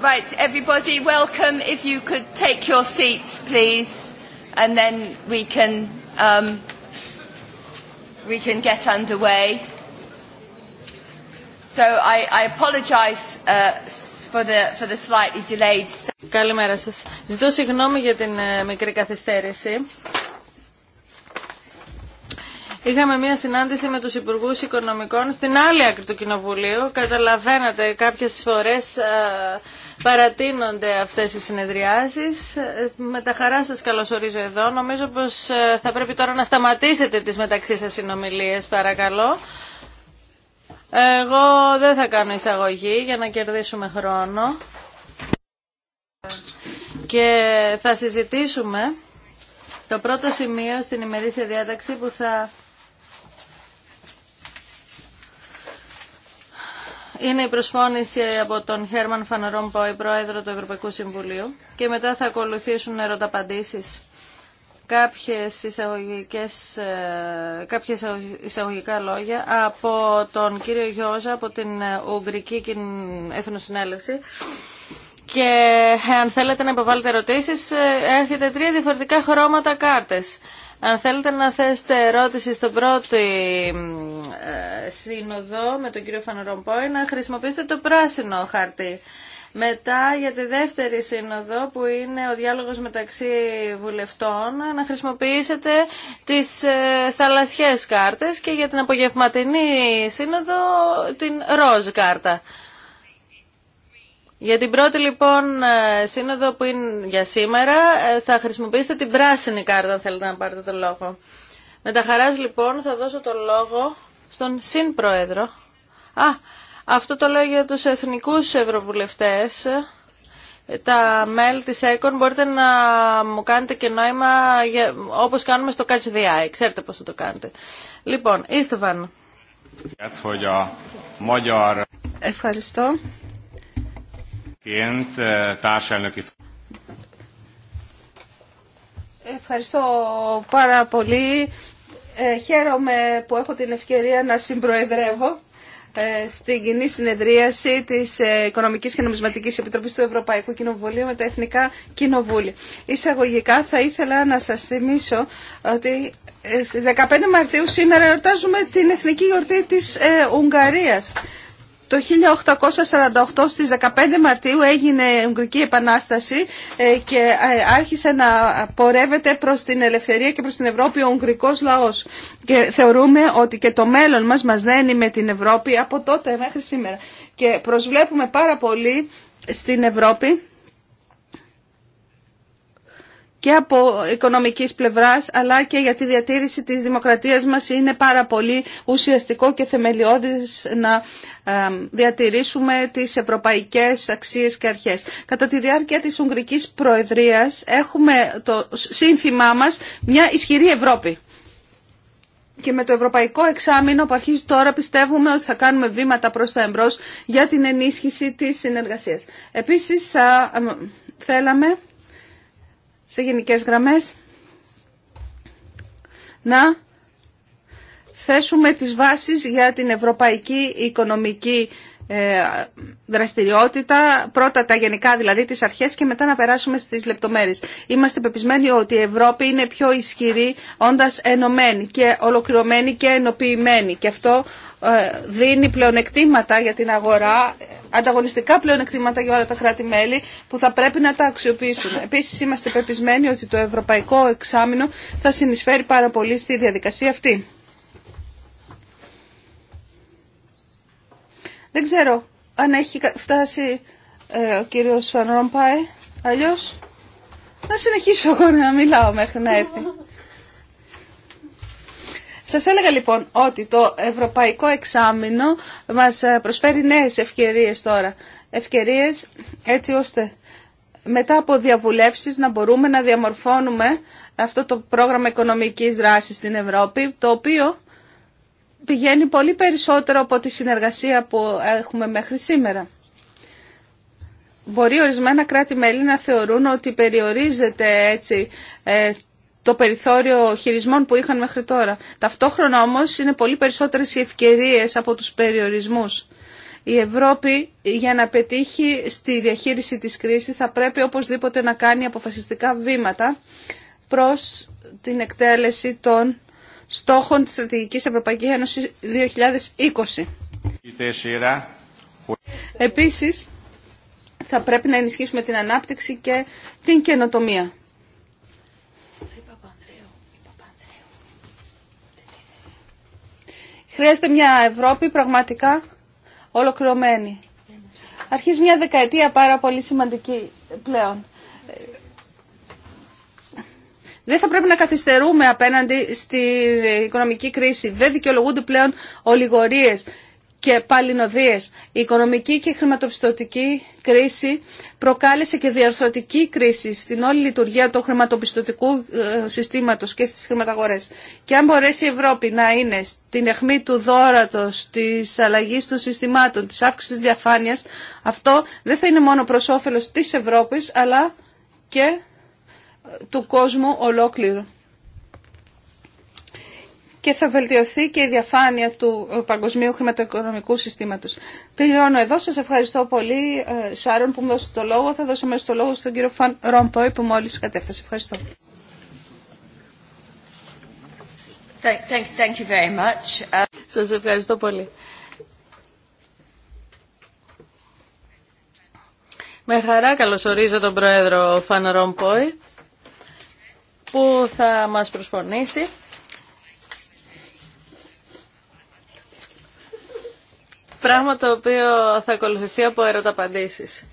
Right, everybody, welcome. If you could take your seats, please, and then we can um, we can get underway. So I, I apologize uh, for the for the slightly delayed. Καλημέρα σας. Ζητώ συγγνώμη για την ε, μικρή καθυστέρηση. Είχαμε μία συνάντηση με τους Υπουργούς Οικονομικών στην άλλη άκρη του Κοινοβουλίου. Καταλαβαίνετε, κάποιες φορές Ε, παρατείνονται αυτές οι συνεδριάσεις. Με τα χαρά σας καλωσορίζω εδώ. Νομίζω πως ε, θα πρέπει τώρα να σταματήσετε τις μεταξύ σας συνομιλίες, παρακαλώ. Εγώ δεν θα κάνω εισαγωγή για να κερδίσουμε χρόνο. Και θα συζητήσουμε το πρώτο σημείο στην ημερήσια διάταξη που θα είναι η προσφώνηση από τον Χέρμαν Rompuy, πρόεδρο του Ευρωπαϊκού Συμβουλίου και μετά θα ακολουθήσουν ερωταπαντήσεις κάποιες, εισαγωγικές, ε, κάποιες εισαγωγικά λόγια από τον κύριο Γιώζα από την ε, Ουγγρική Εθνοσυνέλευση και ε, αν θέλετε να υποβάλλετε ερωτήσεις έχετε τρία διαφορετικά χρώματα κάρτες. Αν θέλετε να θέσετε ερώτηση στον πρώτη ε, σύνοδο με τον κύριο Φανερομπόη, να χρησιμοποιήσετε το πράσινο χαρτί. Μετά για τη δεύτερη σύνοδο που είναι ο διάλογος μεταξύ βουλευτών να χρησιμοποιήσετε τις ε, θαλασσιές κάρτες και για την απογευματινή σύνοδο την ροζ κάρτα. Για την πρώτη λοιπόν ε, σύνοδο που είναι για σήμερα ε, θα χρησιμοποιήσετε την πράσινη κάρτα αν θέλετε να πάρετε το λόγο. Με τα χαράς λοιπόν θα δώσω το λόγο στον συνπρόεδρο. Α, αυτό το λέω για τους εθνικούς ευρωβουλευτές. Τα μέλη της ΕΚΟΝ μπορείτε να μου κάνετε και νόημα για, όπως κάνουμε στο Catch the Eye. Ξέρετε πώς θα το κάνετε. Λοιπόν, Ιστβαν. Ευχαριστώ. Uh, Ευχαριστώ πάρα πολύ. Ε, χαίρομαι που έχω την ευκαιρία να συμπροεδρεύω ε, στην κοινή συνεδρίαση τη ε, Οικονομικής και Νομισματικής Επιτροπής του Ευρωπαϊκού Κοινοβουλίου με τα Εθνικά Κοινοβούλια. Εισαγωγικά θα ήθελα να σας θυμίσω ότι ε, στις 15 Μαρτίου σήμερα εορτάζουμε την Εθνική Γιορτή τη Ουγγαρίας. Το 1848 στις 15 Μαρτίου έγινε η Ουγγρική Επανάσταση ε, και ε, άρχισε να πορεύεται προς την ελευθερία και προς την Ευρώπη ο Ουγγρικός λαός. Και θεωρούμε ότι και το μέλλον μας μας δένει με την Ευρώπη από τότε μέχρι σήμερα. Και προσβλέπουμε πάρα πολύ στην Ευρώπη και από οικονομικής πλευράς αλλά και για τη διατήρηση της δημοκρατίας μας είναι πάρα πολύ ουσιαστικό και θεμελιώδης να ε, διατηρήσουμε τις ευρωπαϊκές αξίες και αρχές. Κατά τη διάρκεια της Ουγγρικής Προεδρίας έχουμε το σύνθημά μας μια ισχυρή Ευρώπη. Και με το Ευρωπαϊκό Εξάμεινο που αρχίζει τώρα πιστεύουμε ότι θα κάνουμε βήματα προς τα εμπρός για την ενίσχυση της συνεργασίας. Επίσης θα ε, θέλαμε σε γενικές γραμμές να θέσουμε τις βάσεις για την ευρωπαϊκή οικονομική ε, δραστηριότητα, πρώτα τα γενικά δηλαδή τις αρχές και μετά να περάσουμε στις λεπτομέρειες. Είμαστε πεπισμένοι ότι η Ευρώπη είναι πιο ισχυρή όντας ενωμένη και ολοκληρωμένη και ενοποιημένη και αυτό ε, δίνει πλεονεκτήματα για την αγορά, ανταγωνιστικά πλεονεκτήματα για όλα τα κράτη-μέλη που θα πρέπει να τα αξιοποιήσουν. Επίσης είμαστε πεπισμένοι ότι το ευρωπαϊκό εξάμεινο θα συνεισφέρει πάρα πολύ στη διαδικασία αυτή. Δεν ξέρω αν έχει φτάσει ε, ο κύριος Φανρόμπαε, αλλιώς να συνεχίσω εγώ να μιλάω μέχρι να έρθει. Σας έλεγα λοιπόν ότι το ευρωπαϊκό εξάμεινο μας ε, προσφέρει νέες ευκαιρίες τώρα. Ευκαιρίες έτσι ώστε μετά από διαβουλεύσεις να μπορούμε να διαμορφώνουμε αυτό το πρόγραμμα οικονομικής δράσης στην Ευρώπη, το οποίο πηγαίνει πολύ περισσότερο από τη συνεργασία που έχουμε μέχρι σήμερα. Μπορεί ορισμένα κράτη-μέλη να θεωρούν ότι περιορίζεται έτσι ε, το περιθώριο χειρισμών που είχαν μέχρι τώρα. Ταυτόχρονα όμως είναι πολύ περισσότερες οι ευκαιρίες από τους περιορισμούς. Η Ευρώπη για να πετύχει στη διαχείριση της κρίσης θα πρέπει οπωσδήποτε να κάνει αποφασιστικά βήματα προς την εκτέλεση των στόχων της Στρατηγικής Ευρωπαϊκής Ένωσης 2020. Επίσης, θα πρέπει να ενισχύσουμε την ανάπτυξη και την καινοτομία. Χρειάζεται μια Ευρώπη πραγματικά ολοκληρωμένη. Αρχίζει μια δεκαετία πάρα πολύ σημαντική πλέον. Δεν θα πρέπει να καθυστερούμε απέναντι στην οικονομική κρίση. Δεν δικαιολογούνται πλέον ολιγορίες και παλινοδίε. Η οικονομική και χρηματοπιστωτική κρίση προκάλεσε και διαρθρωτική κρίση στην όλη λειτουργία του χρηματοπιστωτικού ε, συστήματος και στις χρηματαγορές. Και αν μπορέσει η Ευρώπη να είναι στην αιχμή του δόρατος, της αλλαγής των συστημάτων, της αύξησης διαφάνειας, αυτό δεν θα είναι μόνο προς όφελος της Ευρώπης, αλλά και του κόσμου ολόκληρου. Και θα βελτιωθεί και η διαφάνεια του παγκοσμίου χρηματοοικονομικού συστήματος. Τελειώνω εδώ. Σας ευχαριστώ πολύ, ε, Σάρων, που μου δώσετε το λόγο. Θα δώσω μέσα το λόγο στον κύριο Φαν Ρομποϊ, που μόλις κατέφτασε. Ευχαριστώ. Thank, thank you very much. Uh, Σας ευχαριστώ πολύ. Με χαρά καλωσορίζω τον Πρόεδρο Φαν Ρομποϊ που θα μας προσφωνήσει. Πράγμα το οποίο θα ακολουθηθεί από ερωταπαντήσεις.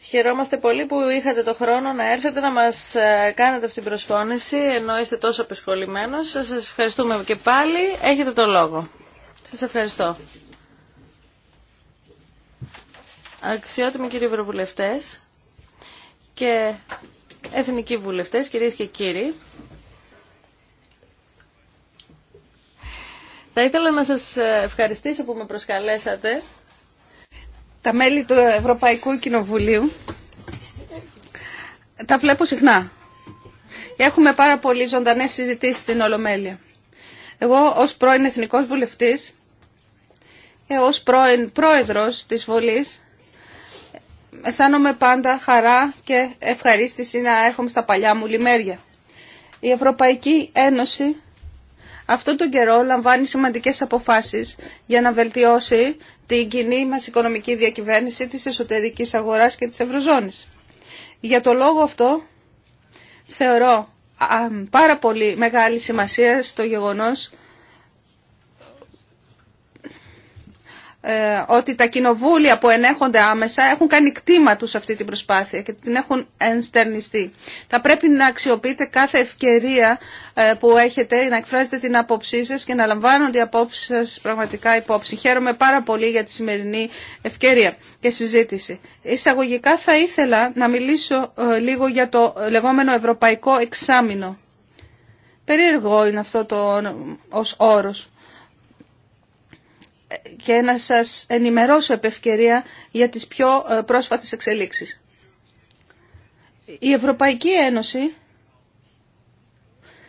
Χαιρόμαστε πολύ που είχατε το χρόνο να έρθετε να μας ε, κάνετε αυτή την προσφώνηση, ενώ είστε τόσο απεσχολημένος. Σας ευχαριστούμε και πάλι. Έχετε το λόγο. Σας ευχαριστώ. Αξιότιμοι κύριοι Ευρωβουλευτές, και εθνικοί βουλευτές, κυρίες και κύριοι. Θα ήθελα να σας ευχαριστήσω που με προσκαλέσατε. Τα μέλη του Ευρωπαϊκού Κοινοβουλίου τα βλέπω συχνά. Έχουμε πάρα πολύ ζωντανές συζητήσεις στην Ολομέλεια. Εγώ ως πρώην Εθνικός Βουλευτής και ως πρώην Πρόεδρος της Βουλής αισθάνομαι πάντα χαρά και ευχαρίστηση να έρχομαι στα παλιά μου λιμέρια. Η Ευρωπαϊκή Ένωση αυτόν τον καιρό λαμβάνει σημαντικές αποφάσεις για να βελτιώσει την κοινή μας οικονομική διακυβέρνηση της εσωτερικής αγοράς και της Ευρωζώνης. Για το λόγο αυτό θεωρώ πάρα πολύ μεγάλη σημασία στο γεγονός Ε, ότι τα κοινοβούλια που ενέχονται άμεσα έχουν κάνει κτήμα τους αυτή την προσπάθεια και την έχουν ενστερνιστεί. Θα πρέπει να αξιοποιείτε κάθε ευκαιρία ε, που έχετε να εκφράζετε την απόψή σας και να λαμβάνονται οι απόψεις σας πραγματικά υπόψη. Χαίρομαι πάρα πολύ για τη σημερινή ευκαιρία και συζήτηση. Εισαγωγικά θα ήθελα να μιλήσω ε, λίγο για το λεγόμενο ευρωπαϊκό εξάμεινο. Περίεργο είναι αυτό το, ως όρος και να σας ενημερώσω επ' για τις πιο ε, πρόσφατες εξελίξεις. Η Ευρωπαϊκή Ένωση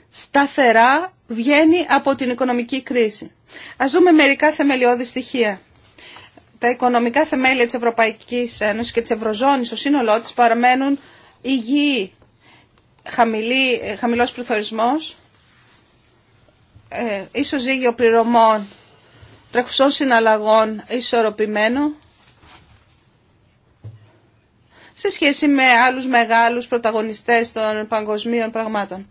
σταθερά βγαίνει από την οικονομική κρίση. Ας δούμε μερικά θεμελιώδη στοιχεία. Τα οικονομικά θεμέλια της Ευρωπαϊκής Ένωσης και της Ευρωζώνης στο σύνολό της παραμένουν υγιή, χαμηλή, ε, χαμηλός πληθωρισμός, ε, πληρωμών τρέχουσών συναλλαγών ισορροπημένο σε σχέση με άλλους μεγάλους πρωταγωνιστές των παγκοσμίων πραγμάτων.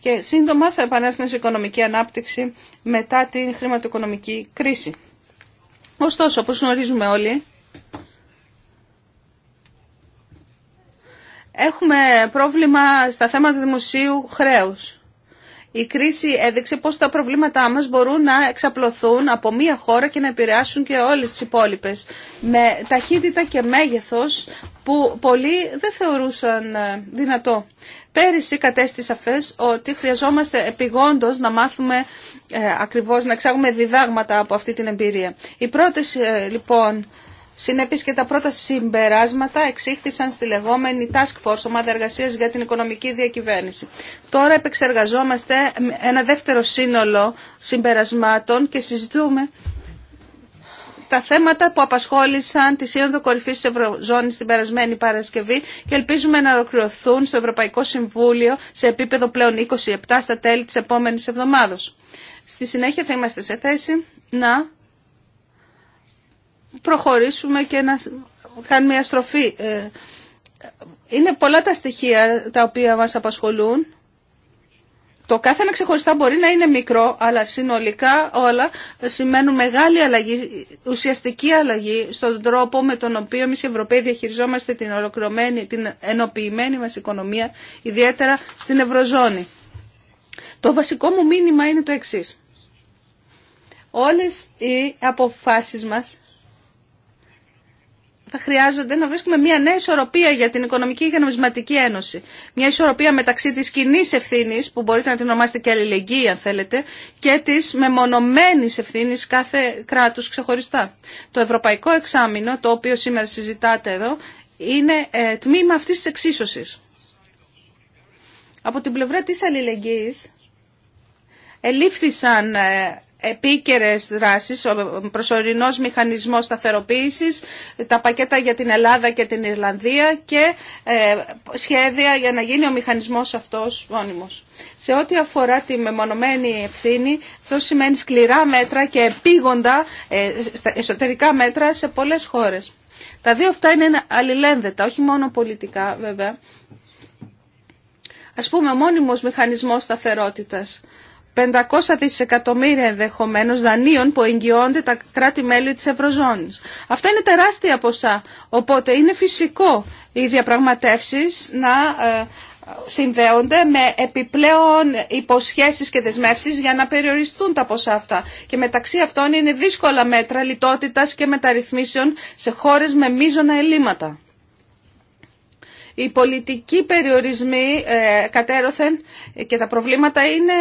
Και σύντομα θα επανέλθουμε σε οικονομική ανάπτυξη μετά την χρηματοοικονομική κρίση. Ωστόσο, όπως γνωρίζουμε όλοι, έχουμε πρόβλημα στα θέματα δημοσίου χρέους. Η κρίση έδειξε πώς τα προβλήματά μας μπορούν να εξαπλωθούν από μία χώρα και να επηρεάσουν και όλες τις υπόλοιπες με ταχύτητα και μέγεθος που πολλοί δεν θεωρούσαν ε, δυνατό. Πέρυσι κατέστη σαφές ότι χρειαζόμαστε επιγόντως να μάθουμε ε, ακριβώς, να εξάγουμε διδάγματα από αυτή την εμπειρία. Οι πρώτες λοιπόν Συνεπής και τα πρώτα συμπεράσματα εξήχθησαν στη λεγόμενη Task Force, ομάδα εργασία για την οικονομική διακυβέρνηση. Τώρα επεξεργαζόμαστε ένα δεύτερο σύνολο συμπερασμάτων και συζητούμε τα θέματα που απασχόλησαν τη Σύνοδο Κορυφή τη Ευρωζώνη την περασμένη Παρασκευή και ελπίζουμε να ολοκληρωθούν στο Ευρωπαϊκό Συμβούλιο σε επίπεδο πλέον 27 στα τέλη τη επόμενη εβδομάδα. Στη συνέχεια θα είμαστε σε θέση να προχωρήσουμε και να κάνουμε μια στροφή. Ε, είναι πολλά τα στοιχεία τα οποία μας απασχολούν. Το κάθε ένα ξεχωριστά μπορεί να είναι μικρό, αλλά συνολικά όλα σημαίνουν μεγάλη αλλαγή, ουσιαστική αλλαγή στον τρόπο με τον οποίο εμεί οι Ευρωπαίοι διαχειριζόμαστε την ολοκληρωμένη, την ενοποιημένη μας οικονομία, ιδιαίτερα στην Ευρωζώνη. Το βασικό μου μήνυμα είναι το εξής. Όλες οι αποφάσεις μας θα χρειάζονται να βρίσκουμε μια νέα ισορροπία για την Οικονομική και Νομισματική Ένωση. Μια ισορροπία μεταξύ της κοινή ευθύνη, που μπορείτε να την ονομάσετε και αλληλεγγύη αν θέλετε, και της μεμονωμένη ευθύνη κάθε κράτου ξεχωριστά. Το Ευρωπαϊκό Εξάμεινο, το οποίο σήμερα συζητάτε εδώ, είναι ε, τμήμα αυτή τη εξίσωση. Από την πλευρά τη αλληλεγγύη ελήφθησαν ε, επίκαιρες δράσεις, ο προσωρινός μηχανισμός σταθεροποίησης, τα πακέτα για την Ελλάδα και την Ιρλανδία και ε, σχέδια για να γίνει ο μηχανισμός αυτός μόνιμος. Σε ό,τι αφορά τη μεμονωμένη ευθύνη, αυτό σημαίνει σκληρά μέτρα και επίγοντα ε, εσωτερικά μέτρα σε πολλές χώρες. Τα δύο αυτά είναι αλληλένδετα, όχι μόνο πολιτικά βέβαια. Ας πούμε, ο μόνιμος μηχανισμός σταθερότητας 500 δισεκατομμύρια ενδεχομένω δανείων που εγγυώνται τα κράτη-μέλη της Ευρωζώνης. Αυτά είναι τεράστια ποσά, οπότε είναι φυσικό οι διαπραγματεύσεις να ε, συνδέονται με επιπλέον υποσχέσεις και δεσμεύσεις για να περιοριστούν τα ποσά αυτά. Και μεταξύ αυτών είναι δύσκολα μέτρα λιτότητας και μεταρρυθμίσεων σε χώρες με μείζωνα ελλείμματα. Οι πολιτικοί περιορισμοί ε, κατέρωθεν και τα προβλήματα είναι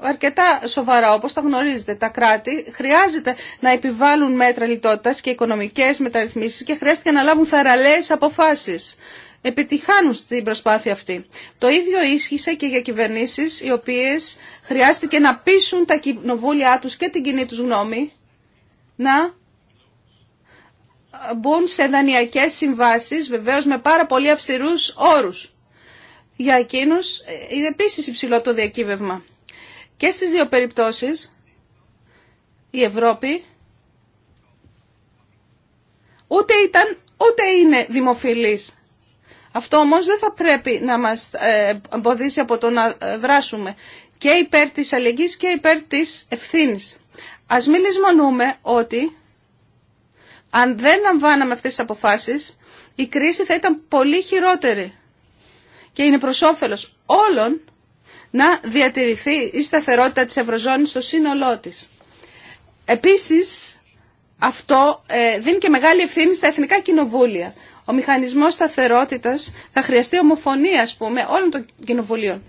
αρκετά σοβαρά, όπως τα γνωρίζετε. Τα κράτη χρειάζεται να επιβάλλουν μέτρα λιτότητας και οικονομικές μεταρρυθμίσεις και χρειάστηκε να λάβουν θαραλέες αποφάσεις. Επιτυχάνουν στην προσπάθεια αυτή. Το ίδιο ίσχυσε και για κυβερνήσεις οι οποίες χρειάστηκε να πείσουν τα κοινοβούλια τους και την κοινή τους γνώμη να μπουν σε δανειακές συμβάσεις, βεβαίως με πάρα πολύ αυστηρούς όρους. Για εκείνους ε, είναι επίσης υψηλό το διακύβευμα. Και στις δύο περιπτώσεις η Ευρώπη ούτε ήταν ούτε είναι δημοφιλής. Αυτό όμως δεν θα πρέπει να μας ε, εμποδίσει από το να δράσουμε και υπέρ της αλληλεγγύης και υπέρ της ευθύνης. Ας μην λησμονούμε ότι αν δεν λαμβάναμε αυτές τις αποφάσεις η κρίση θα ήταν πολύ χειρότερη και είναι προς όλων να διατηρηθεί η σταθερότητα της Ευρωζώνης στο σύνολό της. Επίσης, αυτό ε, δίνει και μεγάλη ευθύνη στα εθνικά κοινοβούλια. Ο μηχανισμός σταθερότητας θα χρειαστεί ομοφωνία, ας πούμε, όλων των κοινοβουλίων.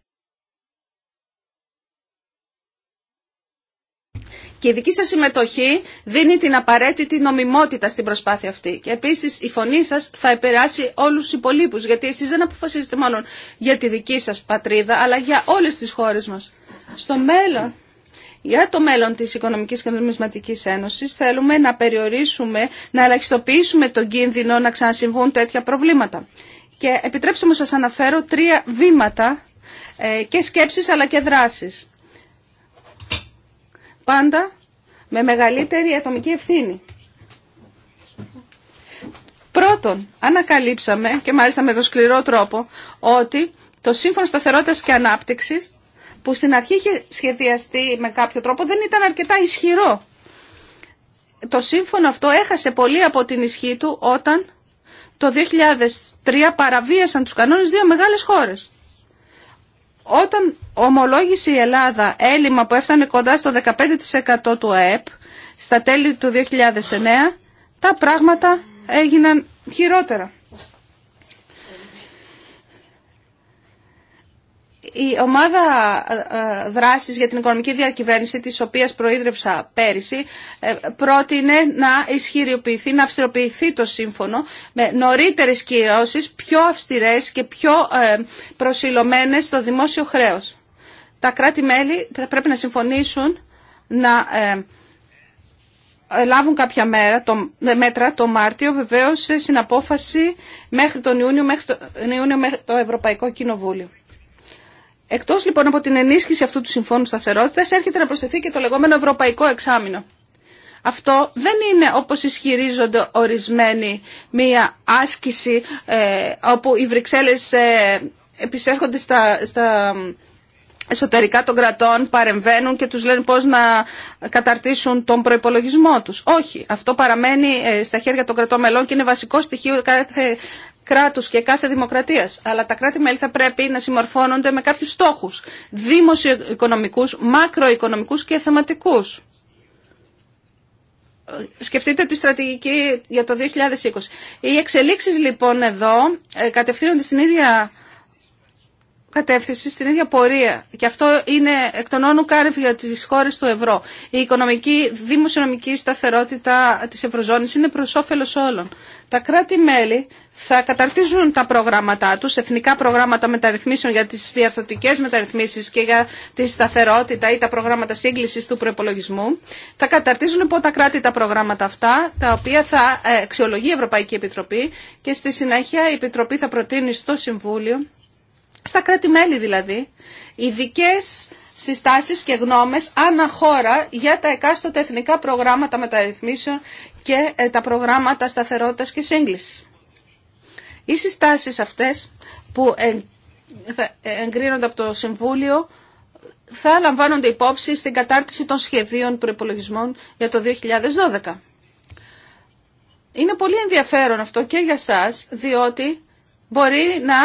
Και η δική σας συμμετοχή δίνει την απαραίτητη νομιμότητα στην προσπάθεια αυτή. Και επίσης η φωνή σας θα επηρεάσει όλους τους υπολείπους, γιατί εσείς δεν αποφασίζετε μόνο για τη δική σας πατρίδα, αλλά για όλες τις χώρες μας. Στο μέλλον, για το μέλλον της Οικονομικής και Νομισματικής Ένωσης, θέλουμε να περιορίσουμε, να ελαχιστοποιήσουμε τον κίνδυνο να ξανασυμβούν τέτοια προβλήματα. Και επιτρέψτε μου σας αναφέρω τρία βήματα ε, και σκέψεις αλλά και δράσεις Πάντα με μεγαλύτερη ατομική ευθύνη. Πρώτον, ανακαλύψαμε και μάλιστα με το σκληρό τρόπο ότι το Σύμφωνο Σταθερότητας και Ανάπτυξης που στην αρχή είχε σχεδιαστεί με κάποιο τρόπο δεν ήταν αρκετά ισχυρό. Το σύμφωνο αυτό έχασε πολύ από την ισχύ του όταν το 2003 παραβίασαν τους κανόνες δύο μεγάλες χώρες. Όταν ομολόγησε η Ελλάδα έλλειμμα που έφτανε κοντά στο 15% του ΑΕΠ στα τέλη του 2009, τα πράγματα έγιναν χειρότερα. Η ομάδα ε, ε, δράσης για την οικονομική διακυβέρνηση, της οποίας προείδρευσα πέρυσι, ε, πρότεινε να ισχυριοποιηθεί, να αυστηροποιηθεί το σύμφωνο με νωρίτερες κυρώσεις, πιο αυστηρές και πιο προσιλωμένες στο δημόσιο χρέος. Τα κράτη-μέλη πρέπει να συμφωνήσουν να λάβουν κάποια μέρα, το, μέτρα το Μάρτιο, βεβαίως σε συναπόφαση μέχρι τον Ιούνιο, μέχρι το, Ιούνιο, μέχρι το Ευρωπαϊκό Κοινοβούλιο. Εκτός λοιπόν από την ενίσχυση αυτού του συμφώνου σταθερότητα, έρχεται να προσθεθεί και το λεγόμενο ευρωπαϊκό εξάμεινο. Αυτό δεν είναι όπως ισχυρίζονται ορισμένοι μία άσκηση ε, όπου οι Βρυξέλλες ε, επισέρχονται στα, εσωτερικά των κρατών, παρεμβαίνουν και τους λένε πώς να καταρτήσουν τον προϋπολογισμό τους. Όχι, αυτό παραμένει ε, στα χέρια των κρατών μελών και είναι βασικό στοιχείο κάθε κράτους και κάθε δημοκρατίας. Αλλά τα κράτη-μέλη θα πρέπει να συμμορφώνονται με κάποιους στόχους, δημοσιοοικονομικούς, μακροοικονομικούς και θεματικούς. Σκεφτείτε τη στρατηγική για το 2020. Οι εξελίξεις λοιπόν εδώ ε, κατευθύνονται στην ίδια κατεύθυνση, στην ίδια πορεία. Και αυτό είναι εκ των όνων για τις χώρες του ευρώ. Η οικονομική δημοσιονομική σταθερότητα της Ευρωζώνης είναι προς όφελος όλων. Τα κράτη-μέλη θα καταρτίζουν τα προγράμματά τους, εθνικά προγράμματα μεταρρυθμίσεων για τις διαρθωτικές μεταρρυθμίσεις και για τη σταθερότητα ή τα προγράμματα σύγκλησης του προπολογισμού. Θα καταρτίζουν από τα κράτη τα προγράμματα αυτά, τα οποία θα ε, αξιολογεί η τα προγραμματα συγκλησης του προπολογισμου θα καταρτιζουν λοιπον τα κρατη Επιτροπή και στη συνέχεια η Επιτροπή θα προτείνει στο Συμβούλιο, στα κράτη-μέλη δηλαδή, ειδικέ συστάσεις και γνώμες ανά χώρα για τα εκάστοτε εθνικά προγράμματα μεταρρυθμίσεων και ε, τα προγράμματα σταθερότητας και σύγκληση. Οι συστάσεις αυτές που εγκρίνονται από το Συμβούλιο θα λαμβάνονται υπόψη στην κατάρτιση των σχεδίων προπολογισμών για το 2012. Είναι πολύ ενδιαφέρον αυτό και για σας, διότι μπορεί να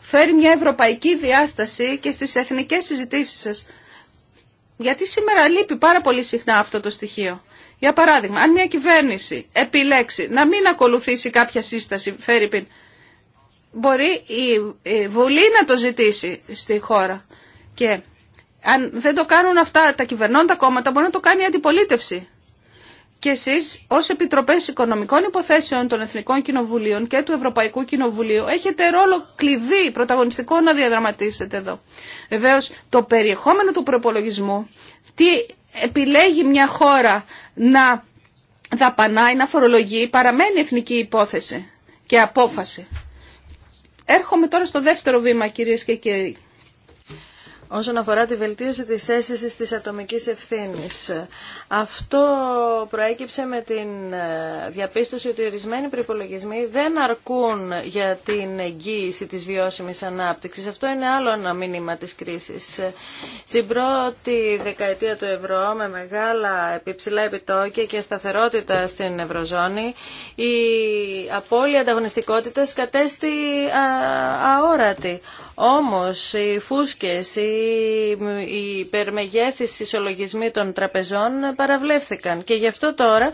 φέρει μια ευρωπαϊκή διάσταση και στις εθνικές συζητήσεις σας. Γιατί σήμερα λείπει πάρα πολύ συχνά αυτό το στοιχείο. Για παράδειγμα, αν μια κυβέρνηση επιλέξει να μην ακολουθήσει κάποια σύσταση, φέρει μπορεί η Βουλή να το ζητήσει στη χώρα. Και αν δεν το κάνουν αυτά τα κυβερνώντα κόμματα, μπορεί να το κάνει η αντιπολίτευση. Και εσεί ως Επιτροπές Οικονομικών Υποθέσεων των Εθνικών Κοινοβουλίων και του Ευρωπαϊκού Κοινοβουλίου έχετε ρόλο κλειδί πρωταγωνιστικό να διαδραματίσετε εδώ. Βεβαίω, το περιεχόμενο του προπολογισμού, τι επιλέγει μια χώρα να δαπανάει, να φορολογεί, παραμένει εθνική υπόθεση και απόφαση. Έρχομαι τώρα στο δεύτερο βήμα κυρίες και κύριοι όσον αφορά τη βελτίωση της αίσθηση της ατομικής ευθύνης. Αυτό προέκυψε με την ε, διαπίστωση ότι ορισμένοι προπολογισμοί δεν αρκούν για την εγγύηση της βιώσιμης ανάπτυξης. Αυτό είναι άλλο ένα μήνυμα της κρίσης. Στην πρώτη δεκαετία του ευρώ, με μεγάλα επιψηλά επιτόκια και σταθερότητα στην Ευρωζώνη, η απώλεια ανταγωνιστικότητα κατέστη αόρατη. Όμως οι φούσκες, οι, η υπερμεγέθεις των τραπεζών παραβλέφθηκαν και γι' αυτό τώρα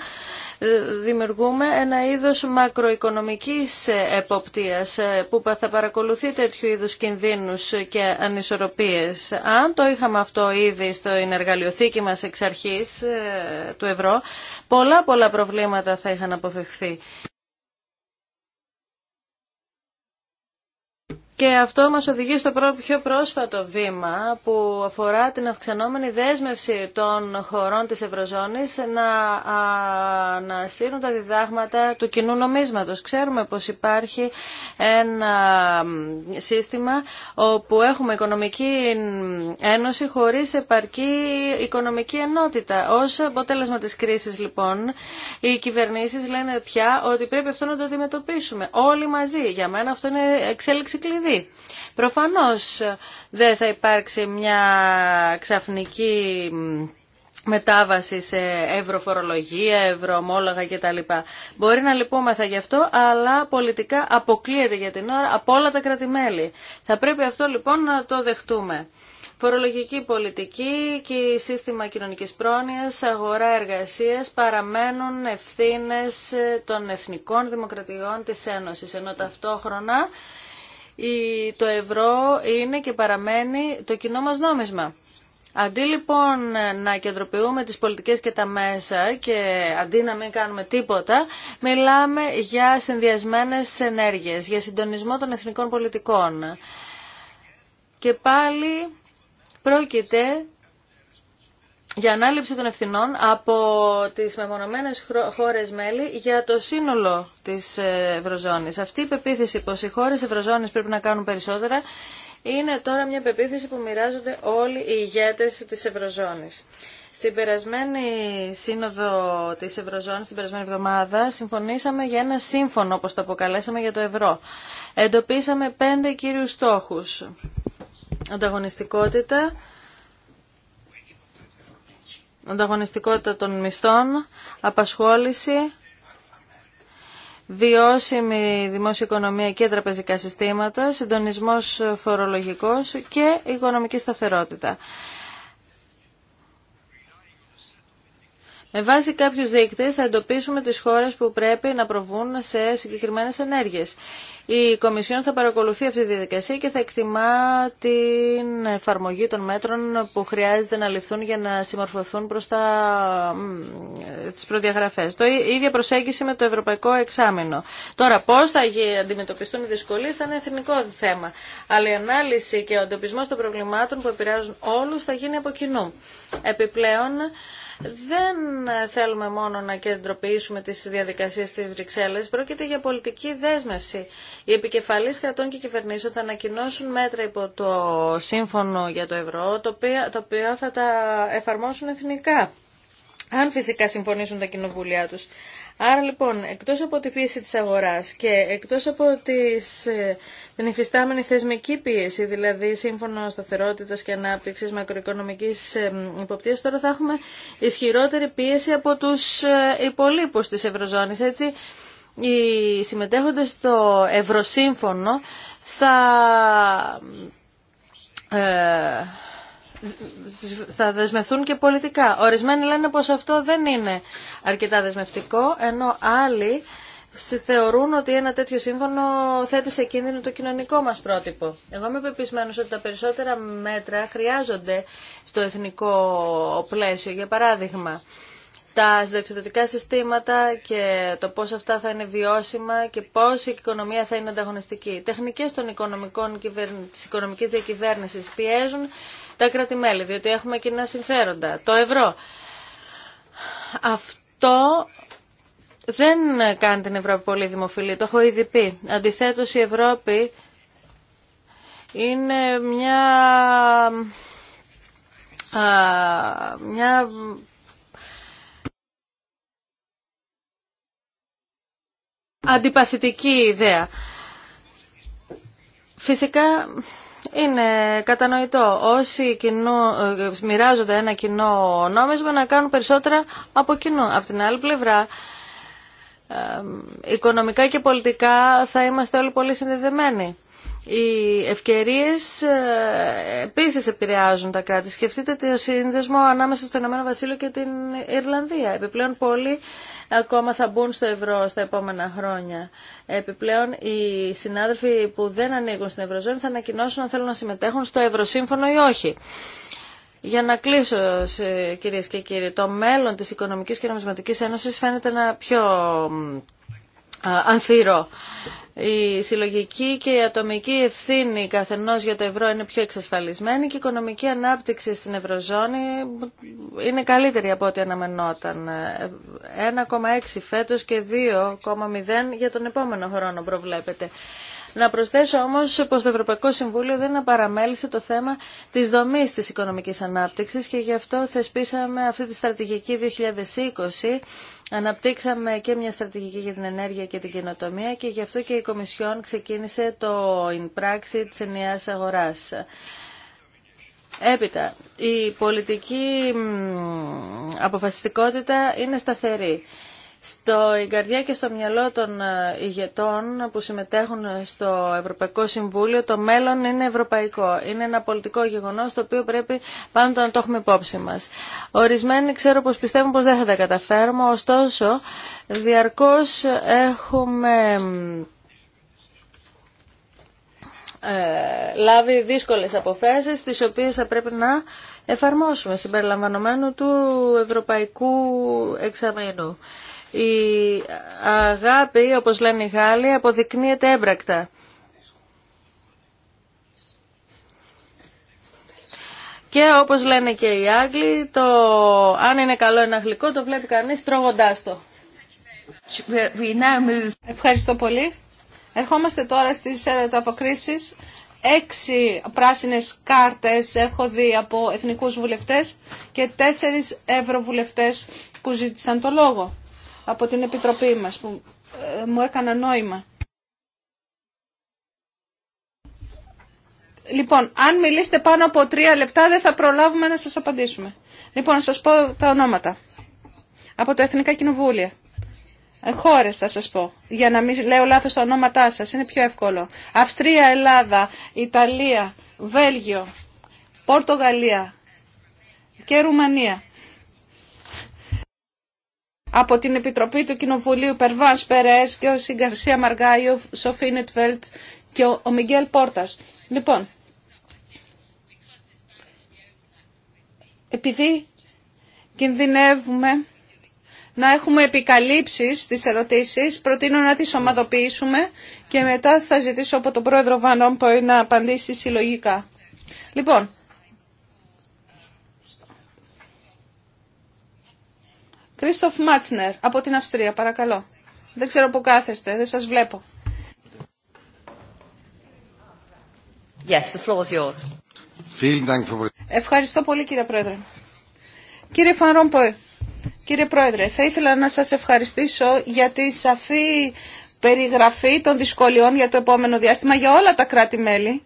ε, δημιουργούμε ένα είδος μακροοικονομικής εποπτείας ε, που θα παρακολουθεί τέτοιου είδους κινδύνους και ανισορροπίες. Αν το είχαμε αυτό ήδη στο ενεργαλειοθήκη μας εξ αρχής ε, του ευρώ, πολλά πολλά προβλήματα θα είχαν αποφευχθεί. Και αυτό μας οδηγεί στο πιο πρόσφατο βήμα που αφορά την αυξανόμενη δέσμευση των χωρών της Ευρωζώνης να σύρουν τα διδάγματα του κοινού νομίσματος. Ξέρουμε πως υπάρχει ένα σύστημα όπου έχουμε οικονομική ένωση χωρίς επαρκή οικονομική ενότητα. Ως αποτέλεσμα της κρίσης λοιπόν οι κυβερνήσεις λένε πια ότι πρέπει αυτό να το αντιμετωπίσουμε όλοι μαζί. Για μένα αυτό είναι εξέλιξη κλειδί προφανώς ε, δεν θα υπάρξει μια ξαφνική μετάβαση σε ευρωφορολογία, ευρωομόλογα κτλ. Μπορεί να λυπούμεθα γι' αυτό, αλλά πολιτικά αποκλείεται για την ώρα από όλα τα κρατημέλη. Θα πρέπει αυτό λοιπόν να το δεχτούμε. Φορολογική πολιτική και σύστημα κοινωνικής πρόνοιας, αγορά εργασίας παραμένουν ευθύνες ε, των εθνικών δημοκρατιών της Ένωσης, ενώ ταυτόχρονα το ευρώ είναι και παραμένει το κοινό μας νόμισμα. Αντί λοιπόν να κεντροποιούμε τις πολιτικές και τα μέσα και αντί να μην κάνουμε τίποτα, μιλάμε για συνδυασμένες ενέργειες, για συντονισμό των εθνικών πολιτικών. Και πάλι πρόκειται για ανάληψη των ευθυνών από τις μεμονωμένες χώρες μέλη για το σύνολο της Ευρωζώνης. Αυτή η πεποίθηση πως οι χώρες Ευρωζώνης πρέπει να κάνουν περισσότερα είναι τώρα μια πεποίθηση που μοιράζονται όλοι οι ηγέτες της Ευρωζώνης. Στην περασμένη σύνοδο της Ευρωζώνης, την περασμένη εβδομάδα, συμφωνήσαμε για ένα σύμφωνο, όπως το αποκαλέσαμε, για το ευρώ. Εντοπίσαμε πέντε κύριους στόχους. Ανταγωνιστικότητα, ανταγωνιστικότητα των μισθών, απασχόληση, βιώσιμη δημόσια οικονομία και τραπεζικά συστήματα, συντονισμός φορολογικός και οικονομική σταθερότητα. Με βάση κάποιου δείκτε θα εντοπίσουμε τι χώρε που πρέπει να προβούν σε συγκεκριμένε ενέργειε. Η Κομισιόν θα παρακολουθεί αυτή τη διαδικασία και θα εκτιμά την εφαρμογή των μέτρων που χρειάζεται να ληφθούν για να συμμορφωθούν προ τα... τι προδιαγραφέ. Το ίδιο ίδια προσέγγιση με το Ευρωπαϊκό Εξάμεινο. Τώρα, πώ θα αντιμετωπιστούν οι δυσκολίε θα είναι εθνικό θέμα. Αλλά η ανάλυση και ο εντοπισμό των προβλημάτων που επηρεάζουν όλου θα γίνει από κοινού. Επιπλέον, δεν θέλουμε μόνο να κεντροποιήσουμε τις διαδικασίες στις Βρυξέλλες, πρόκειται για πολιτική δέσμευση. Οι επικεφαλείς κρατών και κυβερνήσεων θα ανακοινώσουν μέτρα υπό το σύμφωνο για το ευρώ, το οποίο, το οποίο θα τα εφαρμόσουν εθνικά. Αν φυσικά συμφωνήσουν τα κοινοβουλιά τους. Άρα λοιπόν, εκτός από την πίεση της αγοράς και εκτός από τις, ε, την υφιστάμενη θεσμική πίεση, δηλαδή σύμφωνο σταθερότητα και ανάπτυξης μακροοικονομικής ε, υποπτίας, τώρα θα έχουμε ισχυρότερη πίεση από τους ε, υπολείπους της Ευρωζώνης. Έτσι, οι συμμετέχοντες στο Ευρωσύμφωνο θα θα δεσμευθούν και πολιτικά. Ορισμένοι λένε πως αυτό δεν είναι αρκετά δεσμευτικό, ενώ άλλοι θεωρούν ότι ένα τέτοιο σύμφωνο θέτει σε κίνδυνο το κοινωνικό μας πρότυπο. Εγώ είμαι πεπισμένος ότι τα περισσότερα μέτρα χρειάζονται στο εθνικό πλαίσιο. Για παράδειγμα, τα συνταξιδοτικά συστήματα και το πώς αυτά θα είναι βιώσιμα και πώς η οικονομία θα είναι ανταγωνιστική. Οι τεχνικές των οικονομικών, της οικονομικής διακυβέρνησης πιέζουν τα κράτη-μέλη, διότι έχουμε κοινά συμφέροντα. Το ευρώ. Αυτό δεν κάνει την Ευρώπη πολύ δημοφιλή, το έχω ήδη πει. Αντιθέτως η Ευρώπη είναι μια, μια αντιπαθητική ιδέα. Φυσικά είναι κατανοητό όσοι ε, μοιράζονται ένα κοινό νόμισμα να κάνουν περισσότερα από κοινού. Από την άλλη πλευρά, ε, οικονομικά και πολιτικά θα είμαστε όλοι πολύ συνδεδεμένοι. Οι ευκαιρίες ε, επίσης επηρεάζουν τα κράτη. Σκεφτείτε το σύνδεσμο ανάμεσα στο Ηνωμένο Βασίλειο και την Ιρλανδία. Επιπλέον πολύ ακόμα θα μπουν στο ευρώ στα επόμενα χρόνια. Επιπλέον, οι συνάδελφοι που δεν ανήκουν στην Ευρωζώνη θα ανακοινώσουν αν θέλουν να συμμετέχουν στο Ευρωσύμφωνο ή όχι. Για να κλείσω, κύριε και κύριοι, το μέλλον της Οικονομικής και Νομισματικής Ένωσης φαίνεται ένα πιο ανθυρό η συλλογική και η ατομική ευθύνη καθενός για το ευρώ είναι πιο εξασφαλισμένη και η οικονομική ανάπτυξη στην ευρωζώνη είναι καλύτερη από ό,τι αναμενόταν. 1,6 ε, φέτος και 2,0 για τον επόμενο χρόνο προβλέπεται. Να προσθέσω όμως πως το Ευρωπαϊκό Συμβούλιο δεν απαραμέλησε το θέμα της δομής της οικονομικής ανάπτυξης και γι' αυτό θεσπίσαμε αυτή τη στρατηγική 2020 Αναπτύξαμε και μια στρατηγική για την ενέργεια και την καινοτομία και γι' αυτό και η Κομισιόν ξεκίνησε το «In πράξη» της ενιαίας αγοράς. Έπειτα, η πολιτική αποφασιστικότητα είναι σταθερή στο η και στο μυαλό των ε, ηγετών που συμμετέχουν στο Ευρωπαϊκό Συμβούλιο το μέλλον είναι ευρωπαϊκό. Είναι ένα πολιτικό γεγονός το οποίο πρέπει πάντοτε να το έχουμε υπόψη μας. Ορισμένοι ξέρω πως πιστεύουν πως δεν θα τα καταφέρουμε, ωστόσο διαρκώς έχουμε ε, λάβει δύσκολες αποφάσεις τις οποίες θα πρέπει να εφαρμόσουμε συμπεριλαμβανομένου του Ευρωπαϊκού Εξαμήνου. Η αγάπη, όπως λένε οι Γάλλοι, αποδεικνύεται έμπρακτα. Και όπως λένε και οι Άγγλοι, το αν είναι καλό ένα γλυκό το βλέπει κανείς τρώγοντάς το. Ευχαριστώ πολύ. Ερχόμαστε τώρα στις αποκρίσεις. Έξι πράσινες κάρτες έχω δει από εθνικούς βουλευτές και τέσσερις ευρωβουλευτές που ζήτησαν το λόγο από την Επιτροπή μας που ε, μου έκανα νόημα. Λοιπόν, αν μιλήσετε πάνω από τρία λεπτά δεν θα προλάβουμε να σας απαντήσουμε. Λοιπόν, να σας πω τα ονόματα. Από το Εθνικά Κοινοβούλια. Ε, χώρες θα σας πω, για να μην λέω λάθος τα ονόματά σας, είναι πιο εύκολο. Αυστρία, Ελλάδα, Ιταλία, Βέλγιο, Πορτογαλία και Ρουμανία από την Επιτροπή του Κοινοβουλίου Περβάν Περές και ο Συγκαρσία Μαργάιου, Σοφή και ο Μιγγέλ Πόρτας. Λοιπόν, επειδή κινδυνεύουμε να έχουμε επικαλύψεις στις ερωτήσεις, προτείνω να τις ομαδοποιήσουμε και μετά θα ζητήσω από τον πρόεδρο Βανόμπο να απαντήσει συλλογικά. Λοιπόν, Κρίστοφ Μάτσνερ από την Αυστρία, παρακαλώ. Δεν ξέρω που κάθεστε, δεν σας βλέπω. Yes, the floor is yours. Ευχαριστώ πολύ κύριε Πρόεδρε. Κύριε Φανρόμποε, κύριε Πρόεδρε, θα ήθελα να σας ευχαριστήσω για τη σαφή περιγραφή των δυσκολιών για το επόμενο διάστημα για όλα τα κράτη-μέλη,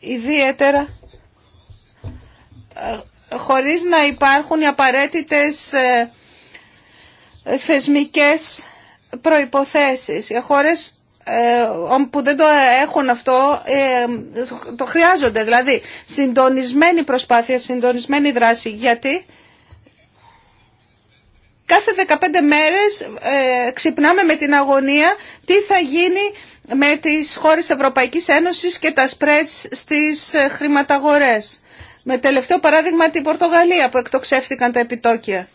ιδιαίτερα ε, χωρίς να υπάρχουν οι απαραίτητες ε, θεσμικές προϋποθέσεις. Οι χώρες ε, που δεν το έχουν αυτό ε, το χρειάζονται. Δηλαδή συντονισμένη προσπάθεια, συντονισμένη δράση. Γιατί κάθε 15 μέρες ε, ξυπνάμε με την αγωνία τι θα γίνει με τις χώρες Ευρωπαϊκής Ένωσης και τα σπρέτς στις χρηματαγορές. Με τελευταίο παράδειγμα την Πορτογαλία που εκτοξεύτηκαν τα επιτόκια.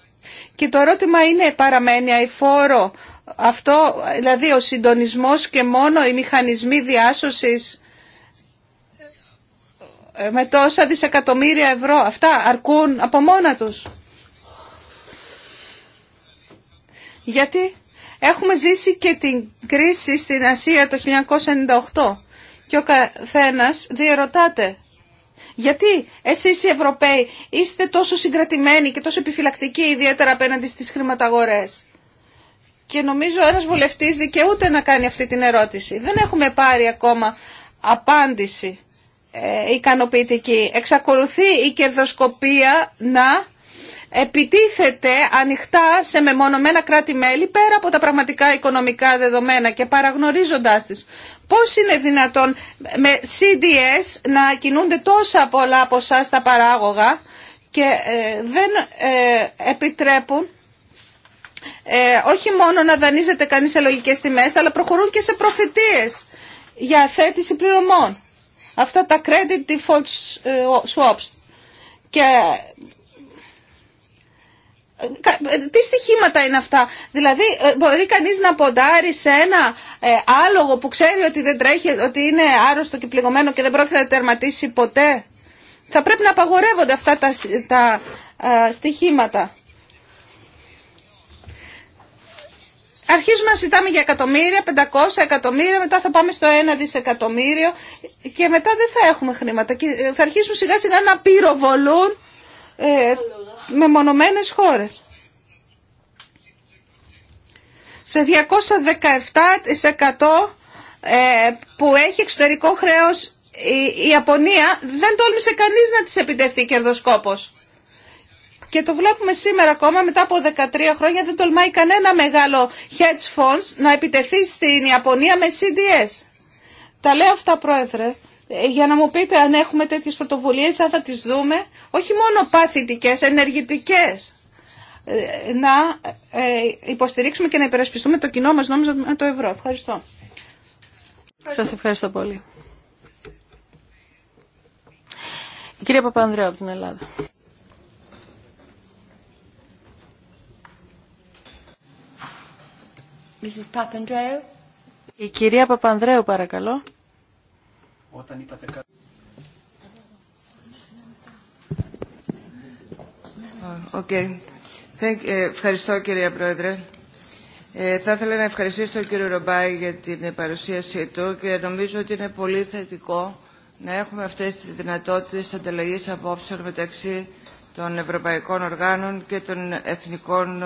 Και το ερώτημα είναι, παραμένει αηφόρο αυτό, δηλαδή ο συντονισμός και μόνο οι μηχανισμοί διάσωσης ε, με τόσα δισεκατομμύρια ευρώ. Αυτά αρκούν από μόνα τους. Γιατί έχουμε ζήσει και την κρίση στην Ασία το 1998 και ο καθένας διερωτάται γιατί εσείς οι Ευρωπαίοι είστε τόσο συγκρατημένοι και τόσο επιφυλακτικοί ιδιαίτερα απέναντι στις χρηματαγορές. Και νομίζω ένα βουλευτής δικαιούται να κάνει αυτή την ερώτηση. Δεν έχουμε πάρει ακόμα απάντηση ε, ικανοποιητική. Εξακολουθεί η κερδοσκοπία να επιτίθεται ανοιχτά σε μεμονωμένα κράτη-μέλη πέρα από τα πραγματικά οικονομικά δεδομένα και παραγνωρίζοντάς τις. Πώς είναι δυνατόν με CDS να κινούνται τόσα πολλά από εσά τα παράγωγα και ε, δεν ε, επιτρέπουν ε, όχι μόνο να δανείζεται κανείς σε λογικές τιμές αλλά προχωρούν και σε προφητείες για θέτηση πληρωμών. Αυτά τα credit default swaps. Ε, τι στοιχήματα είναι αυτά. Δηλαδή ε, μπορεί κανείς να ποντάρει σε ένα ε, άλογο που ξέρει ότι δεν τρέχει, ότι είναι άρρωστο και πληγωμένο και δεν πρόκειται να τερματίσει ποτέ. Θα πρέπει να απαγορεύονται αυτά τα, τα στοιχήματα. Αρχίζουμε να συζητάμε για εκατομμύρια, 500 εκατομμύρια, μετά θα πάμε στο 1 δισεκατομμύριο και μετά δεν θα έχουμε χρήματα. Και θα αρχίσουν σιγά σιγά να πυροβολούν ε, με μονομένες χώρες. Σε 217% ε, που έχει εξωτερικό χρέος η Ιαπωνία δεν τόλμησε κανείς να της επιτεθεί κερδοσκόπος. Και το βλέπουμε σήμερα ακόμα μετά από 13 χρόνια δεν τολμάει κανένα μεγάλο hedge funds να επιτεθεί στην Ιαπωνία με CDS. Τα λέω αυτά πρόεδρε ε, για να μου πείτε αν έχουμε τέτοιες πρωτοβουλίες, αν θα τις δούμε, όχι μόνο παθητικές, ενεργητικές, ε, να ε, υποστηρίξουμε και να υπερασπιστούμε το κοινό μας νόμιζα με το ευρώ. Ευχαριστώ. Σας ευχαριστώ πολύ. Η κυρία Παπανδρέου από την Ελλάδα. Papandreou. Η κυρία Παπανδρέου παρακαλώ όταν είπατε κάτι. Okay. Thank ε, Ευχαριστώ κύριε Πρόεδρε. Ε, θα ήθελα να ευχαριστήσω τον κύριο Ρομπάη για την παρουσίασή του και νομίζω ότι είναι πολύ θετικό να έχουμε αυτές τις δυνατότητες ανταλλαγής απόψεων μεταξύ των ευρωπαϊκών οργάνων και των εθνικών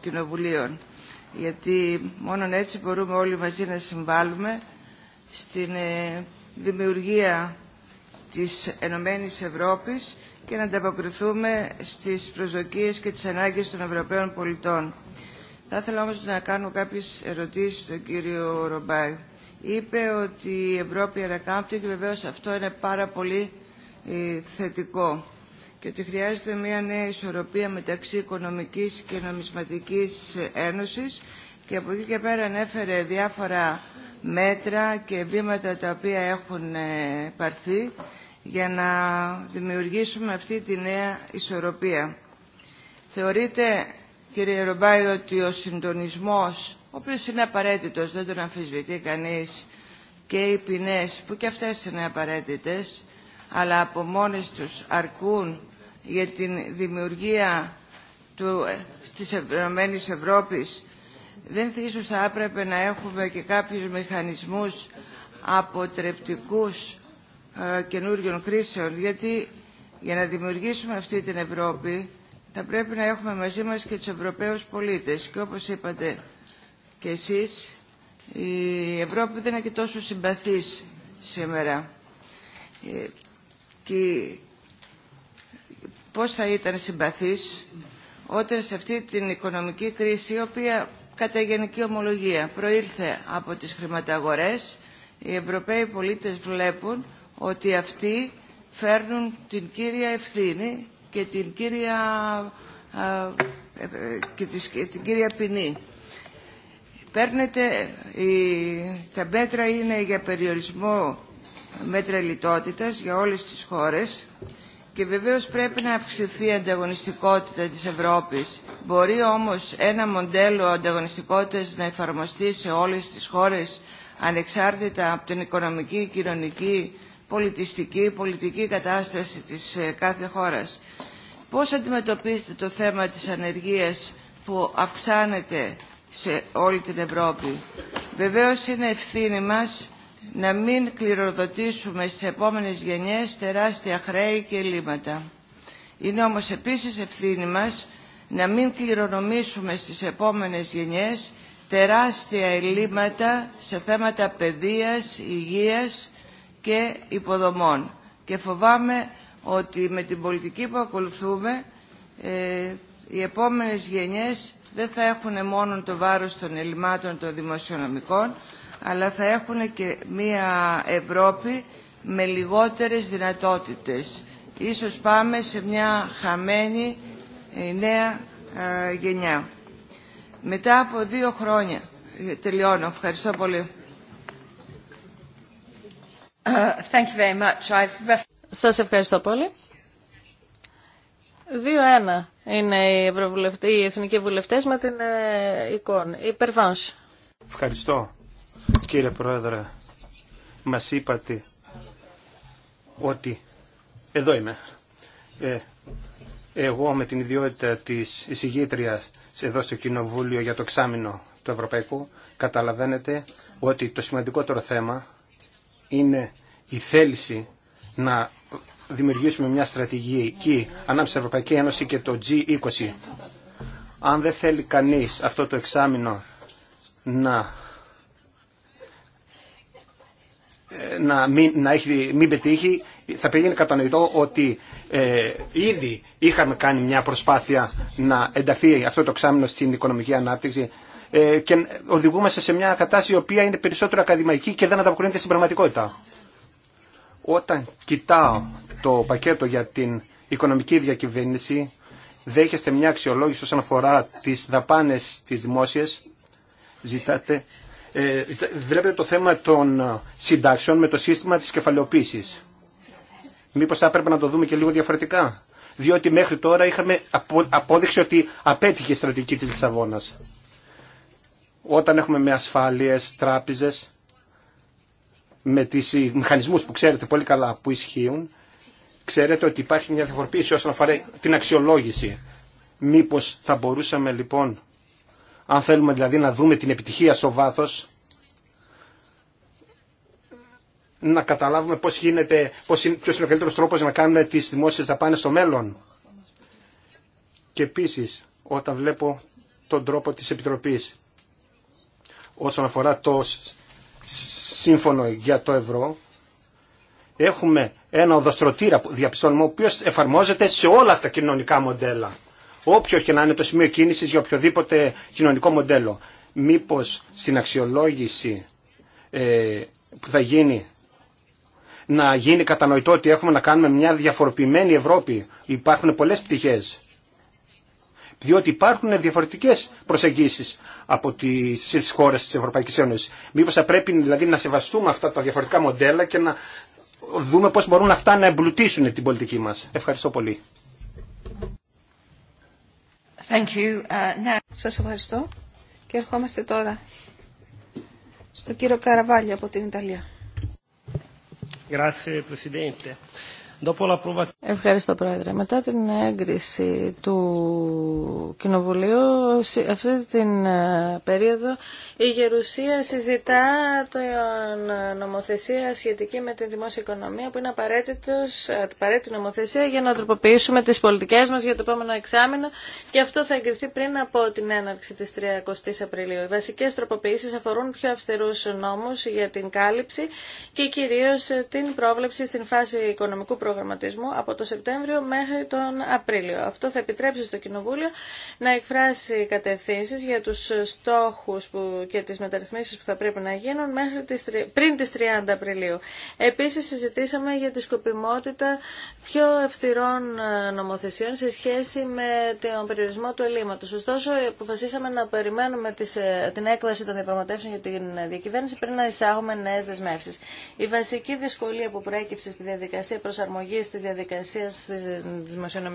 κοινοβουλίων. Γιατί μόνο έτσι μπορούμε όλοι μαζί να συμβάλλουμε στην ε, δημιουργία της Ενωμένης Ευρώπης και να ανταποκριθούμε στις προσδοκίες και τις ανάγκες των Ευρωπαίων πολιτών. Θα ήθελα όμως να κάνω κάποιες ερωτήσεις στον κύριο Ρομπάη. Είπε ότι η Ευρώπη ανακάμπτει και βεβαίως αυτό είναι πάρα πολύ ε, θετικό και ότι χρειάζεται μια νέα ισορροπία μεταξύ οικονομικής και νομισματικής ένωσης και από εκεί και πέρα ανέφερε διάφορα μέτρα και βήματα τα οποία έχουν ε, πάρθει για να δημιουργήσουμε αυτή τη νέα ισορροπία. Θεωρείτε, κύριε Ρομπάη, ότι ο συντονισμός, ο οποίος είναι απαραίτητος, δεν τον αμφισβητεί κανείς, και οι ποινές, που και αυτές είναι απαραίτητες, αλλά από μόνες τους αρκούν για την δημιουργία του, ε, της Ευρωμένης Ευρώπης δεν ίσως θα έπρεπε να έχουμε και κάποιους μηχανισμούς αποτρεπτικούς ε, καινούριων κρίσεων, γιατί για να δημιουργήσουμε αυτή την Ευρώπη θα πρέπει να έχουμε μαζί μας και τους Ευρωπαίους πολίτες. Και όπως είπατε και εσείς, η Ευρώπη δεν είναι και τόσο συμπαθής σήμερα. Ε, και πώς θα ήταν συμπαθής όταν σε αυτή την οικονομική κρίση, η οποία κατά γενική ομολογία. Προήλθε από τις χρηματαγορές. Οι Ευρωπαίοι πολίτες βλέπουν ότι αυτοί φέρνουν την κύρια ευθύνη και την κύρια, ε, και την κύρια ποινή. Παίρνετε, τα μέτρα είναι για περιορισμό μέτρα λιτότητας για όλες τις χώρες και βεβαίως πρέπει να αυξηθεί η ανταγωνιστικότητα της Ευρώπης. Μπορεί όμως ένα μοντέλο ανταγωνιστικότητας να εφαρμοστεί σε όλες τις χώρες ανεξάρτητα από την οικονομική, κοινωνική, πολιτιστική, πολιτική κατάσταση της ε, κάθε χώρας. Πώς αντιμετωπίζετε το θέμα της ανεργίας που αυξάνεται σε όλη την Ευρώπη. Βεβαίως είναι ευθύνη μας να μην κληροδοτήσουμε στις επόμενες γενιές τεράστια χρέη και ελλείμματα. Είναι όμως επίσης ευθύνη μας να μην κληρονομήσουμε στις επόμενες γενιές τεράστια ελλείμματα σε θέματα παιδείας, υγείας και υποδομών. Και φοβάμαι ότι με την πολιτική που ακολουθούμε ε, οι επόμενες γενιές δεν θα έχουν μόνο το βάρος των ελλημάτων των δημοσιονομικών, αλλά θα έχουν και μία Ευρώπη με λιγότερες δυνατότητες. Ίσως πάμε σε μια χαμένη ε, νέα ε, γενιά. Μετά από δύο χρόνια. Ε, τελειώνω. Ευχαριστώ πολύ. Thank you very much. I've... Σας ευχαριστώ πολύ. Δύο-ένα είναι οι, εθνικοί βουλευτές με την εικόνα. Η Ευχαριστώ. Κύριε Πρόεδρε, μας είπατε ότι εδώ είμαι. Ε, εγώ με την ιδιότητα της εισηγήτριας εδώ στο Κοινοβούλιο για το εξάμεινο του Ευρωπαϊκού καταλαβαίνετε ότι το σημαντικότερο θέμα είναι η θέληση να δημιουργήσουμε μια στρατηγική ανάμεσα στην Ευρωπαϊκή Ένωση και το G20. Αν δεν θέλει κανείς αυτό το εξάμεινο να ε, να μην, να έχει, μην πετύχει, θα πήγαινε κατανοητό ότι ε, ήδη είχαμε κάνει μια προσπάθεια να ενταχθεί αυτό το εξάμεινο στην οικονομική ανάπτυξη ε, και οδηγούμαστε σε μια κατάσταση η οποία είναι περισσότερο ακαδημαϊκή και δεν ανταποκρίνεται στην πραγματικότητα. Όταν κοιτάω το πακέτο για την οικονομική διακυβέρνηση, δέχεστε μια αξιολόγηση όσον αφορά τις δαπάνες της δημόσιες, ζητάτε ε, βλέπετε το θέμα των συντάξεων με το σύστημα της κεφαλαιοποίησης. Μήπως θα έπρεπε να το δούμε και λίγο διαφορετικά. Διότι μέχρι τώρα είχαμε απόδειξη ότι απέτυχε η στρατηγική της Λισαβόνα. Όταν έχουμε με ασφάλειες, τράπεζες, με τις μηχανισμούς που ξέρετε πολύ καλά που ισχύουν, ξέρετε ότι υπάρχει μια διαφοροποίηση όσον αφορά την αξιολόγηση. Μήπως θα μπορούσαμε λοιπόν αν θέλουμε δηλαδή να δούμε την επιτυχία στο βάθος, να καταλάβουμε πώς γίνεται, πώς είναι, ποιος είναι ο καλύτερος τρόπος να κάνουμε τις δημόσιες δαπάνες στο μέλλον. Και επίσης, όταν βλέπω τον τρόπο της Επιτροπής όσον αφορά το σύμφωνο για το ευρώ, έχουμε ένα οδοστρωτήρα που διαπιστώνουμε, ο οποίος εφαρμόζεται σε όλα τα κοινωνικά μοντέλα όποιο και να είναι το σημείο κίνηση για οποιοδήποτε κοινωνικό μοντέλο. Μήπω στην αξιολόγηση ε, που θα γίνει να γίνει κατανοητό ότι έχουμε να κάνουμε μια διαφοροποιημένη Ευρώπη. Υπάρχουν πολλέ πτυχέ, Διότι υπάρχουν διαφορετικέ προσεγγίσει από τις χώρες της Ευρωπαϊκής Ένωσης. Μήπως θα πρέπει δηλαδή να σεβαστούμε αυτά τα διαφορετικά μοντέλα και να δούμε πώ μπορούν αυτά να εμπλουτίσουν την πολιτική μα. Ευχαριστώ πολύ. Thank uh, Σας ευχαριστώ και ερχόμαστε τώρα στον κύριο Καραβάλιο από την Ιταλία. Grazie, Presidente. Ευχαριστώ Πρόεδρε. Μετά την έγκριση του Κοινοβουλίου, αυτή την ε, περίοδο η Γερουσία συζητά την ε, νομοθεσία σχετική με την δημόσια οικονομία που είναι ε, απαραίτητη νομοθεσία για να τροποποιήσουμε τις πολιτικές μας για το επόμενο εξάμεινο και αυτό θα εγκριθεί πριν από την έναρξη της 30 Απριλίου. Οι βασικές τροποποιήσεις αφορούν πιο αυστηρούς νόμους για την κάλυψη και κυρίως την πρόβλεψη στην φάση οικονομικού προβλήματος προγραμματισμού από το Σεπτέμβριο μέχρι τον Απρίλιο. Αυτό θα επιτρέψει στο Κοινοβούλιο να εκφράσει κατευθύνσεις για τους στόχους που και τις μεταρρυθμίσεις που θα πρέπει να γίνουν μέχρι τις, πριν τις 30 Απριλίου. Επίσης συζητήσαμε για τη σκοπιμότητα πιο ευθυρών ε, νομοθεσιών σε σχέση με τον περιορισμό του ελλείμματος. Ωστόσο, αποφασίσαμε να περιμένουμε ε, την έκβαση των διαπραγματεύσεων για την διακυβέρνηση πριν να εισάγουμε νέες δεσμεύσεις. Η βασική δυσκολία που προέκυψε στη διαδικασία προσαρμογής εφαρμογή της διαδικασίας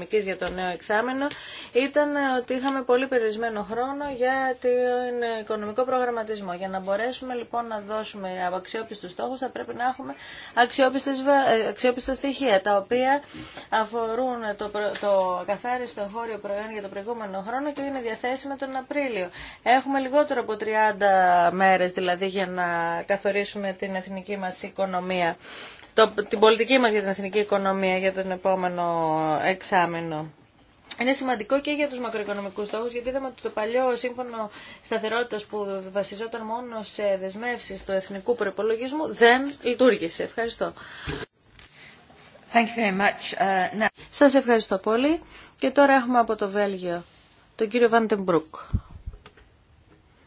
της για το νέο εξάμεινο ήταν ότι είχαμε πολύ περιορισμένο χρόνο για τον ε, οικονομικό προγραμματισμό. Για να μπορέσουμε λοιπόν να δώσουμε αξιόπιστους στόχου, θα πρέπει να έχουμε ε, αξιόπιστα στοιχεία τα οποία αφορούν το, το καθάριστο εγχώριο προϊόν για το προηγούμενο χρόνο και είναι διαθέσιμο τον Απρίλιο. Έχουμε λιγότερο από 30 μέρε δηλαδή για να καθορίσουμε την εθνική μα οικονομία. την πολιτική μας για την εθνική οικονομία οικονομία για τον επόμενο εξάμεινο. Είναι σημαντικό και για τους μακροοικονομικούς στόχους, γιατί είδαμε ότι το παλιό σύμφωνο σταθερότητας που βασιζόταν μόνο σε δεσμεύσεις του εθνικού προπολογισμού δεν λειτουργήσε. Ευχαριστώ. Thank you very much. Uh, Σας ευχαριστώ πολύ. Και τώρα έχουμε από το Βέλγιο τον κύριο Βαντεμπρούκ.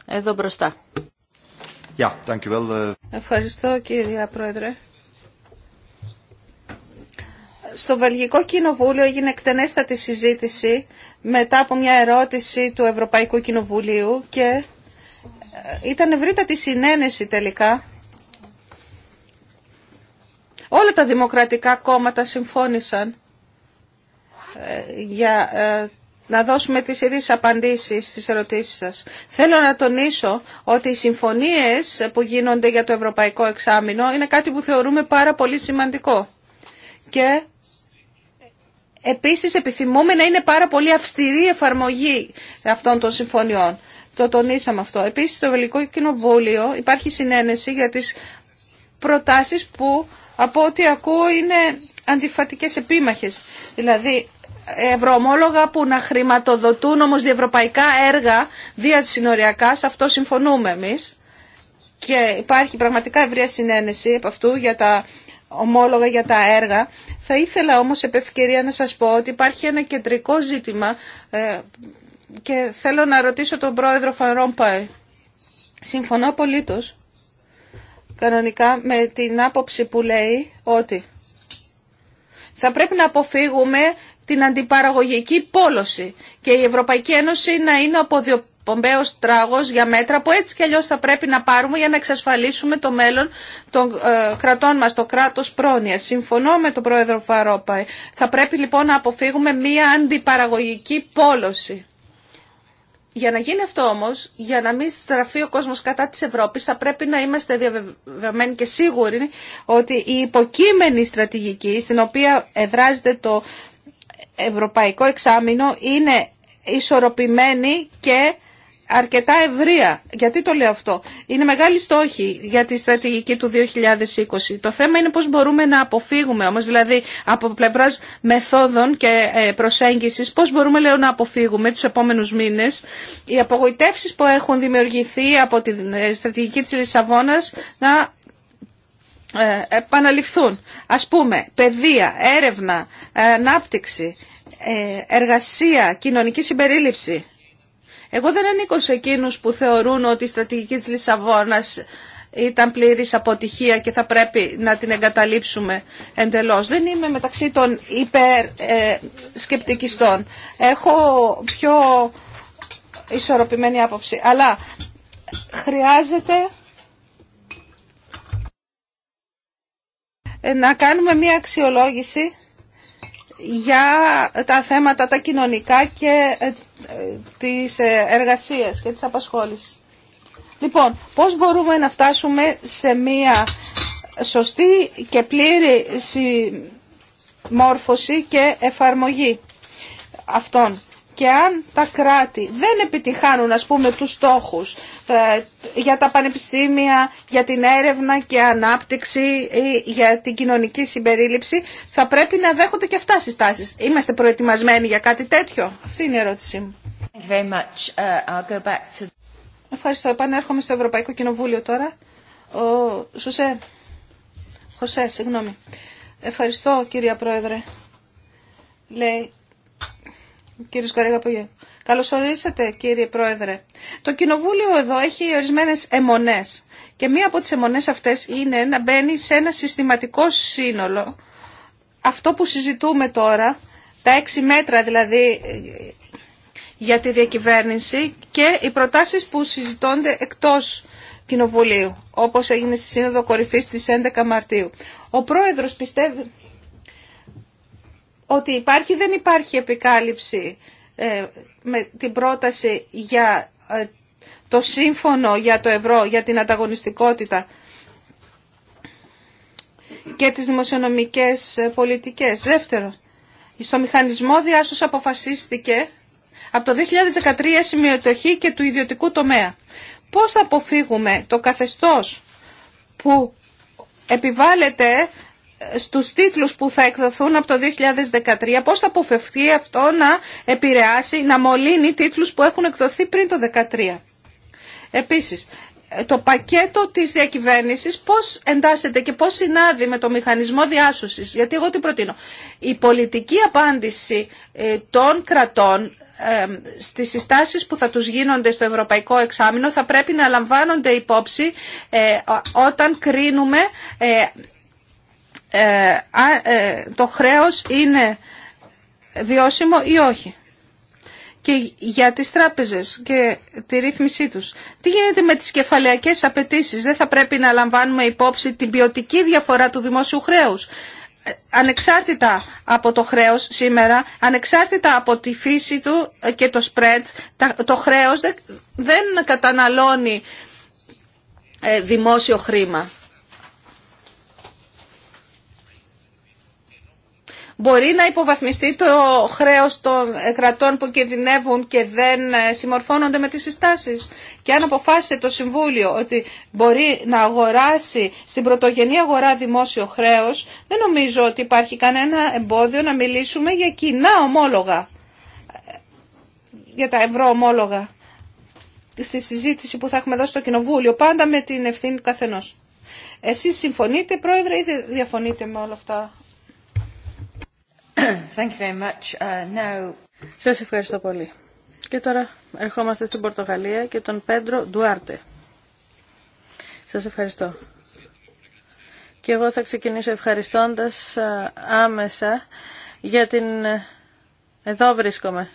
Εδώ μπροστά. Yeah, thank you well. Uh- ευχαριστώ κύριε Πρόεδρε στο Βελγικό Κοινοβούλιο έγινε εκτενέστατη συζήτηση μετά από μια ερώτηση του Ευρωπαϊκού Κοινοβουλίου και ε, ήταν ευρύτατη συνένεση τελικά. Όλα τα δημοκρατικά κόμματα συμφώνησαν ε, για ε, να δώσουμε τις ίδιες απαντήσεις στις ερωτήσεις σας. Θέλω να τονίσω ότι οι συμφωνίες που γίνονται για το Ευρωπαϊκό Εξάμεινο είναι κάτι που θεωρούμε πάρα πολύ σημαντικό. Και Επίσης επιθυμούμε να είναι πάρα πολύ αυστηρή η εφαρμογή αυτών των συμφωνιών. Το τονίσαμε αυτό. Επίσης στο Βελικό Κοινοβούλιο υπάρχει συνένεση για τις προτάσεις που από ό,τι ακούω είναι αντιφατικές επίμαχες. Δηλαδή ευρωομόλογα που να χρηματοδοτούν όμως διευρωπαϊκά έργα διασυνοριακά, σε αυτό συμφωνούμε εμείς. Και υπάρχει πραγματικά ευρεία συνένεση από αυτού για τα ομόλογα για τα έργα. Θα ήθελα όμως επ' να σας πω ότι υπάρχει ένα κεντρικό ζήτημα ε, και θέλω να ρωτήσω τον πρόεδρο Φαρόμπαε. Συμφωνώ απολύτως κανονικά με την άποψη που λέει ότι θα πρέπει να αποφύγουμε την αντιπαραγωγική πόλωση και η Ευρωπαϊκή Ένωση να είναι αποδιοποιημένη πομπαίο τράγο για μέτρα που έτσι κι αλλιώ θα πρέπει να πάρουμε για να εξασφαλίσουμε το μέλλον των ε, κρατών μα το κράτο πρόνοια. Συμφωνώ με τον πρόεδρο Φαρόπα. Θα πρέπει λοιπόν να αποφύγουμε μία αντιπαραγωγική πόλωση. Για να γίνει αυτό όμω, για να μην στραφεί ο κόσμο κατά τη Ευρώπη, θα πρέπει να είμαστε διαβεβαιωμένοι και σίγουροι ότι η υποκείμενη στρατηγική στην οποία εδράζεται το ευρωπαϊκό εξάμεινο είναι ισορροπημένη και αρκετά ευρεία. Γιατί το λέω αυτό. Είναι μεγάλη στόχη για τη στρατηγική του 2020. Το θέμα είναι πώς μπορούμε να αποφύγουμε όμως, δηλαδή από πλευράς μεθόδων και ε, προσέγγισης, πώς μπορούμε λέω, να αποφύγουμε τους επόμενους μήνες οι απογοητεύσεις που έχουν δημιουργηθεί από τη ε, στρατηγική της Λισαβόνας να ε, επαναληφθούν. Ας πούμε, παιδεία, έρευνα, ανάπτυξη, εργασία, κοινωνική συμπερίληψη. Εγώ δεν ανήκω σε εκείνους που θεωρούν ότι η στρατηγική της Λισαβόνας ήταν πλήρης αποτυχία και θα πρέπει να την εγκαταλείψουμε εντελώς. Δεν είμαι μεταξύ των υπερσκεπτικιστών. Ε, Έχω πιο ισορροπημένη άποψη. Αλλά χρειάζεται να κάνουμε μία αξιολόγηση για τα θέματα τα κοινωνικά και της ε, εργασίας και της απασχόλησης. Λοιπόν, πώς μπορούμε να φτάσουμε σε μία σωστή και πλήρη συμμόρφωση και εφαρμογή αυτών και αν τα κράτη δεν επιτυχάνουν ας πούμε τους στόχους ε, για τα πανεπιστήμια, για την έρευνα και ανάπτυξη ή για την κοινωνική συμπερίληψη θα πρέπει να δέχονται και αυτά συστάσεις. Είμαστε προετοιμασμένοι για κάτι τέτοιο. Αυτή είναι η ερώτησή μου. Uh, Ευχαριστώ. Επανέρχομαι στο Ευρωπαϊκό Κοινοβούλιο τώρα. Ο Χωσέ, συγγνώμη. Ευχαριστώ κυρία Πρόεδρε. Λέει Κύριος Σκαρίγα, Πογέ. Καλώς ορίσατε κύριε Πρόεδρε. Το Κοινοβούλιο εδώ έχει ορισμένες εμονές και μία από τις εμονές αυτές είναι να μπαίνει σε ένα συστηματικό σύνολο αυτό που συζητούμε τώρα, τα έξι μέτρα δηλαδή για τη διακυβέρνηση και οι προτάσεις που συζητώνται εκτός Κοινοβουλίου, όπως έγινε στη Σύνοδο Κορυφής στις 11 Μαρτίου. Ο Πρόεδρος πιστεύει ότι υπάρχει δεν υπάρχει επικάλυψη ε, με την πρόταση για ε, το σύμφωνο για το ευρώ, για την ανταγωνιστικότητα και τις δημοσιονομικές ε, πολιτικές. Δεύτερον, στο μηχανισμό διάσωση αποφασίστηκε από το 2013 σημειοτοχή και του ιδιωτικού τομέα. Πώς θα αποφύγουμε το καθεστώς που επιβάλλεται στους τίτλους που θα εκδοθούν από το 2013, πώς θα αποφευθεί αυτό να επηρεάσει, να μολύνει τίτλους που έχουν εκδοθεί πριν το 2013. Επίσης, το πακέτο της διακυβέρνησης πώς εντάσσεται και πώς συνάδει με το μηχανισμό διάσωσης. Γιατί εγώ τι προτείνω. Η πολιτική απάντηση ε, των κρατών ε, στις συστάσεις που θα τους γίνονται στο Ευρωπαϊκό Εξάμεινο θα πρέπει να λαμβάνονται υπόψη ε, όταν κρίνουμε ε, ε, το χρέος είναι βιώσιμο ή όχι. Και για τις τράπεζες και τη ρύθμισή τους. Τι γίνεται με τις κεφαλαιακές απαιτήσεις. Δεν θα πρέπει να λαμβάνουμε υπόψη την ποιοτική διαφορά του δημόσιου χρέους. Ε, ανεξάρτητα από το χρέος σήμερα, ανεξάρτητα από τη φύση του και το spread, το χρέος δεν καταναλώνει δημόσιο χρήμα. μπορεί να υποβαθμιστεί το χρέος των κρατών που κινδυνεύουν και δεν ε, συμμορφώνονται με τις συστάσεις. Και αν αποφάσισε το Συμβούλιο ότι μπορεί να αγοράσει στην πρωτογενή αγορά δημόσιο χρέος, δεν νομίζω ότι υπάρχει κανένα εμπόδιο να μιλήσουμε για κοινά ομόλογα, για τα ευρωομόλογα στη συζήτηση που θα έχουμε εδώ στο Κοινοβούλιο, πάντα με την ευθύνη του καθενός. Εσείς συμφωνείτε, Πρόεδρε, ή διαφωνείτε με όλα αυτά Thank uh, Σας ευχαριστώ πολύ. Και τώρα ερχόμαστε στην Πορτογαλία και τον Πέντρο Ντουάρτε. Σας ευχαριστώ. Και εγώ θα ξεκινήσω ευχαριστώντας άμεσα για την... Ε, εδώ βρίσκομαι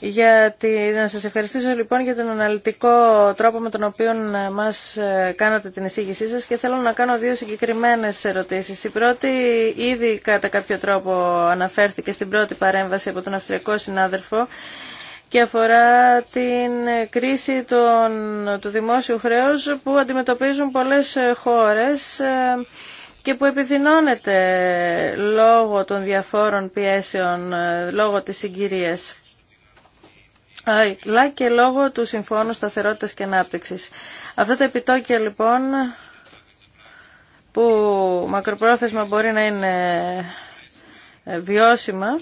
γιατί να σας ευχαριστήσω λοιπόν για τον αναλυτικό τρόπο με τον οποίο ε, μας ε, κάνατε την εισήγησή σας και θέλω να κάνω δύο συγκεκριμένες ερωτήσεις. Η πρώτη ήδη κατά κάποιο τρόπο αναφέρθηκε στην πρώτη παρέμβαση από τον αυστριακό συνάδελφο και αφορά την κρίση των, του δημόσιου χρέους που αντιμετωπίζουν πολλές χώρες ε, και που επιδεινώνεται λόγω των διαφόρων πιέσεων, λόγω της συγκυρίας αλλά και λόγω του Συμφώνου Σταθερότητας και Ανάπτυξης. Αυτά τα επιτόκια λοιπόν που μακροπρόθεσμα μπορεί να είναι ε, βιώσιμα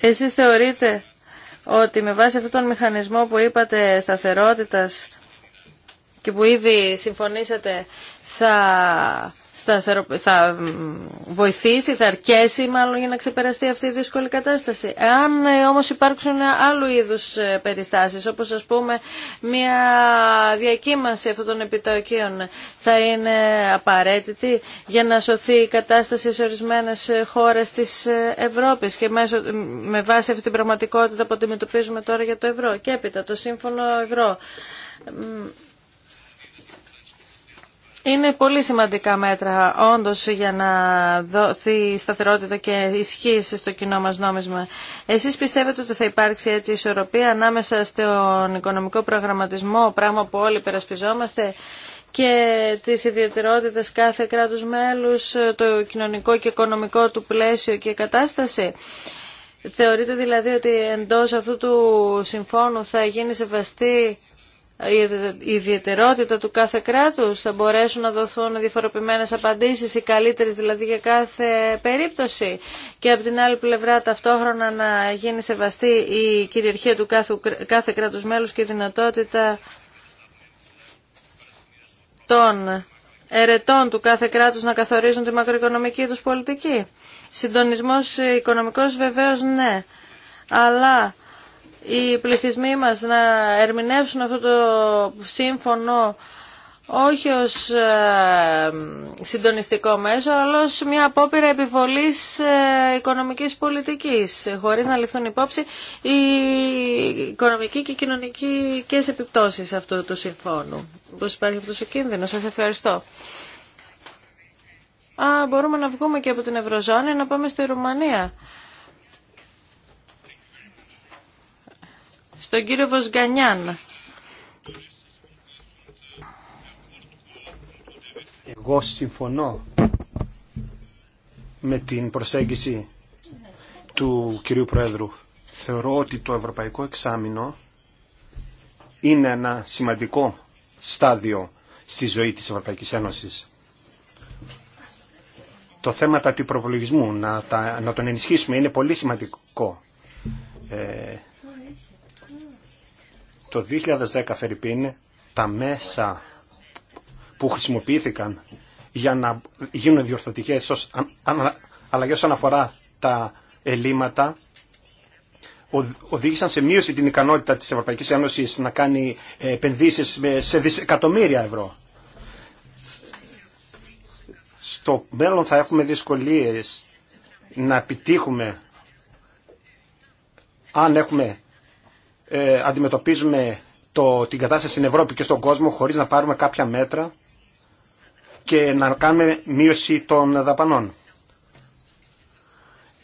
Εσείς θεωρείτε ότι με βάση αυτόν τον μηχανισμό που είπατε σταθερότητας και που ήδη συμφωνήσατε θα θα βοηθήσει, θα αρκέσει μάλλον για να ξεπεραστεί αυτή η δύσκολη κατάσταση. Αν ε, όμως υπάρξουν άλλου είδους ε, περιστάσεις, όπως ας πούμε μια διακύμαση αυτών των επιτοκίων θα είναι απαραίτητη για να σωθεί η κατάσταση σε ορισμένες χώρες της ε, Ευρώπης και μέσω... με βάση αυτή την πραγματικότητα που αντιμετωπίζουμε τώρα για το ευρώ και έπειτα το σύμφωνο ευρώ. Είναι πολύ σημαντικά μέτρα όντως για να δοθεί σταθερότητα και ισχύ στο κοινό μας νόμισμα. Εσείς πιστεύετε ότι θα υπάρξει έτσι ισορροπία ανάμεσα στον οικονομικό προγραμματισμό, πράγμα που όλοι περασπιζόμαστε, και τις ιδιαιτερότητες κάθε κράτους μέλους, το κοινωνικό και οικονομικό του πλαίσιο και κατάσταση. Θεωρείτε δηλαδή ότι εντός αυτού του συμφώνου θα γίνει σεβαστή η ιδιαιτερότητα του κάθε κράτους, θα μπορέσουν να δοθούν διαφοροποιημένες απαντήσεις, οι καλύτερες δηλαδή για κάθε περίπτωση και από την άλλη πλευρά ταυτόχρονα να γίνει σεβαστή η κυριαρχία του κάθε, κάθε κράτους μέλους και η δυνατότητα των ερετών του κάθε κράτους να καθορίζουν τη μακροοικονομική τους πολιτική. Συντονισμός οικονομικός βεβαίως ναι, αλλά οι πληθυσμοί μας να ερμηνεύσουν αυτό το σύμφωνο όχι ως ε, συντονιστικό μέσο, αλλά ως μια απόπειρα επιβολής ε, οικονομικής πολιτικής, χωρίς να ληφθούν υπόψη οι οικονομικοί και κοινωνική και επιπτώσεις αυτού του συμφώνου. Πώς υπάρχει αυτός ο κίνδυνος. Σας ευχαριστώ. Α, μπορούμε να βγούμε και από την Ευρωζώνη να πάμε στη Ρουμανία. στον κύριο Βοσγανιάν. Εγώ συμφωνώ με την προσέγγιση του κυρίου Πρόεδρου. Θεωρώ ότι το Ευρωπαϊκό Εξάμεινο είναι ένα σημαντικό στάδιο στη ζωή της Ευρωπαϊκής Ένωσης. Το θέμα του προπολογισμού, να, τα, να τον ενισχύσουμε, είναι πολύ σημαντικό. Ε, το 2010 Φερρυπίν τα μέσα που χρησιμοποιήθηκαν για να γίνουν διορθωτικές ως, αλλαγές όσον αφορά τα ελλείμματα οδήγησαν σε μείωση την ικανότητα της Ευρωπαϊκής Ένωσης να κάνει ε, επενδύσεις σε δισεκατομμύρια ευρώ. Στο μέλλον θα έχουμε δυσκολίες να επιτύχουμε αν έχουμε ε, αντιμετωπίζουμε το, την κατάσταση στην Ευρώπη και στον κόσμο χωρίς να πάρουμε κάποια μέτρα και να κάνουμε μείωση των δαπανών.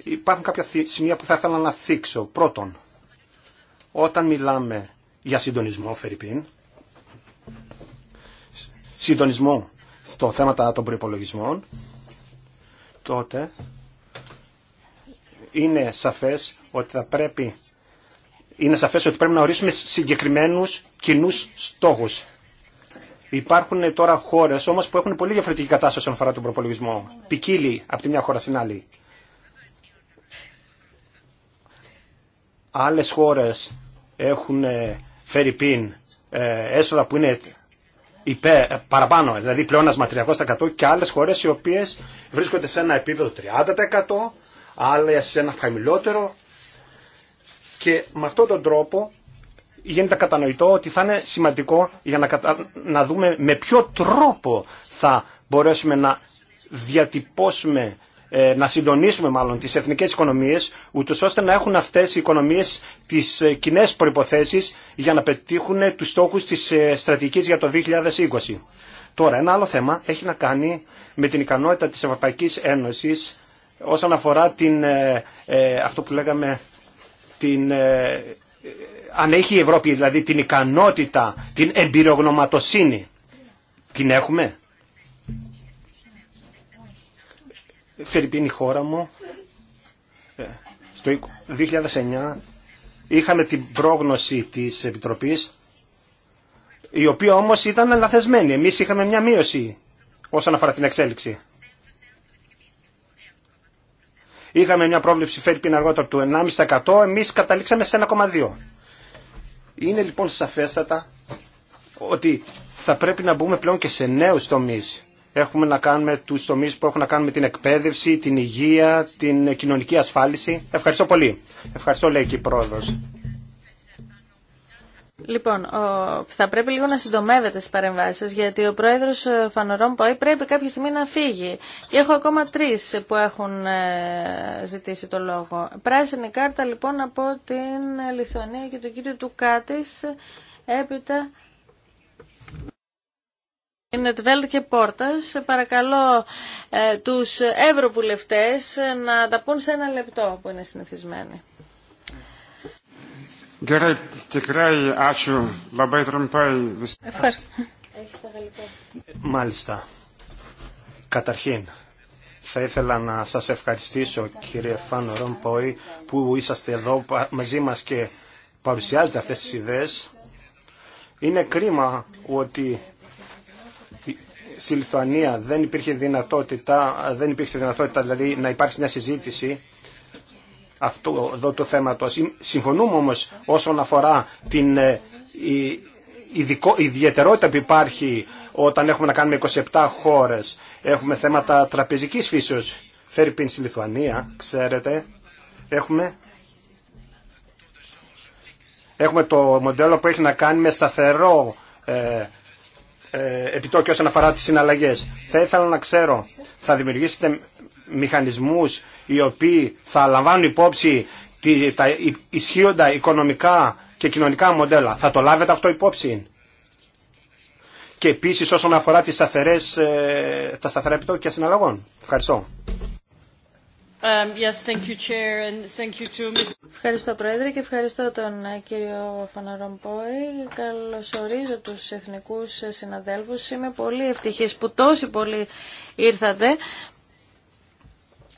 Υπάρχουν κάποια σημεία που θα ήθελα να θίξω. Πρώτον, όταν μιλάμε για συντονισμό, Φερρυπίν, συντονισμό στο θέμα των προϋπολογισμών, τότε είναι σαφές ότι θα πρέπει είναι σαφέ ότι πρέπει να ορίσουμε συγκεκριμένους κοινού στόχους. Υπάρχουν τώρα χώρε όμω που έχουν πολύ διαφορετική κατάσταση όσον αφορά τον προπολογισμό. Ποικίλει από τη μια χώρα στην άλλη. Άλλε χώρε έχουν ε, φέρει πίν ε, έσοδα που είναι υπέ, ε, παραπάνω, δηλαδή πλεόνασμα 300% και άλλε χώρε οι οποίε βρίσκονται σε ένα επίπεδο 30%, άλλε σε ένα χαμηλότερο, και με αυτόν τον τρόπο γίνεται κατανοητό ότι θα είναι σημαντικό για να, να δούμε με ποιο τρόπο θα μπορέσουμε να διατυπώσουμε ε, να συντονίσουμε μάλλον τις εθνικές οικονομίες, ούτως ώστε να έχουν αυτές οι οικονομίες τις ε, κοινέ προϋποθέσεις για να πετύχουν τους στόχους της ε, στρατηγικής για το 2020. Τώρα, ένα άλλο θέμα έχει να κάνει με την ικανότητα της Ευρωπαϊκής Ένωσης όσον αφορά την, αυτό που λέγαμε την, ε, αν έχει η Ευρώπη δηλαδή την ικανότητα, την εμπειρογνωματοσύνη, την έχουμε. Φιλιππίνη χώρα μου, ε, στο 2009 είχαμε την πρόγνωση της Επιτροπής, η οποία όμως ήταν λαθεσμένη. Εμείς είχαμε μια μείωση όσον αφορά την εξέλιξη. Είχαμε μια πρόβλεψη φέρει πριν αργότερα του 1,5%, εμείς καταλήξαμε σε 1,2%. Είναι λοιπόν σαφέστατα ότι θα πρέπει να μπούμε πλέον και σε νέους τομείς. Έχουμε να κάνουμε τους τομείς που έχουν να κάνουμε με την εκπαίδευση, την υγεία, την κοινωνική ασφάλιση. Ευχαριστώ πολύ. Ευχαριστώ λέει και η πρόεδρος. Λοιπόν, θα πρέπει λίγο να συντομεύετε τι παρεμβάσει γιατί ο πρόεδρο ε, Φανορών Ποϊ πρέπει κάποια στιγμή να φύγει. Και έχω ακόμα τρει που έχουν ε, ζητήσει το λόγο. Πράσινη κάρτα λοιπόν από την ε, Λιθουανία και τον κύριο Τουκάτη. Έπειτα. Είναι Τβέλτ και Πόρτας. Παρακαλώ ε, τους ευρωβουλευτές να τα πούν σε ένα λεπτό που είναι συνηθισμένοι. Gerai, Μάλιστα. Καταρχήν, θα ήθελα να σας ευχαριστήσω κύριε Φάνο Ρομπόη που είσαστε εδώ μαζί μας και παρουσιάζετε αυτές τις ιδέες. Είναι κρίμα ότι στη Λιθουανία δεν υπήρχε δυνατότητα, δεν υπήρχε δυνατότητα δηλαδή να υπάρξει μια συζήτηση αυτό εδώ το θέμα. Συμφωνούμε όμως όσον αφορά την ε, ειδικό, ιδιαιτερότητα που υπάρχει όταν έχουμε να κάνουμε 27 χώρε, Έχουμε θέματα τραπεζικής φύσεως. Φέρει πίν στη Λιθουανία, ξέρετε. Έχουμε... Έχουμε το μοντέλο που έχει να κάνει με σταθερό ε, ε επιτόκιο όσον αφορά τις συναλλαγές. Θα ήθελα να ξέρω, θα δημιουργήσετε μηχανισμούς οι οποίοι θα λαμβάνουν υπόψη τα ισχύοντα οικονομικά και κοινωνικά μοντέλα. Θα το λάβετε αυτό υπόψη. Και επίση όσον αφορά τις σταθερές, ε, τα σταθερά επιτόκια συναλλαγών. Ευχαριστώ. Ευχαριστώ Πρόεδρε και ευχαριστώ τον ε, κύριο Φαναρομπόη. Καλωσορίζω τους εθνικούς συναδέλφους. Είμαι πολύ ευτυχής που τόσοι πολλοί ήρθατε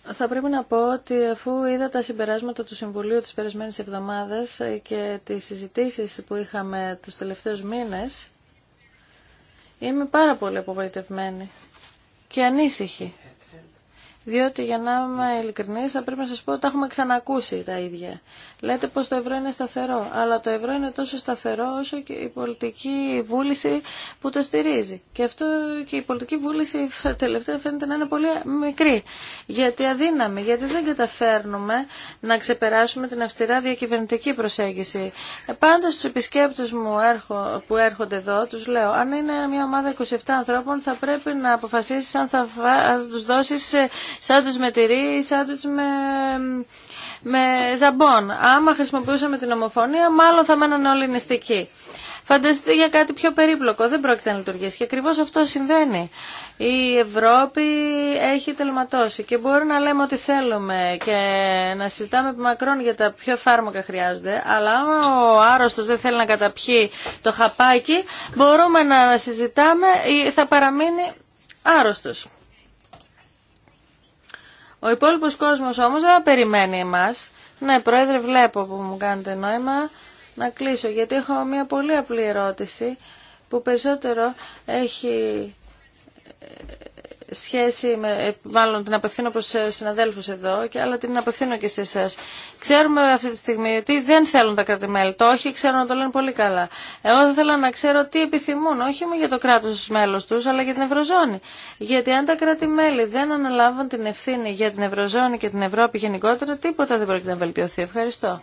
θα πρέπει να πω ότι αφού είδα τα συμπεράσματα του Συμβουλίου της περασμένης εβδομάδας και τις συζητήσεις που είχαμε τους τελευταίους μήνες, είμαι πάρα πολύ απογοητευμένη και ανήσυχη. Διότι για να είμαι ειλικρινή, θα πρέπει να σα πω ότι τα έχουμε ξανακούσει τα ίδια. Λέτε πω το ευρώ είναι σταθερό, αλλά το ευρώ είναι τόσο σταθερό όσο και η πολιτική βούληση που το στηρίζει. Και αυτό και η πολιτική βούληση τελευταία φαίνεται να είναι πολύ μικρή. Γιατί αδύναμη, γιατί δεν καταφέρνουμε να ξεπεράσουμε την αυστηρά διακυβερνητική προσέγγιση. Ε, Πάντα στου επισκέπτε μου που έρχονται εδώ, του λέω, αν είναι μια ομάδα 27 ανθρώπων, θα πρέπει να αποφασίσει αν θα του δώσει ε, σάντουιτς με τυρί ή με, με ζαμπόν. Άμα χρησιμοποιούσαμε την ομοφωνία, μάλλον θα μένανε όλοι νηστικοί. Φανταστείτε για κάτι πιο περίπλοκο. Δεν πρόκειται να λειτουργήσει. Και ακριβώ αυτό συμβαίνει. Η Ευρώπη έχει τελματώσει και μπορεί να λέμε ό,τι θέλουμε και να συζητάμε από μακρόν για τα πιο φάρμακα χρειάζονται. Αλλά άμα ο άρρωστος δεν θέλει να καταπιεί το χαπάκι, μπορούμε να συζητάμε ή θα παραμείνει άρρωστος. Ο υπόλοιπο κόσμο όμω δεν περιμένει εμά. Ναι, Πρόεδρε, βλέπω που μου κάνετε νόημα να κλείσω, γιατί έχω μια πολύ απλή ερώτηση που περισσότερο έχει σχέση, με, ε, μάλλον την απευθύνω προς ε, συναδέλφους εδώ, και, αλλά την απευθύνω και σε εσά. Ξέρουμε αυτή τη στιγμή ότι δεν θέλουν τα κράτη-μέλη. Το όχι, ξέρω να το λένε πολύ καλά. Εγώ θα ήθελα να ξέρω τι επιθυμούν, όχι μόνο για το κράτος μέλους τους, αλλά για την Ευρωζώνη. Γιατί αν τα κράτη-μέλη δεν αναλάβουν την ευθύνη για την Ευρωζώνη και την Ευρώπη γενικότερα, τίποτα δεν πρόκειται να βελτιωθεί. Ευχαριστώ.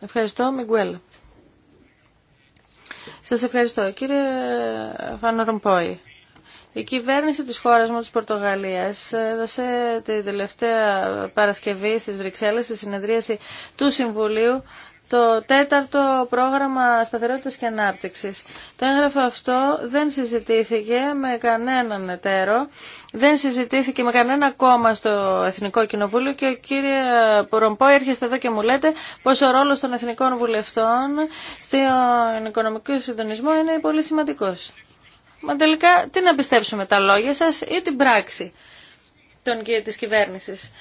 Ευχαριστώ, Μιγκουέλ. Σας ευχαριστώ. Κύριε Φανορμπόη, η κυβέρνηση της χώρας μου, της Πορτογαλίας, έδωσε την τελευταία Παρασκευή στις Βρυξέλλες, στη συνεδρίαση του Συμβουλίου, το τέταρτο πρόγραμμα σταθερότητας και ανάπτυξης. Το έγγραφο αυτό δεν συζητήθηκε με κανέναν εταίρο, δεν συζητήθηκε με κανένα κόμμα στο Εθνικό Κοινοβούλιο και ο κύριε Πορομπόη έρχεστε εδώ και μου λέτε πως ο ρόλος των εθνικών βουλευτών στον οικονομικό συντονισμό είναι πολύ σημαντικός. Μα τελικά τι να πιστέψουμε, τα λόγια σας ή την πράξη των, της κυβέρνησης.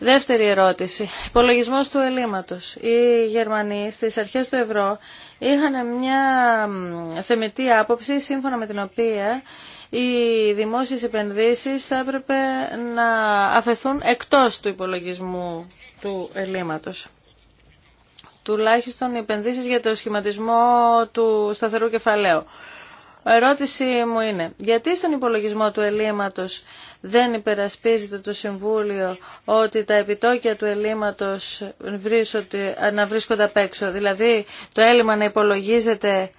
Δεύτερη ερώτηση. Υπολογισμό του ελλείμματος. Οι Γερμανοί στις αρχές του ευρώ είχαν μια θεμητή άποψη σύμφωνα με την οποία οι δημόσιες επενδύσεις θα έπρεπε να αφαιθούν εκτός του υπολογισμού του ελλείμματος. Τουλάχιστον οι επενδύσεις για το σχηματισμό του σταθερού κεφαλαίου ερώτησή μου είναι, γιατί στον υπολογισμό του ελλείμματος δεν υπερασπίζεται το Συμβούλιο ότι τα επιτόκια του ελλείμματος να βρίσκονται απ' έξω, δηλαδή το έλλειμμα να υπολογίζεται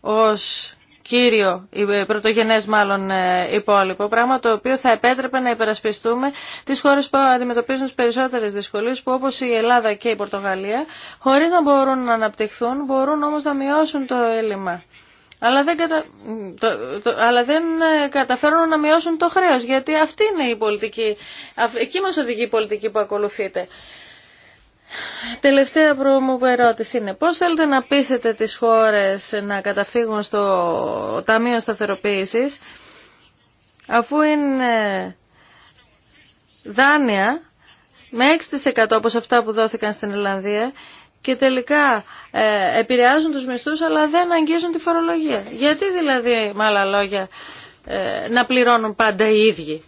ως κύριο, ε, πρωτογενές μάλλον ε, υπόλοιπο, πράγμα το οποίο θα επέτρεπε να υπερασπιστούμε τις χώρες που αντιμετωπίζουν τις περισσότερε δυσκολίε, που όπως η Ελλάδα και η Πορτογαλία, χωρίς να μπορούν να αναπτυχθούν, μπορούν όμως να μειώσουν το έλλειμμα αλλά δεν, κατα... το... αλλά δεν ε, καταφέρουν να μειώσουν το χρέος, γιατί αυτή είναι η πολιτική, εκεί μας οδηγεί η πολιτική που ακολουθείτε. Τελευταία μου ερώτηση είναι πώς θέλετε να πείσετε τις χώρες να καταφύγουν στο Ταμείο Σταθεροποίησης αφού είναι δάνεια με 6% όπως αυτά που δόθηκαν στην Ιρλανδία και τελικά ε, επηρεάζουν τους μισθούς αλλά δεν αγγίζουν τη φορολογία. Γιατί δηλαδή, με άλλα λόγια, ε, να πληρώνουν πάντα οι ίδιοι.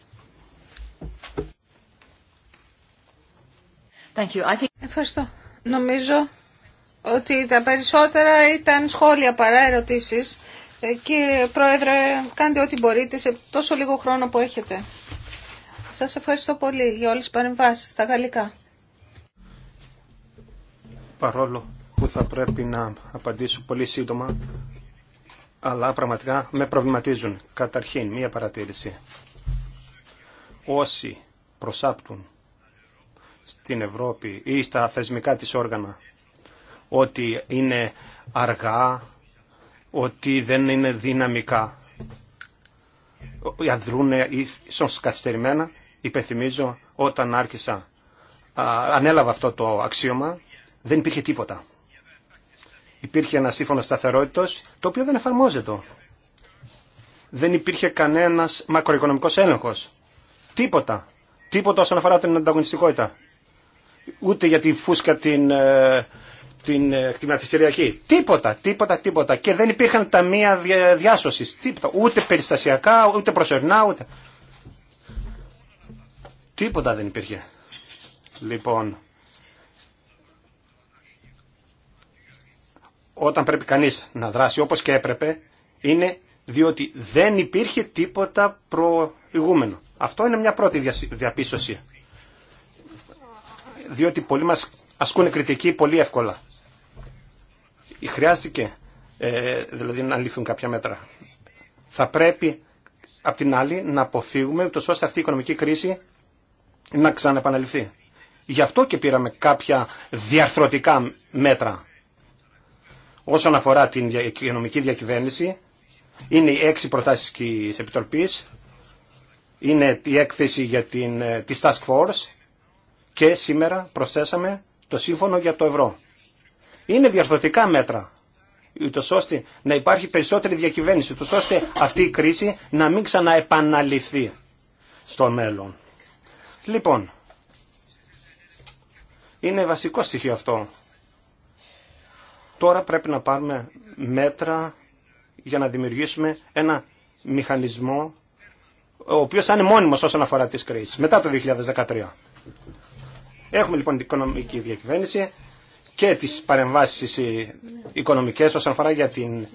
Thank you. I think... Ευχαριστώ. Νομίζω ότι τα περισσότερα ήταν σχόλια παρά ερωτήσεις. Ε, κύριε Πρόεδρε, κάντε ό,τι μπορείτε σε τόσο λίγο χρόνο που έχετε. Σας ευχαριστώ πολύ για όλες τις παρεμβάσεις στα γαλλικά παρόλο που θα πρέπει να απαντήσω πολύ σύντομα, αλλά πραγματικά με προβληματίζουν. Καταρχήν, μία παρατήρηση. Όσοι προσάπτουν στην Ευρώπη ή στα θεσμικά της όργανα ότι είναι αργά, ότι δεν είναι δυναμικά, αδρούν ίσως καθυστερημένα, υπενθυμίζω όταν άρχισα, ανέλαβα αυτό το αξίωμα δεν υπήρχε τίποτα. Υπήρχε ένα σύμφωνο σταθερότητα το οποίο δεν εφαρμόζεται. Δεν υπήρχε κανένας μακροοικονομικός έλεγχο. Τίποτα. Τίποτα όσον αφορά την ανταγωνιστικότητα. Ούτε για τη φούσκα την, ε, την κτηματιστηριακή. Ε, τίποτα, τίποτα, τίποτα. Και δεν υπήρχαν ταμεία διάσωση. Τίποτα. Ούτε περιστασιακά, ούτε προσωρινά, ούτε... Τίποτα δεν υπήρχε. Λοιπόν, όταν πρέπει κανείς να δράσει όπως και έπρεπε είναι διότι δεν υπήρχε τίποτα προηγούμενο. Αυτό είναι μια πρώτη διαπίστωση. Διότι πολλοί μας ασκούν κριτική πολύ εύκολα. Χρειάστηκε ε, δηλαδή να ληφθούν κάποια μέτρα. Θα πρέπει απ' την άλλη να αποφύγουμε ούτως ώστε αυτή η οικονομική κρίση να ξαναεπαναληφθεί. Γι' αυτό και πήραμε κάποια διαρθρωτικά μέτρα Όσον αφορά την οικονομική διακυβέρνηση, είναι οι έξι προτάσεις της Επιτροπής, είναι η έκθεση για την, ε, της Task Force και σήμερα προσθέσαμε το σύμφωνο για το ευρώ. Είναι διαρθωτικά μέτρα, ούτως ώστε να υπάρχει περισσότερη διακυβέρνηση, ούτως ώστε αυτή η κρίση να μην ξαναεπαναληφθεί στο μέλλον. Λοιπόν, είναι βασικό στοιχείο αυτό Τώρα πρέπει να πάρουμε μέτρα για να δημιουργήσουμε ένα μηχανισμό ο οποίος θα είναι μόνιμος όσον αφορά τις κρίσεις μετά το 2013. Έχουμε λοιπόν την οικονομική διακυβέρνηση και τις παρεμβάσεις οικονομικές όσον αφορά για την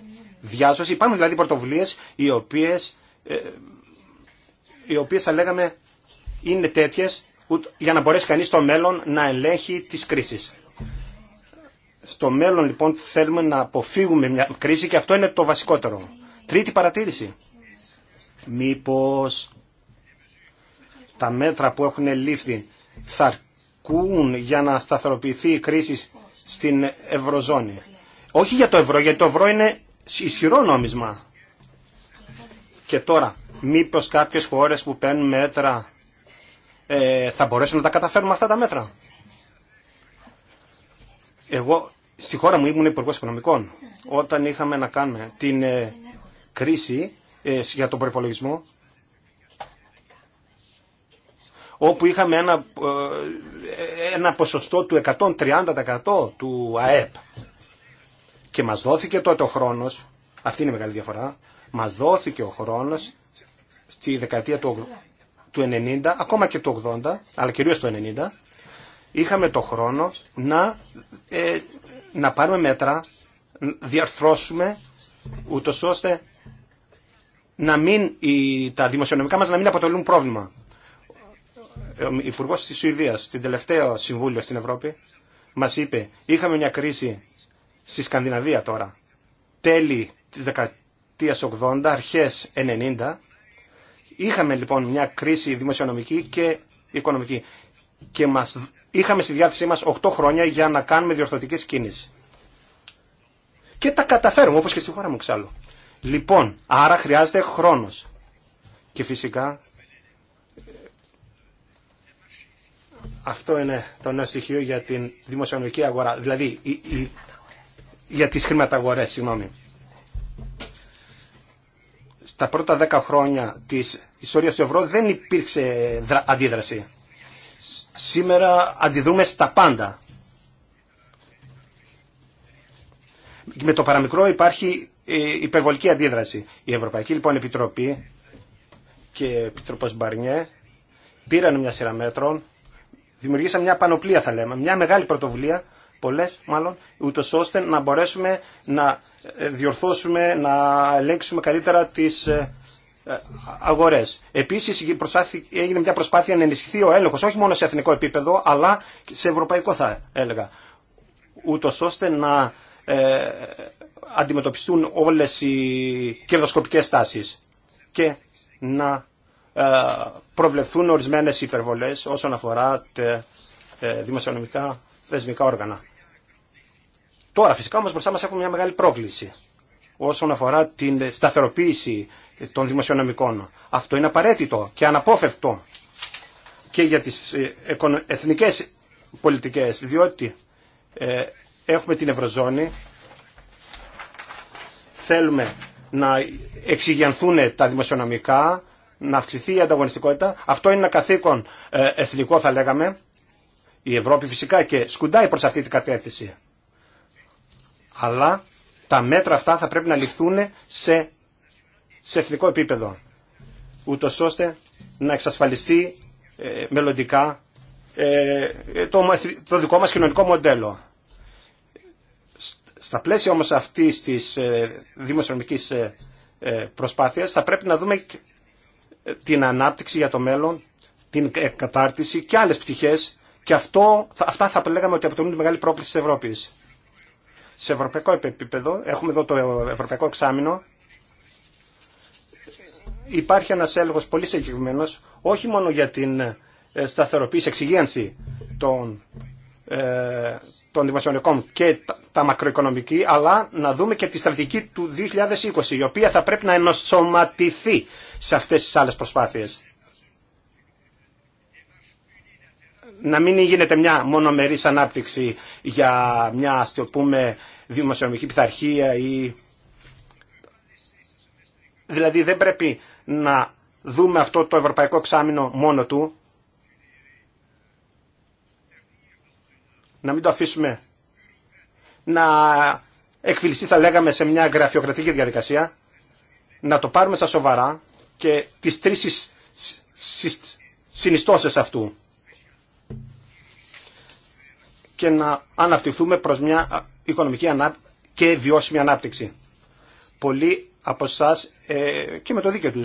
διάσωση. Υπάρχουν δηλαδή πρωτοβουλίες οι οποίες, ε, οι οποίες θα λέγαμε είναι τέτοιες για να μπορέσει κανείς στο μέλλον να ελέγχει τις κρίσεις. Στο μέλλον λοιπόν θέλουμε να αποφύγουμε μια κρίση και αυτό είναι το βασικότερο. Τρίτη παρατήρηση. Μήπως τα μέτρα που έχουν λήφθει θα αρκούν για να σταθεροποιηθεί η κρίση στην Ευρωζώνη. Όχι για το ευρώ, γιατί το ευρώ είναι ισχυρό νόμισμα. Και τώρα, μήπως κάποιες χώρες που παίρνουν μέτρα ε, θα μπορέσουν να τα καταφέρουν αυτά τα μέτρα. Εγώ Στη χώρα μου ήμουν υπουργό οικονομικών. Όταν είχαμε να κάνουμε την ε, κρίση ε, για τον προπολογισμό, όπου είχαμε ένα, ε, ένα ποσοστό του 130% του ΑΕΠ. Και μας δόθηκε τότε ο χρόνος, αυτή είναι η μεγάλη διαφορά, μας δόθηκε ο χρόνος στη δεκαετία του, του 90, ακόμα και του 80, αλλά κυρίως του 90, είχαμε το χρόνο να ε, να πάρουμε μέτρα, διαρθρώσουμε, ούτω ώστε να μην, τα δημοσιονομικά μας να μην αποτελούν πρόβλημα. Ο Υπουργό τη Σουηδία, στην τελευταία συμβούλιο στην Ευρώπη, μα είπε: Είχαμε μια κρίση στη Σκανδιναβία τώρα, τέλη τη δεκαετία 80, αρχέ 90. Είχαμε λοιπόν μια κρίση δημοσιονομική και οικονομική και μας Είχαμε στη διάθεσή μα 8 χρόνια για να κάνουμε διορθωτικές κινήσεις. Και τα καταφέρουμε, όπω και στη χώρα μου εξάλλου. Λοιπόν, άρα χρειάζεται χρόνο. Και φυσικά, αυτό είναι το νέο στοιχείο για την δημοσιονομική αγορά. Δηλαδή, η, η, για τις χρηματαγορές, συγγνώμη. Στα πρώτα δέκα χρόνια της ιστορίας του ευρώ δεν υπήρξε αντίδραση. Σήμερα αντιδρούμε στα πάντα. Με το παραμικρό υπάρχει ε, υπερβολική αντίδραση. Η Ευρωπαϊκή λοιπόν Επιτροπή και ο Επιτροπός Μπαρνιέ πήραν μια σειρά μέτρων, δημιουργήσαν μια πανοπλία θα λέμε, μια μεγάλη πρωτοβουλία, πολλές μάλλον, ούτω ώστε να μπορέσουμε να ε, διορθώσουμε, να ελέγξουμε καλύτερα τις ε, ε, αγορές. Επίση, έγινε μια προσπάθεια να ενισχυθεί ο έλεγχο, όχι μόνο σε εθνικό επίπεδο, αλλά σε ευρωπαϊκό, θα έλεγα. Ούτω ώστε να ε, αντιμετωπιστούν όλε οι κερδοσκοπικέ τάσει και να ε, προβλεφθούν ορισμένε υπερβολέ όσον αφορά τα δημοσιονομικά θεσμικά όργανα. Τώρα, φυσικά, όμως μπροστά μα έχουμε μια μεγάλη πρόκληση όσον αφορά την σταθεροποίηση των δημοσιονομικών. Αυτό είναι απαραίτητο και αναπόφευκτο και για τις ε, εθνικές πολιτικές, διότι ε, έχουμε την Ευρωζώνη, θέλουμε να εξηγιανθούν τα δημοσιονομικά, να αυξηθεί η ανταγωνιστικότητα. Αυτό είναι ένα καθήκον ε, εθνικό θα λέγαμε. Η Ευρώπη φυσικά και σκουντάει προς αυτή την κατεύθυνση. Αλλά τα μέτρα αυτά θα πρέπει να ληφθούν σε σε εθνικό επίπεδο, ούτω ώστε να εξασφαλιστεί ε, μελλοντικά ε, το, δικό μας κοινωνικό μοντέλο. Στα πλαίσια όμως αυτής της ε, δημοσιονομικής ε, ε, προσπάθειας θα πρέπει να δούμε την ανάπτυξη για το μέλλον, την κατάρτιση και άλλες πτυχές και αυτό, αυτά θα λέγαμε ότι αποτελούν τη μεγάλη πρόκληση της Ευρώπης. Σε ευρωπαϊκό επίπεδο, έχουμε εδώ το ευρωπαϊκό εξάμεινο υπάρχει ένας έλεγχος πολύ συγκεκριμένο, όχι μόνο για την ε, σταθεροποίηση, εξυγίανση των, ε, των δημοσιονομικών και τα, μακροοικονομική, αλλά να δούμε και τη στρατηγική του 2020, η οποία θα πρέπει να ενωσοματηθεί σε αυτές τις άλλες προσπάθειες. Να μην γίνεται μια μονομερής ανάπτυξη για μια, ας το πούμε, δημοσιονομική πειθαρχία ή Δηλαδή δεν πρέπει να δούμε αυτό το ευρωπαϊκό εξάμεινο μόνο του, να μην το αφήσουμε να εκφυλιστεί θα λέγαμε σε μια γραφειοκρατική διαδικασία, να το πάρουμε στα σοβαρά και τις τρεις συνιστώσεις αυτού και να αναπτυχθούμε προς μια οικονομική και βιώσιμη ανάπτυξη. Πολλοί από εσά ε, και με το δίκαιο του,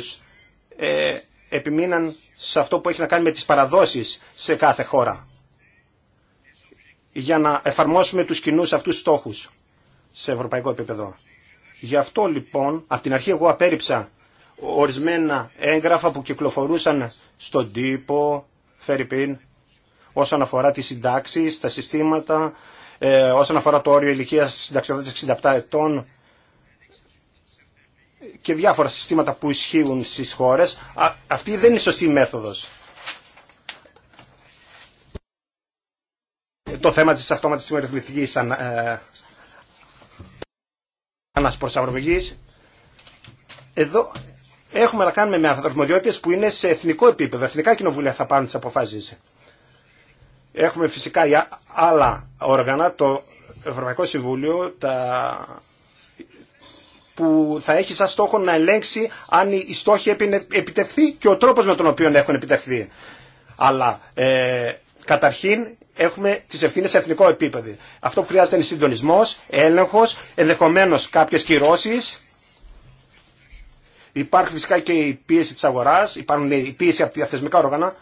ε, επιμείναν σε αυτό που έχει να κάνει με τις παραδόσεις σε κάθε χώρα για να εφαρμόσουμε τους κοινούς αυτούς στόχους σε ευρωπαϊκό επίπεδο. Γι' αυτό λοιπόν, από την αρχή εγώ απέρριψα ορισμένα έγγραφα που κυκλοφορούσαν στον τύπο, Φερρυπίν, όσον αφορά τις συντάξεις, τα συστήματα, ε, όσον αφορά το όριο ηλικίας συνταξιότητας 67 ετών, και διάφορα συστήματα που ισχύουν στις χώρες. Αυτή δεν είναι η σωστή μέθοδος. Το θέμα της αυτόματης συμμετοχλητικής ε, Εδώ έχουμε να κάνουμε με αρμοδιότητες που είναι σε εθνικό επίπεδο. Εθνικά κοινοβούλια θα πάρουν τις αποφάσεις. Έχουμε φυσικά άλλα όργανα, το Ευρωπαϊκό Συμβούλιο, τα που θα έχει σαν στόχο να ελέγξει αν οι στόχοι επιτευχθεί και ο τρόπος με τον οποίο έχουν επιτευχθεί. Αλλά ε, καταρχήν έχουμε τις ευθύνες σε εθνικό επίπεδο. Αυτό που χρειάζεται είναι συντονισμός, έλεγχος, ενδεχομένως κάποιες κυρώσεις. Υπάρχει φυσικά και η πίεση της αγοράς, υπάρχουν η πίεση από τα θεσμικά όργανα.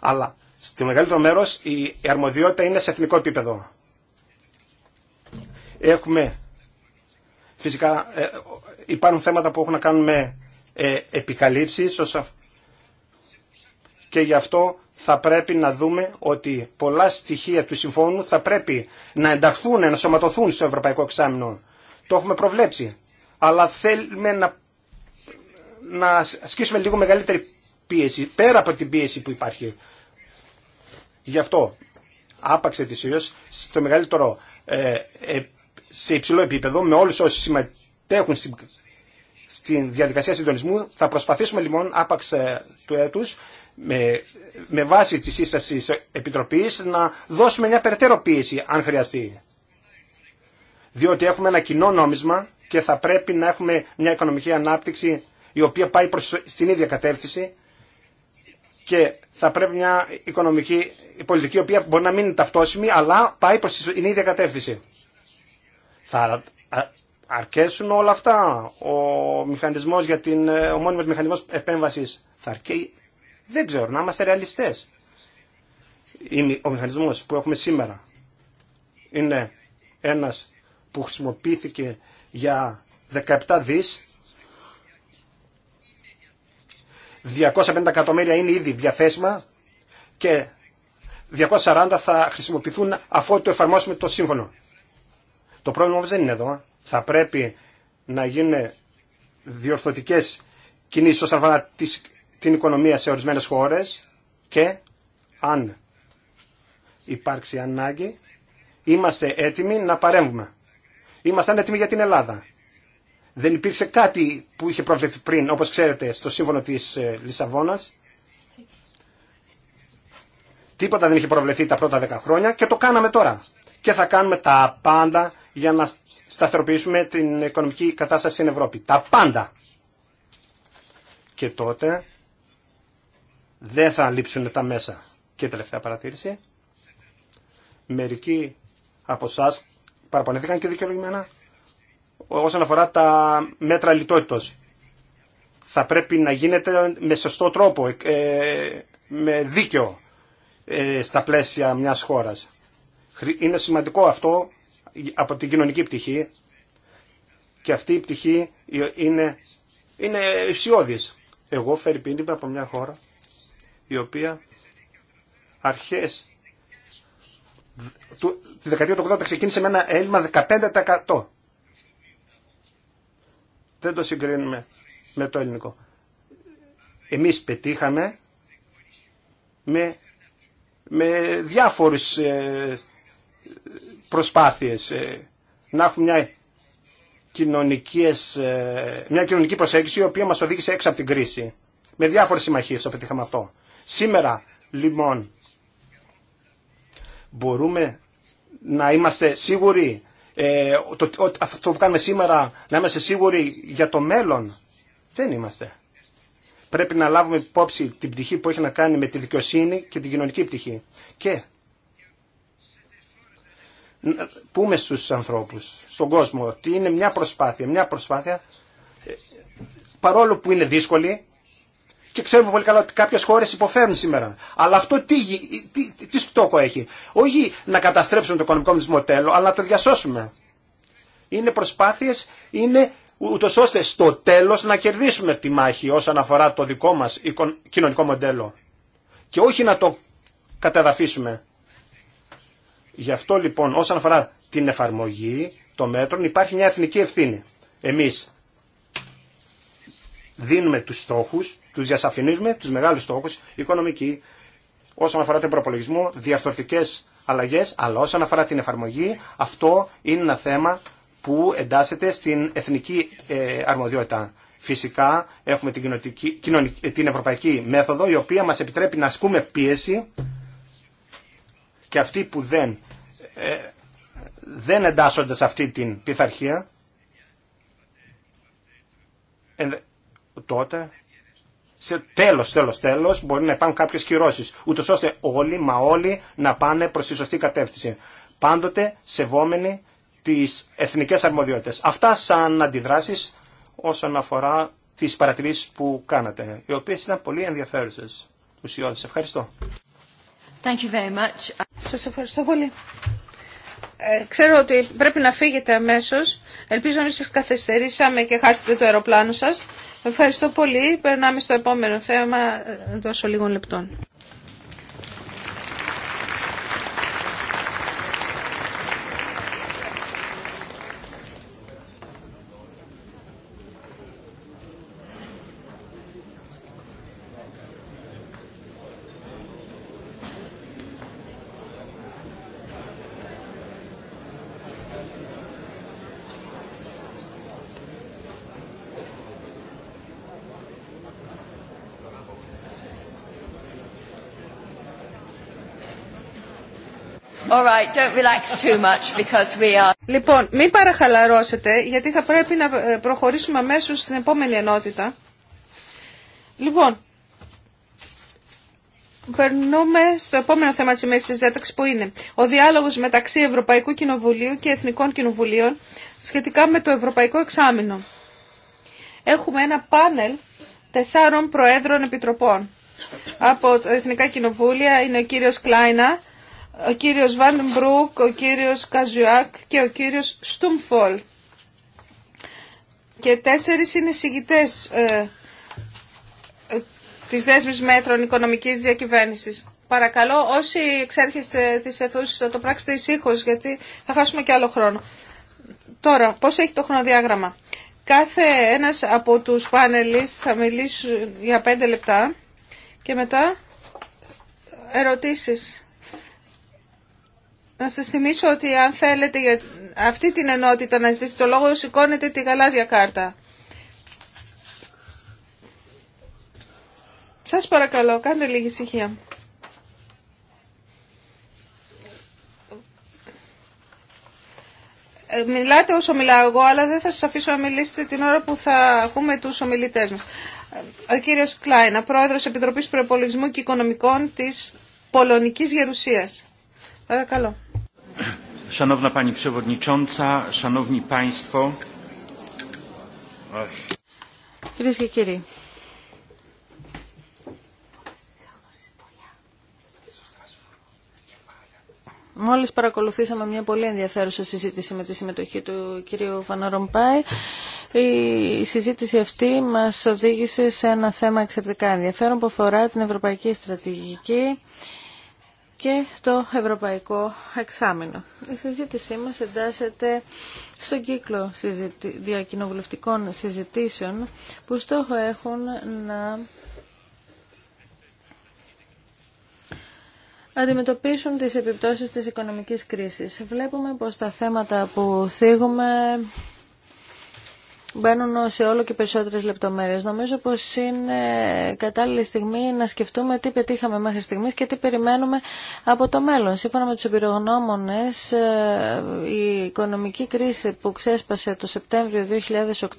Αλλά στο μεγαλύτερο μέρος η αρμοδιότητα είναι σε εθνικό επίπεδο. Έχουμε φυσικά ε, υπάρχουν θέματα που έχουν να κάνουν με ε, επικαλύψεις και γι' αυτό θα πρέπει να δούμε ότι πολλά στοιχεία του συμφώνου θα πρέπει να ενταχθούν, να σωματωθούν στο Ευρωπαϊκό Εξάμεινο. Το έχουμε προβλέψει. Αλλά θέλουμε να, να ασκήσουμε λίγο μεγαλύτερη πίεση, πέρα από την πίεση που υπάρχει. Γι' αυτό άπαξε τη στο μεγαλύτερο ε, σε υψηλό επίπεδο με όλους όσοι συμμετέχουν στη διαδικασία συντονισμού. Θα προσπαθήσουμε λοιπόν άπαξ ε, του έτους με, με βάση τη σύσταση Επιτροπής να δώσουμε μια περαιτέρω πίεση αν χρειαστεί. Διότι έχουμε ένα κοινό νόμισμα και θα πρέπει να έχουμε μια οικονομική ανάπτυξη η οποία πάει προς στην ίδια κατεύθυνση και θα πρέπει μια οικονομική πολιτική η οποία μπορεί να μην είναι ταυτόσιμη αλλά πάει προς την ίδια κατεύθυνση. Θα αρκέσουν όλα αυτά. Ο μηχανισμός για την, ε, ο μηχανισμός επέμβασης θα αρκεί. Δεν ξέρω, να είμαστε ρεαλιστές. Ο μηχανισμός που έχουμε σήμερα είναι ένας που χρησιμοποιήθηκε για 17 δις 250 εκατομμύρια είναι ήδη διαθέσιμα και 240 θα χρησιμοποιηθούν αφού το εφαρμόσουμε το σύμφωνο. Το πρόβλημα δεν είναι εδώ. Θα πρέπει να γίνουν διορθωτικές κινήσεις όσον αφορά την οικονομία σε ορισμένες χώρες και αν υπάρξει ανάγκη είμαστε έτοιμοι να παρέμβουμε. Είμαστε έτοιμοι για την Ελλάδα. Δεν υπήρξε κάτι που είχε προβλεφθεί πριν, όπως ξέρετε, στο σύμφωνο της ε, Λισαβόνας. Τίποτα δεν είχε προβλεφθεί τα πρώτα δέκα χρόνια και το κάναμε τώρα. Και θα κάνουμε τα πάντα για να σταθεροποιήσουμε την οικονομική κατάσταση στην Ευρώπη. Τα πάντα. Και τότε δεν θα λείψουν τα μέσα. Και τελευταία παρατήρηση. Μερικοί από εσά παραπονέθηκαν και δικαιολογημένα όσον αφορά τα μέτρα λιτότητος. Θα πρέπει να γίνεται με σωστό τρόπο, ε, με δίκαιο ε, στα πλαίσια μιας χώρας. Είναι σημαντικό αυτό από την κοινωνική πτυχή και αυτή η πτυχή είναι, είναι Εγώ φέρει είμαι από μια χώρα η οποία αρχές του, τη δεκαετία του 80 ξεκίνησε με ένα έλλειμμα 15%. Δεν το συγκρίνουμε με το ελληνικό. Εμείς πετύχαμε με, με διάφορους ε, προσπάθειες, ε, να έχουμε μια, κοινωνικές, ε, μια κοινωνική προσέγγιση η οποία μας οδήγησε έξω από την κρίση. Με διάφορες συμμαχίες το πετύχαμε αυτό. Σήμερα, λοιπόν, μπορούμε να είμαστε σίγουροι ε, το, αυτό που κάνουμε σήμερα να είμαστε σίγουροι για το μέλλον. Δεν είμαστε. Πρέπει να λάβουμε υπόψη την πτυχή που έχει να κάνει με τη δικαιοσύνη και την κοινωνική πτυχή. Και πούμε στους ανθρώπους, στον κόσμο, ότι είναι μια προσπάθεια, μια προσπάθεια, ε, παρόλο που είναι δύσκολη, και ξέρουμε πολύ καλά ότι κάποιες χώρες υποφέρουν σήμερα. Αλλά αυτό τι, τι, στόχο έχει. Όχι να καταστρέψουμε το οικονομικό μας μοντέλο, αλλά να το διασώσουμε. Είναι προσπάθειες, είναι ούτω ώστε στο τέλος να κερδίσουμε τη μάχη όσον αφορά το δικό μας κοινωνικό μοντέλο. Και όχι να το καταδαφίσουμε. Γι' αυτό λοιπόν όσον αφορά την εφαρμογή των μέτρων υπάρχει μια εθνική ευθύνη. Εμείς δίνουμε τους στόχους, τους διασαφηνίζουμε, τους μεγάλους στόχους, οικονομική, όσον αφορά τον προπολογισμό, διαρθρωτικές αλλαγές, αλλά όσον αφορά την εφαρμογή, αυτό είναι ένα θέμα που εντάσσεται στην εθνική ε, αρμοδιότητα. Φυσικά έχουμε την, την ευρωπαϊκή μέθοδο η οποία μας επιτρέπει να ασκούμε πίεση και αυτοί που δεν, ε, δεν εντάσσονται σε αυτή την πειθαρχία, ε, τότε, σε τέλος, τέλος, τέλος, μπορεί να υπάρχουν κάποιες κυρώσεις, ούτως ώστε όλοι, μα όλοι, να πάνε προς τη σωστή κατεύθυνση. Πάντοτε σεβόμενοι τις εθνικές αρμοδιότητες. Αυτά σαν αντιδράσεις όσον αφορά τις παρατηρήσεις που κάνατε, οι οποίες ήταν πολύ ενδιαφέρουσες Ουσιώδης, Ευχαριστώ. Thank Σας ευχαριστώ πολύ. Ε, ξέρω ότι πρέπει να φύγετε αμέσως. Ελπίζω να μην σας καθυστερήσαμε και χάσετε το αεροπλάνο σας. Ευχαριστώ πολύ. Περνάμε στο επόμενο θέμα ε, Δώσω λίγων λεπτών. Λοιπόν, μην παραχαλαρώσετε, γιατί θα πρέπει να ε, προχωρήσουμε αμέσω στην επόμενη ενότητα. Λοιπόν, περνούμε στο επόμενο θέμα της ημέρας της διάταξης που είναι ο διάλογος μεταξύ Ευρωπαϊκού Κοινοβουλίου και Εθνικών Κοινοβουλίων σχετικά με το Ευρωπαϊκό Εξάμεινο. Έχουμε ένα πάνελ τεσσάρων Προέδρων Επιτροπών. Από τα Εθνικά Κοινοβούλια είναι ο κύριος Κλάινα, ο κύριος Βάνμπρουκ, ο κύριος Καζουάκ και ο κύριος Στουμφόλ. Και τέσσερις είναι συγητές ε, ε, της δέσμης μέτρων οικονομικής διακυβέρνησης. Παρακαλώ, όσοι εξέρχεστε τις αιθούσεις θα το πράξετε ησύχως, γιατί θα χάσουμε και άλλο χρόνο. Τώρα, πώς έχει το χρονοδιάγραμμα. Κάθε ένας από τους πάνελις θα μιλήσει για πέντε λεπτά και μετά ερωτήσεις να σας θυμίσω ότι αν θέλετε για αυτή την ενότητα να ζητήσετε το λόγο, σηκώνετε τη γαλάζια κάρτα. Σας παρακαλώ, κάντε λίγη ησυχία. Ε, μιλάτε όσο μιλάω εγώ, αλλά δεν θα σας αφήσω να μιλήσετε την ώρα που θα ακούμε τους ομιλητές μας. Ε, ο κύριος Κλάινα, πρόεδρος Επιτροπής Προπολογισμού και Οικονομικών της Πολωνικής Γερουσίας. Παρακαλώ. και κύριοι, Μόλις παρακολουθήσαμε μια πολύ ενδιαφέρουσα συζήτηση με τη συμμετοχή του κυρίου Φαναρομπάη. Η συζήτηση αυτή μας οδήγησε σε ένα θέμα εξαιρετικά ενδιαφέρον που αφορά την Ευρωπαϊκή Στρατηγική και το Ευρωπαϊκό Εξάμεινο. Η συζήτησή μας εντάσσεται στον κύκλο διακοινοβουλευτικών συζητήσεων που στόχο έχουν να αντιμετωπίσουν τις επιπτώσεις της οικονομικής κρίσης. Βλέπουμε πως τα θέματα που θίγουμε μπαίνουν σε όλο και περισσότερες λεπτομέρειες. Νομίζω πως είναι κατάλληλη στιγμή να σκεφτούμε τι πετύχαμε μέχρι στιγμής και τι περιμένουμε από το μέλλον. Σύμφωνα με τους εμπειρογνώμονες, ε, η οικονομική κρίση που ξέσπασε το Σεπτέμβριο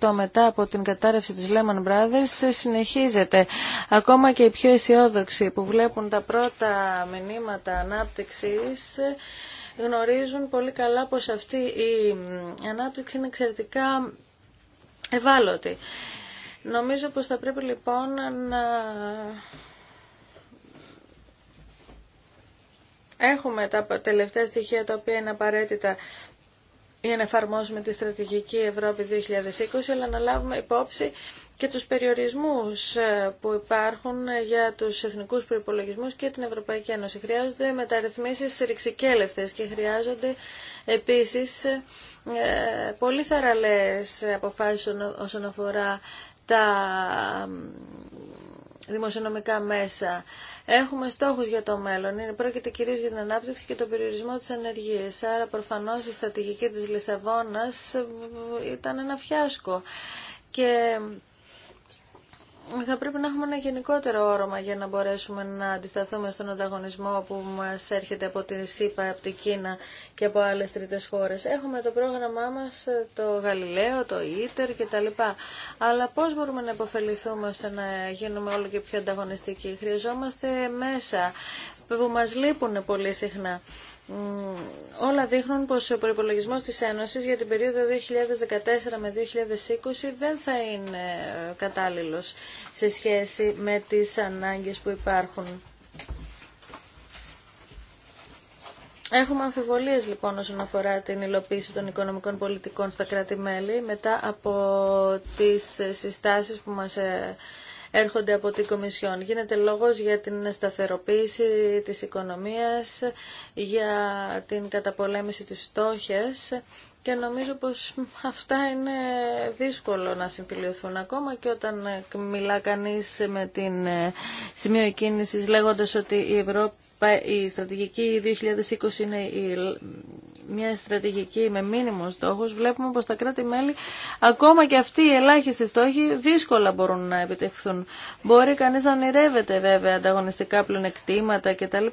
2008 μετά από την κατάρρευση της Lehman Brothers ε, συνεχίζεται. Ακόμα και οι πιο αισιόδοξοι που βλέπουν τα πρώτα μηνύματα ανάπτυξης ε, γνωρίζουν πολύ καλά πως αυτή η ανάπτυξη είναι εξαιρετικά ευάλωτη. Νομίζω πως θα πρέπει λοιπόν να έχουμε τα τελευταία στοιχεία τα οποία είναι απαραίτητα για να εφαρμόσουμε τη στρατηγική Ευρώπη 2020, αλλά να λάβουμε υπόψη και τους περιορισμούς ε, που υπάρχουν ε, για τους εθνικούς προϋπολογισμούς και την Ευρωπαϊκή Ένωση. Χρειάζονται μεταρρυθμίσεις ρηξικέλευτες και χρειάζονται επίσης ε, πολύ θαραλές αποφάσεις όσον αφορά τα δημοσιονομικά μέσα. Έχουμε στόχους για το μέλλον. Είναι πρόκειται κυρίως για την ανάπτυξη και τον περιορισμό της ανεργίας. Άρα προφανώς η στρατηγική της Λισαβόνας ήταν ένα φιάσκο. Και θα πρέπει να έχουμε ένα γενικότερο όρομα για να μπορέσουμε να αντισταθούμε στον ανταγωνισμό που μας έρχεται από την ΣΥΠΑ, από την Κίνα και από άλλες τρίτες χώρες. Έχουμε το πρόγραμμά μας, το Γαλιλαίο, το ΙΤΕΡ κτλ. Αλλά πώς μπορούμε να υποφεληθούμε ώστε να γίνουμε όλο και πιο ανταγωνιστικοί. Χρειαζόμαστε μέσα που μας λείπουν πολύ συχνά όλα δείχνουν πως ο προπολογισμό της Ένωσης για την περίοδο 2014 με 2020 δεν θα είναι κατάλληλος σε σχέση με τις ανάγκες που υπάρχουν. Έχουμε αμφιβολίες λοιπόν όσον αφορά την υλοποίηση των οικονομικών πολιτικών στα κράτη-μέλη μετά από τις συστάσεις που μας ε, έρχονται από την Κομισιόν. Γίνεται λόγος για την σταθεροποίηση της οικονομίας, για την καταπολέμηση της φτώχειας και νομίζω πως αυτά είναι δύσκολο να συμφιλειωθούν ακόμα και όταν μιλά κανείς με την ε, σημείο εκκίνησης λέγοντας ότι η Ευρώπη η στρατηγική 2020 είναι η μια στρατηγική με μήνυμο στόχους, βλέπουμε πως τα κράτη-μέλη, ακόμα και αυτοί οι ελάχιστοι στόχοι, δύσκολα μπορούν να επιτευχθούν. Μπορεί κανείς να ονειρεύεται βέβαια ανταγωνιστικά πλεονεκτήματα κτλ.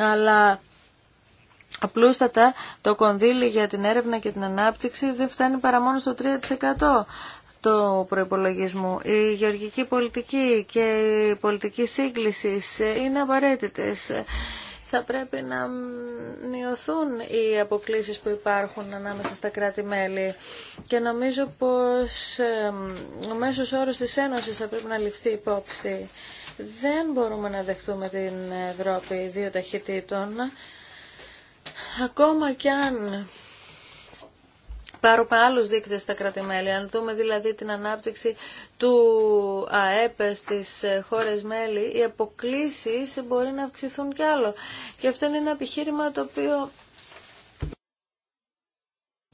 Αλλά απλούστατα το κονδύλι για την έρευνα και την ανάπτυξη δεν φτάνει παρά μόνο στο 3% το προϋπολογισμό. Η γεωργική πολιτική και η πολιτική σύγκληση είναι απαραίτητες θα πρέπει να μειωθούν οι αποκλήσεις που υπάρχουν ανάμεσα στα κράτη-μέλη και νομίζω πως ο μέσος όρος της Ένωσης θα πρέπει να ληφθεί υπόψη. Δεν μπορούμε να δεχτούμε την Ευρώπη δύο ταχυτήτων, ακόμα κι αν πάρουμε άλλους δείκτες στα κράτη-μέλη, αν δούμε δηλαδή την ανάπτυξη του ΑΕΠ στις χώρες μέλη, οι αποκλήσεις μπορεί να αυξηθούν κι άλλο. Και αυτό είναι ένα επιχείρημα το οποίο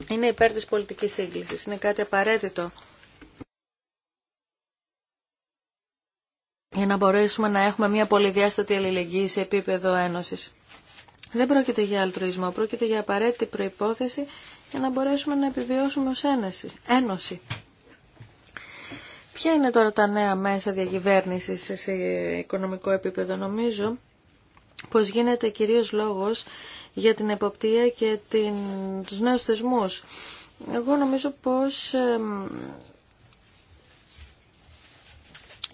είναι υπέρ της πολιτικής σύγκλησης. Είναι κάτι απαραίτητο. για να μπορέσουμε να έχουμε μια πολυδιάστατη αλληλεγγύη σε επίπεδο ένωσης. Δεν πρόκειται για αλτρουισμό, πρόκειται για απαραίτητη προϋπόθεση για να μπορέσουμε να επιβιώσουμε ως ένωση. Ποια είναι τώρα τα νέα μέσα διακυβέρνησης σε οικονομικό επίπεδο νομίζω πως γίνεται κυρίως λόγος για την εποπτεία και την, τους νέους θεσμούς. Εγώ νομίζω πως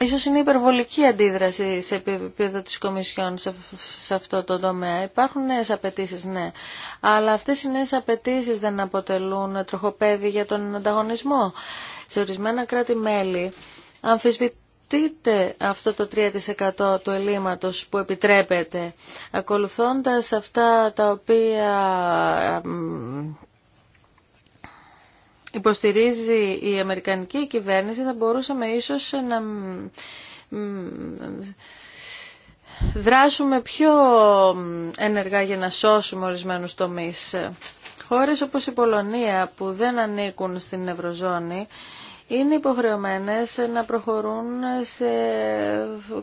Ίσως είναι υπερβολική αντίδραση σε επίπεδο της Κομισιόν σε αυτό το τομέα. Υπάρχουν νέες απαιτήσει, ναι. Αλλά αυτές οι νέες απαιτήσει δεν αποτελούν τροχοπέδι για τον ανταγωνισμό. Σε ορισμένα κράτη-μέλη αμφισβητείται αυτό το 3% του ελλείμματος που επιτρέπεται. Ακολουθώντας αυτά τα οποία υποστηρίζει η Αμερικανική κυβέρνηση θα μπορούσαμε ίσως να δράσουμε πιο ενεργά για να σώσουμε ορισμένους τομείς. Χώρες όπως η Πολωνία που δεν ανήκουν στην Ευρωζώνη είναι υποχρεωμένες να προχωρούν σε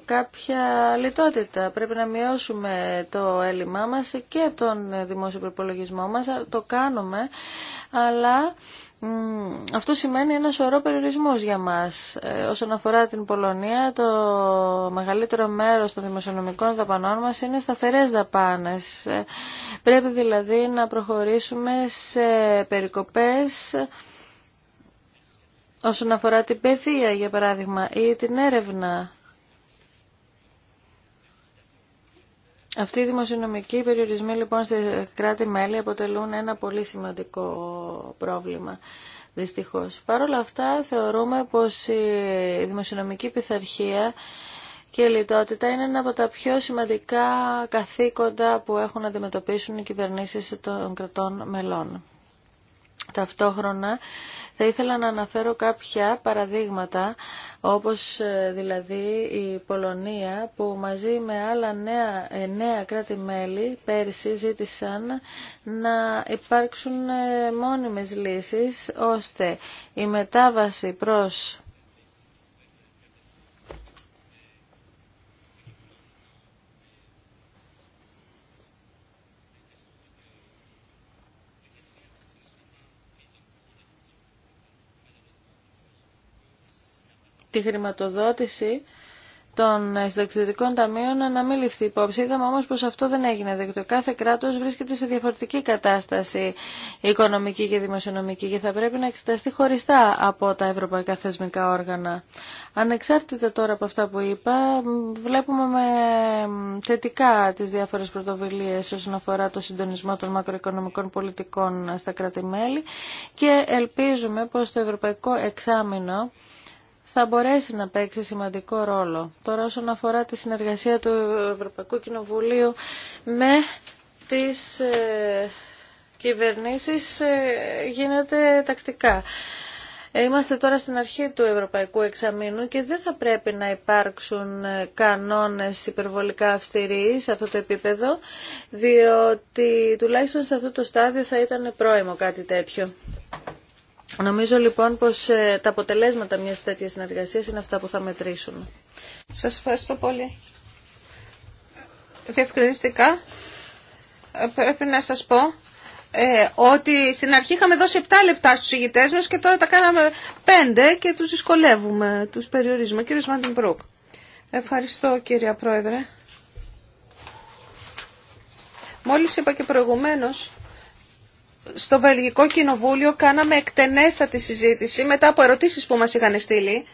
κάποια λιτότητα. Πρέπει να μειώσουμε το έλλειμμά μας και τον δημόσιο προπολογισμό μας. Το κάνουμε, αλλά αυτό σημαίνει ένα σωρό περιορισμούς για μας. Ε, όσον αφορά την Πολωνία, το μεγαλύτερο μέρος των δημοσιονομικών δαπανών μας είναι σταθερές δαπάνες. Ε, πρέπει δηλαδή να προχωρήσουμε σε περικοπές όσον αφορά την παιδεία, για παράδειγμα, ή την έρευνα. Αυτοί οι δημοσιονομικοί περιορισμοί λοιπόν σε κράτη-μέλη αποτελούν ένα πολύ σημαντικό πρόβλημα. Δυστυχώς. Παρ' όλα αυτά θεωρούμε πως η δημοσιονομική πειθαρχία και η λιτότητα είναι ένα από τα πιο σημαντικά καθήκοντα που έχουν να αντιμετωπίσουν οι κυβερνήσεις των κρατών μελών. Ταυτόχρονα θα ήθελα να αναφέρω κάποια παραδείγματα, όπως ε, δηλαδή η Πολωνία που μαζί με άλλα νέα, ε, νέα κράτη-μέλη πέρσι ζήτησαν να υπάρξουν ε, μόνιμες λύσεις ώστε η μετάβαση προς τη χρηματοδότηση των συνταξιδοτικών ταμείων να μην ληφθεί υπόψη. Είδαμε όμως πως αυτό δεν έγινε δεκτό. Δηλαδή, κάθε κράτος βρίσκεται σε διαφορετική κατάσταση οικονομική και δημοσιονομική και θα πρέπει να εξεταστεί χωριστά από τα ευρωπαϊκά θεσμικά όργανα. Ανεξάρτητα τώρα από αυτά που είπα, βλέπουμε θετικά τις διάφορες πρωτοβουλίες όσον αφορά το συντονισμό των μακροοικονομικών πολιτικών στα κράτη-μέλη και ελπίζουμε πως το ευρωπαϊκό εξάμεινο θα μπορέσει να παίξει σημαντικό ρόλο. Τώρα όσον αφορά τη συνεργασία του Ευρωπαϊκού Κοινοβουλίου με τις ε, κυβερνήσεις ε, γίνεται τακτικά. Ε, είμαστε τώρα στην αρχή του Ευρωπαϊκού Εξαμήνου και δεν θα πρέπει να υπάρξουν κανόνες υπερβολικά αυστηροί σε αυτό το επίπεδο, διότι τουλάχιστον σε αυτό το στάδιο θα ήταν πρόημο κάτι τέτοιο. Νομίζω λοιπόν πως ε, τα αποτελέσματα μιας τέτοιας συνεργασίας είναι αυτά που θα μετρήσουν. Σας ευχαριστώ πολύ. Διευκρινιστικά ε, πρέπει να σας πω ε, ότι στην αρχή είχαμε δώσει 7 λεπτά στους ηγητές μας και τώρα τα κάναμε 5 και τους δυσκολεύουμε, τους περιορίζουμε. Κύριος Βαντιμπρούκ. Ευχαριστώ κύριε Πρόεδρε. Μόλις είπα και προηγουμένως στο Βελγικό Κοινοβούλιο κάναμε εκτενέστατη συζήτηση μετά από ερωτήσεις που μας είχαν στείλει.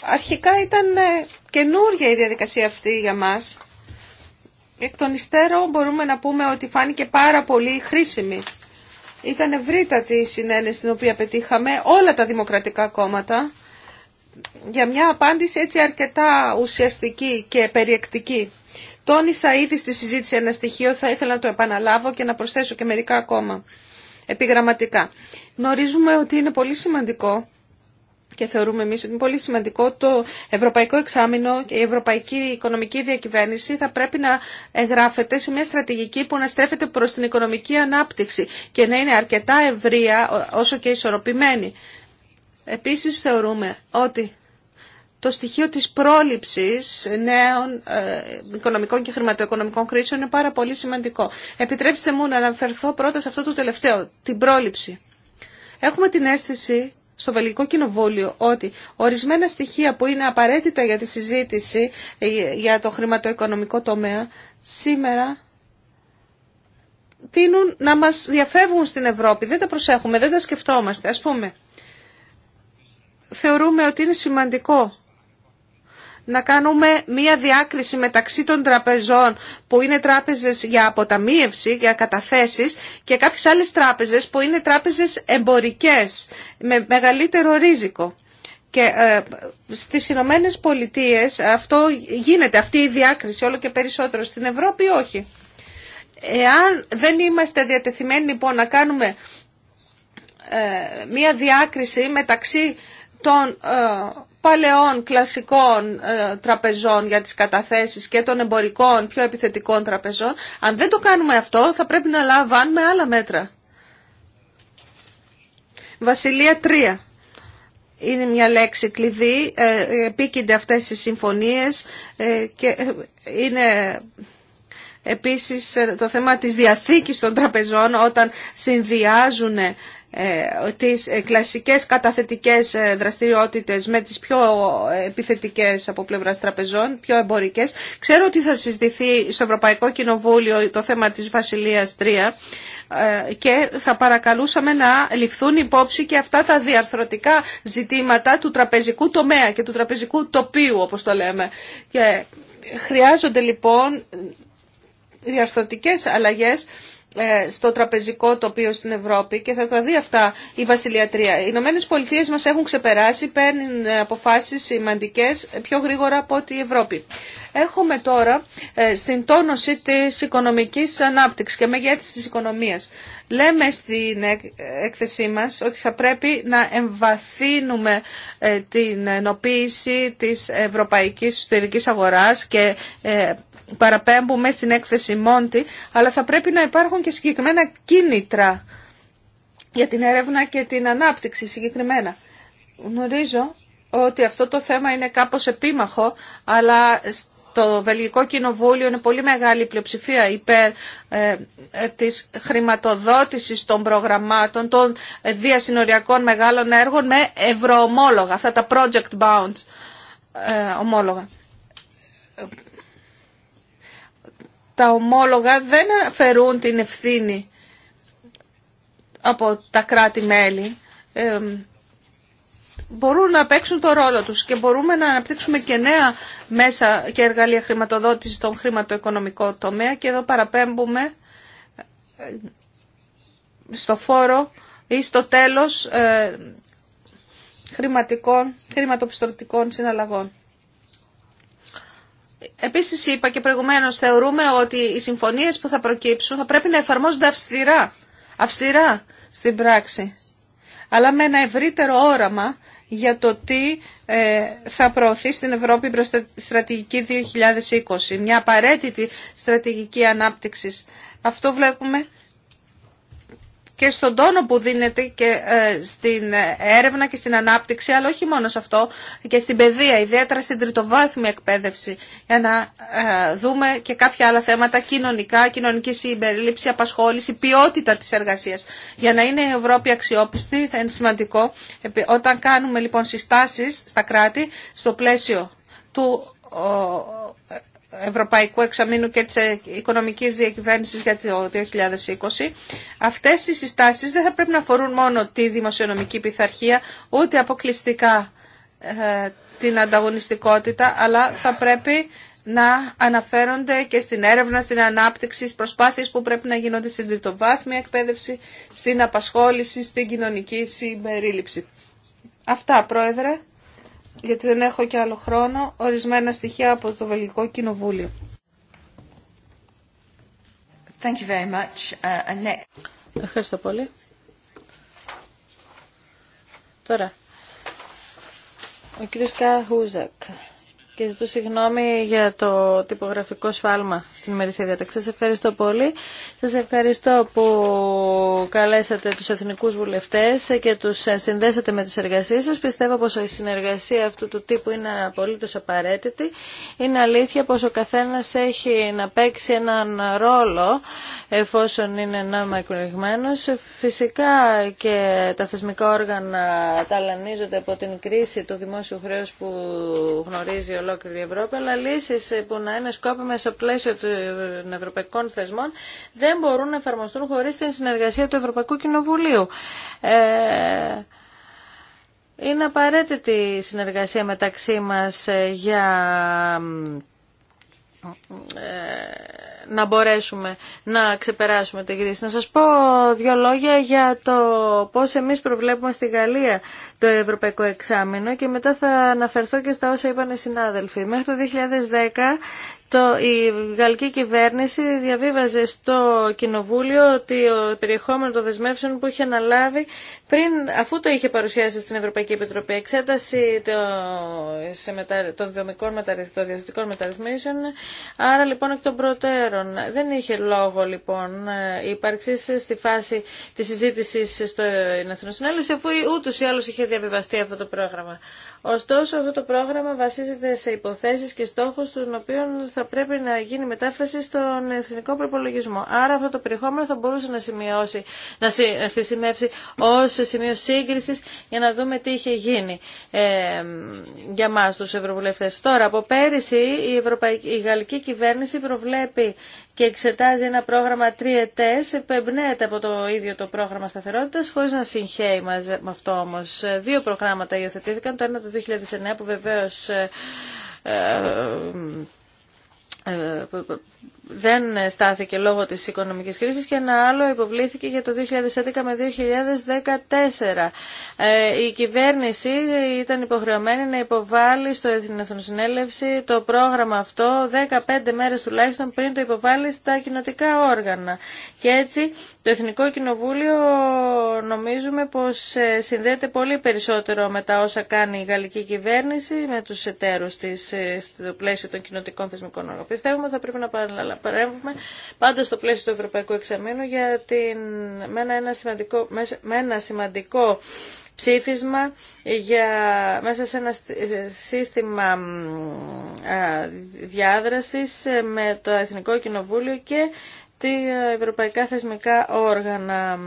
Αρχικά ήταν ε, καινούργια η διαδικασία αυτή για μας. Εκ των υστέρων μπορούμε να πούμε ότι φάνηκε πάρα πολύ χρήσιμη. Ήταν ευρύτατη η συνένεση την οποία πετύχαμε όλα τα δημοκρατικά κόμματα για μια απάντηση έτσι αρκετά ουσιαστική και περιεκτική. Τόνισα ήδη στη συζήτηση ένα στοιχείο, θα ήθελα να το επαναλάβω και να προσθέσω και μερικά ακόμα επιγραμματικά. Γνωρίζουμε ότι είναι πολύ σημαντικό και θεωρούμε εμείς ότι είναι πολύ σημαντικό το ευρωπαϊκό εξάμεινο και η ευρωπαϊκή οικονομική διακυβέρνηση θα πρέπει να εγγράφεται σε μια στρατηγική που να στρέφεται προς την οικονομική ανάπτυξη και να είναι αρκετά ευρεία όσο και ισορροπημένη. Επίσης θεωρούμε ότι το στοιχείο της πρόληψης νέων ε, οικονομικών και χρηματοοικονομικών κρίσεων είναι πάρα πολύ σημαντικό. Επιτρέψτε μου να αναφερθώ πρώτα σε αυτό το τελευταίο, την πρόληψη. Έχουμε την αίσθηση στο Βελγικό Κοινοβούλιο ότι ορισμένα στοιχεία που είναι απαραίτητα για τη συζήτηση ε, για το χρηματοοικονομικό τομέα σήμερα τείνουν να μας διαφεύγουν στην Ευρώπη. Δεν τα προσέχουμε, δεν τα σκεφτόμαστε. Ας πούμε, θεωρούμε ότι είναι σημαντικό να κάνουμε μία διάκριση μεταξύ των τραπεζών που είναι τράπεζες για αποταμίευση, για καταθέσεις και κάποιες άλλες τράπεζες που είναι τράπεζες εμπορικές με μεγαλύτερο ρίζικο. Και ε, στις Ηνωμένε Πολιτείε, αυτό γίνεται, αυτή η διάκριση όλο και περισσότερο. Στην Ευρώπη όχι. Εάν δεν είμαστε διατεθειμένοι λοιπόν να κάνουμε ε, μία διάκριση μεταξύ των ε, παλαιών κλασικών ε, τραπεζών για τις καταθέσεις και των εμπορικών πιο επιθετικών τραπεζών. Αν δεν το κάνουμε αυτό θα πρέπει να λαμβάνουμε άλλα μέτρα. Βασιλεία 3. Είναι μια λέξη κλειδί, ε, επίκυνται αυτές οι συμφωνίες ε, και ε, είναι επίσης το θέμα της διαθήκης των τραπεζών όταν συνδυάζουν ε, τις ε, κλασικές καταθετικές ε, δραστηριότητες με τις πιο επιθετικές από πλευράς τραπεζών, πιο εμπορικές. Ξέρω ότι θα συζητηθεί στο Ευρωπαϊκό Κοινοβούλιο το θέμα της Βασιλείας 3 και θα παρακαλούσαμε να ληφθούν υπόψη και αυτά τα διαρθρωτικά ζητήματα του τραπεζικού τομέα και του τραπεζικού τοπίου όπως το λέμε. Και χρειάζονται λοιπόν διαρθρωτικές αλλαγές ε, στο τραπεζικό τοπίο στην Ευρώπη και θα τα δει αυτά η βασιλιατρία. Οι Ηνωμένε Πολιτείε μας έχουν ξεπεράσει, παίρνουν ε, αποφάσεις σημαντικέ ε, πιο γρήγορα από ότι η Ευρώπη. Έρχομαι τώρα στην τόνωση τη οικονομικής ανάπτυξης και μεγέθυνσης τη οικονομία. Λέμε στην έκθεσή μας ότι θα πρέπει να εμβαθύνουμε την ενοποίηση τη Ευρωπαϊκή εσωτερική Αγορά και παραπέμπουμε στην έκθεση Μόντι, αλλά θα πρέπει να υπάρχουν και συγκεκριμένα κίνητρα για την έρευνα και την ανάπτυξη συγκεκριμένα. Γνωρίζω ότι αυτό το θέμα είναι κάπως επίμαχο, αλλά στο Βελγικό Κοινοβούλιο είναι πολύ μεγάλη πλειοψηφία υπέρ ε, της χρηματοδότησης των προγραμμάτων, των διασυνοριακών μεγάλων έργων με ευρωομόλογα, αυτά τα project bounds ε, ομόλογα. τα ομόλογα δεν αφαιρούν την ευθύνη από τα κράτη-μέλη. μπορούν να παίξουν το ρόλο τους και μπορούμε να αναπτύξουμε και νέα μέσα και εργαλεία χρηματοδότησης στον χρηματοοικονομικό τομέα και εδώ παραπέμπουμε ε, στο φόρο ή στο τέλος ε, χρηματικών, χρηματοπιστωτικών συναλλαγών. Επίση, είπα και προηγουμένω, θεωρούμε ότι οι συμφωνίες που θα προκύψουν θα πρέπει να εφαρμόζονται αυστηρά, αυστηρά στην πράξη. Αλλά με ένα ευρύτερο όραμα για το τι ε, θα προωθεί στην Ευρώπη προς τη στρατηγική 2020. Μια απαραίτητη στρατηγική ανάπτυξης. Αυτό βλέπουμε και στον τόνο που δίνεται και ε, στην έρευνα και στην ανάπτυξη, αλλά όχι μόνο σε αυτό, και στην παιδεία, ιδιαίτερα στην τριτοβάθμια εκπαίδευση, για να ε, δούμε και κάποια άλλα θέματα κοινωνικά, κοινωνική συμπερίληψη, απασχόληση, ποιότητα της εργασίας. Για να είναι η Ευρώπη αξιόπιστη θα είναι σημαντικό όταν κάνουμε λοιπόν συστάσεις στα κράτη στο πλαίσιο του Ευρωπαϊκού Εξαμήνου και της ε, Οικονομικής Διακυβέρνησης για το 2020, αυτές οι συστάσεις δεν θα πρέπει να αφορούν μόνο τη δημοσιονομική πειθαρχία, ούτε αποκλειστικά ε, την ανταγωνιστικότητα, αλλά θα πρέπει να αναφέρονται και στην έρευνα, στην ανάπτυξη, στις προσπάθειες που πρέπει να γίνονται στην τριτοβάθμια εκπαίδευση, στην απασχόληση, στην κοινωνική συμπερίληψη. Αυτά, Πρόεδρε γιατί δεν έχω και άλλο χρόνο, ορισμένα στοιχεία από το Βελγικό Κοινοβούλιο. Thank you very much. Uh, next... Ευχαριστώ πολύ. Τώρα, ο κύριος Καχούζακ και ζητώ συγγνώμη για το τυπογραφικό σφάλμα στην ημερήσια διάταξη. Σας ευχαριστώ πολύ. Σας ευχαριστώ που καλέσατε τους εθνικούς βουλευτές και τους συνδέσατε με τις εργασίες σας. Πιστεύω πως η συνεργασία αυτού του τύπου είναι απολύτως απαραίτητη. Είναι αλήθεια πως ο καθένας έχει να παίξει έναν ρόλο εφόσον είναι νόμα εκλεγμένος. Φυσικά και τα θεσμικά όργανα ταλανίζονται από την κρίση του δημόσιου χρέους που γνωρίζει ο ολόκληρη Ευρώπη, αλλά λύσει που να είναι σκόπιμε στο πλαίσιο των ευρωπαϊκών θεσμών δεν μπορούν να εφαρμοστούν χωρί την συνεργασία του Ευρωπαϊκού Κοινοβουλίου. Ε, είναι απαραίτητη η συνεργασία μεταξύ μας ε, για ε, να μπορέσουμε να ξεπεράσουμε την κρίση. Να σας πω δύο λόγια για το πώς εμείς προβλέπουμε στη Γαλλία το Ευρωπαϊκό Εξάμεινο και μετά θα αναφερθώ και στα όσα είπαν οι συνάδελφοι. Μέχρι το 2010 το, η γαλλική κυβέρνηση διαβίβαζε στο κοινοβούλιο ότι ο περιεχόμενο των δεσμεύσεων που είχε αναλάβει πριν, αφού το είχε παρουσιάσει στην Ευρωπαϊκή Επιτροπή, εξέταση το, των μεταρρυθμίσεων, άρα λοιπόν εκ των προτέρων δεν είχε λόγο λοιπόν ε, ύπαρξη στη φάση τη συζήτηση στο Εθνικό Συνέλευση, αφού ούτως ή άλλω είχε διαβιβαστεί αυτό το πρόγραμμα. Ωστόσο, αυτό το πρόγραμμα βασίζεται σε υποθέσει και στόχους του οποίων θα πρέπει να γίνει μετάφραση στον εθνικό προπολογισμό. Άρα αυτό το περιεχόμενο θα μπορούσε να, σημειώσει, να χρησιμεύσει ως σημείο σύγκριση για να δούμε τι είχε γίνει ε, για μας του Ευρωβουλευτές. Τώρα, από πέρυσι η, η γαλλική κυβέρνηση προβλέπει και εξετάζει ένα πρόγραμμα τριετές, επεμπνέεται από το ίδιο το πρόγραμμα σταθερότητας, χωρίς να συγχαίει με αυτό όμως. Δύο προγράμματα υιοθετήθηκαν, το ένα το 2009 που βεβαίως ε, ε, ε, δεν στάθηκε λόγω της οικονομικής κρίσης και ένα άλλο υποβλήθηκε για το 2011 με 2014. Ε, η κυβέρνηση ήταν υποχρεωμένη να υποβάλει στο Εθνοσυνέλευση το πρόγραμμα αυτό 15 μέρες τουλάχιστον πριν το υποβάλει στα κοινοτικά όργανα. Και έτσι το Εθνικό Κοινοβούλιο νομίζουμε πως ε, συνδέεται πολύ περισσότερο με τα όσα κάνει η γαλλική κυβέρνηση με τους εταίρους της ε, στο πλαίσιο των κοινοτικών θεσμικών όργων. Πιστεύουμε θα πρέπει να παραλαμβάνουμε παρέμβουμε πάντα στο πλαίσιο του Ευρωπαϊκού Εξαμήνου για την, με, ένα σημαντικό, σημαντικό ψήφισμα για, μέσα σε ένα σύστημα διάδρασης ε, με το Εθνικό Κοινοβούλιο και τα ευρωπαϊκά θεσμικά όργανα.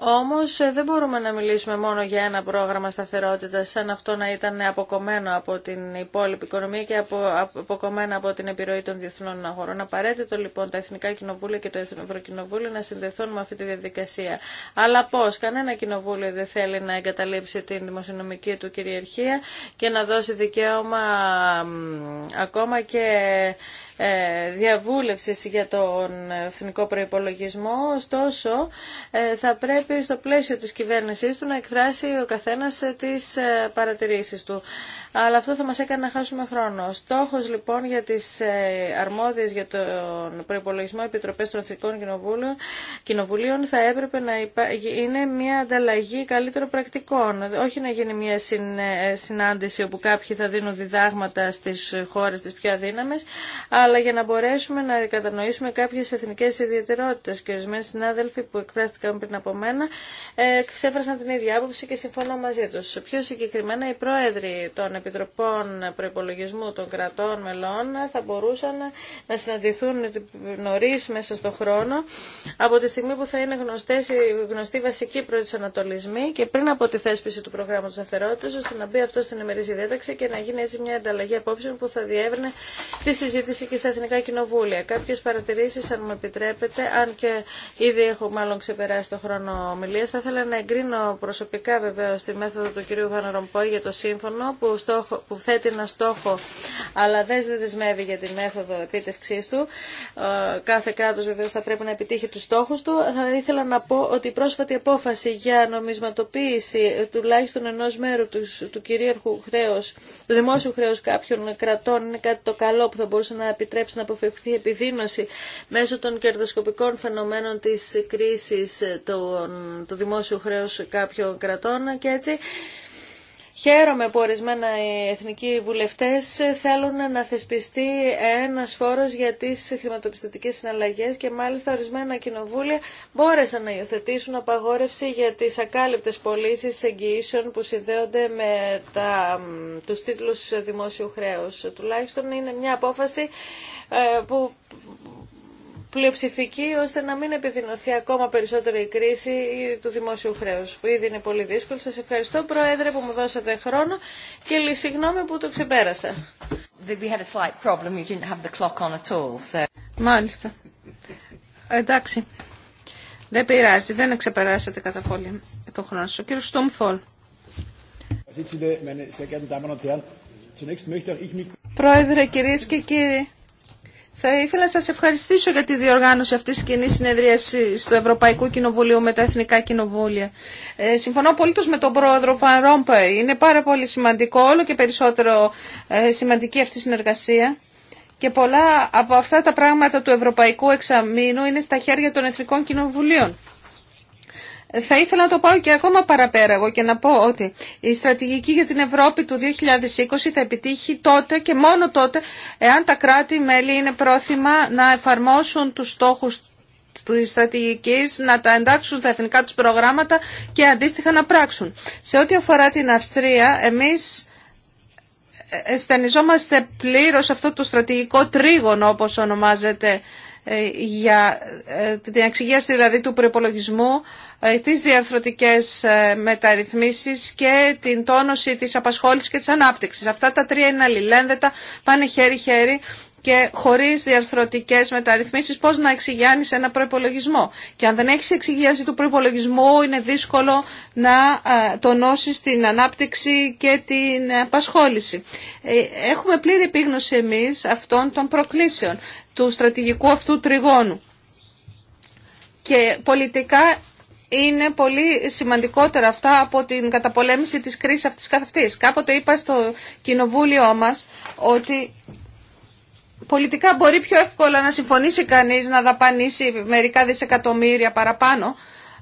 Όμως ε, δεν μπορούμε να μιλήσουμε μόνο για ένα πρόγραμμα σταθερότητας σαν αυτό να ήταν αποκομμένο από την υπόλοιπη οικονομία και απο, αποκομμένο από την επιρροή των διεθνών αγορών. Απαραίτητο λοιπόν τα Εθνικά Κοινοβούλια και το Ευρωκοινοβούλιο να συνδεθούν με αυτή τη διαδικασία. Αλλά πώς, κανένα κοινοβούλιο δεν θέλει να εγκαταλείψει την δημοσιονομική του κυριαρχία και να δώσει δικαίωμα ακόμα και ε, διαβούλευσης για τον εθνικό προϋπολογισμό. Ωστόσο, ε, θα πρέπει στο πλαίσιο της κυβέρνησής του να εκφράσει ο καθένας ε, τις παρατηρήσεις του. Αλλά αυτό θα μας έκανε να χάσουμε χρόνο. στόχος λοιπόν για τις αρμόδιες για τον προϋπολογισμό επιτροπές των εθνικών κοινοβουλίων θα έπρεπε να είναι μια ανταλλαγή καλύτερων πρακτικών. Όχι να γίνει μια συνάντηση όπου κάποιοι θα δίνουν διδάγματα στις χώρες τις πιο αδύναμες, αλλά για να μπορέσουμε να κατανοήσουμε κάποιε εθνικέ ιδιαιτερότητε. Και ορισμένοι συνάδελφοι που εκφράστηκαν πριν από μένα ε, ξέφρασαν την ίδια άποψη και συμφωνώ μαζί του. Πιο συγκεκριμένα οι πρόεδροι των Επιτροπών Προπολογισμού των κρατών μελών θα μπορούσαν να συναντηθούν νωρί μέσα στον χρόνο από τη στιγμή που θα είναι γνωστές, γνωστοί βασικοί ανατολισμοί και πριν από τη θέσπιση του προγράμματο σταθερότητας ώστε να μπει αυτό στην ημερήσια διέταξη και να γίνει έτσι μια ανταλλαγή απόψεων που θα διεύρυνε τη συζήτηση και στα Εθνικά Κοινοβούλια. Κάποιε παρατηρήσει, αν μου επιτρέπετε, αν και ήδη έχω μάλλον ξεπεράσει το χρόνο ομιλία, θα ήθελα να εγκρίνω προσωπικά βεβαίω τη μέθοδο του κ. Γαναρομπόη για το σύμφωνο που, στόχο, που θέτει ένα στόχο, αλλά δεν δεσμεύει για τη μέθοδο επίτευξή του. Ε, κάθε κράτο βεβαίω θα πρέπει να επιτύχει του στόχου του. Θα ήθελα να πω ότι η πρόσφατη απόφαση για νομισματοποίηση τουλάχιστον ενό μέρου του, του κυρίαρχου χρέου, του δημόσιου χρέου κάποιων κρατών είναι κάτι το καλό που θα μπορούσε να επιτύχει επιτρέψει να αποφευχθεί επιδείνωση μέσω των κερδοσκοπικών φαινομένων της κρίσης του δημόσιου χρέου κάποιων κρατών και έτσι Χαίρομαι που ορισμένα οι εθνικοί βουλευτές θέλουν να θεσπιστεί ένας φόρος για τις χρηματοπιστωτικές συναλλαγές και μάλιστα ορισμένα κοινοβούλια μπόρεσαν να υιοθετήσουν απαγόρευση για τις ακάλυπτες πωλήσει εγγυήσεων που συνδέονται με τα, τους τίτλους δημόσιου χρέους. Τουλάχιστον είναι μια απόφαση ε, που πλειοψηφική ώστε να μην επιδεινωθεί ακόμα περισσότερο η κρίση του δημόσιου χρέου, που ήδη είναι πολύ δύσκολη. Σα ευχαριστώ Πρόεδρε που μου δώσατε χρόνο και συγγνώμη που το ξεπέρασα. Μάλιστα. Εντάξει. Δεν πειράζει, δεν ξεπεράσατε κατά πολύ τον χρόνο σας. Ο κύριος Στομφόλ. Πρόεδρε, κυρίες και κύριοι, θα ήθελα να σας ευχαριστήσω για τη διοργάνωση αυτής της κοινή συνεδρίαση στο Ευρωπαϊκού Κοινοβουλίου με τα Εθνικά Κοινοβούλια. Ε, συμφωνώ πολύ με τον πρόεδρο Φαν Είναι πάρα πολύ σημαντικό, όλο και περισσότερο ε, σημαντική αυτή η συνεργασία. Και πολλά από αυτά τα πράγματα του Ευρωπαϊκού Εξαμήνου είναι στα χέρια των Εθνικών Κοινοβουλίων. Θα ήθελα να το πάω και ακόμα παραπέρα εγώ και να πω ότι η στρατηγική για την Ευρώπη του 2020 θα επιτύχει τότε και μόνο τότε εάν τα κράτη-μέλη είναι πρόθυμα να εφαρμόσουν τους στόχους τη στρατηγική, να τα εντάξουν στα εθνικά τους προγράμματα και αντίστοιχα να πράξουν. Σε ό,τι αφορά την Αυστρία, εμείς στενιζόμαστε πλήρως αυτό το στρατηγικό τρίγωνο όπως ονομάζεται ε, για ε, την εξηγίαση δηλαδή του προπολογισμού, ε, τις διαρθρωτικές μεταρρυθμίσεις και την τόνωση της απασχόλησης και της ανάπτυξης. Αυτά τα τρία είναι αλληλένδετα, πάνε χέρι-χέρι και χωρίς διαρθρωτικές μεταρρυθμίσεις πώς να εξηγιάνεις ένα προπολογισμό. Και αν δεν έχεις εξηγίαση του προπολογισμού είναι δύσκολο να τονώσεις την ανάπτυξη και την απασχόληση. Έχουμε πλήρη επίγνωση εμείς αυτών των προκλήσεων του στρατηγικού αυτού τριγώνου. Και πολιτικά είναι πολύ σημαντικότερα αυτά από την καταπολέμηση της κρίσης αυτής καθ' Κάποτε είπα στο κοινοβούλιο μας ότι πολιτικά μπορεί πιο εύκολα να συμφωνήσει κανείς να δαπανίσει μερικά δισεκατομμύρια παραπάνω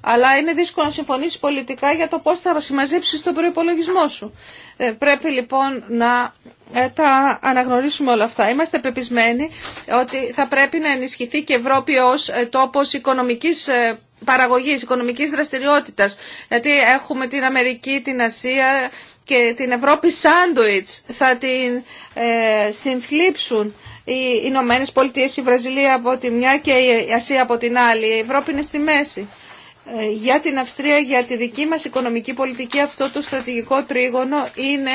αλλά είναι δύσκολο να συμφωνήσει πολιτικά για το πώ θα συμμαζέψει τον προϋπολογισμό σου. Ε, πρέπει λοιπόν να ε, τα αναγνωρίσουμε όλα αυτά. Είμαστε πεπισμένοι ότι θα πρέπει να ενισχυθεί και η Ευρώπη ως ε, τόπος οικονομικής παραγωγή, οικονομική δραστηριότητα. Γιατί έχουμε την Αμερική, την Ασία και την Ευρώπη σάντουιτς. Θα την ε, συνθλίψουν οι Ηνωμένε Πολιτείε η Βραζιλία από τη μια και η Ασία από την άλλη. Η Ευρώπη είναι στη μέση. Ε, για την Αυστρία, για τη δική μας οικονομική πολιτική, αυτό το στρατηγικό τρίγωνο είναι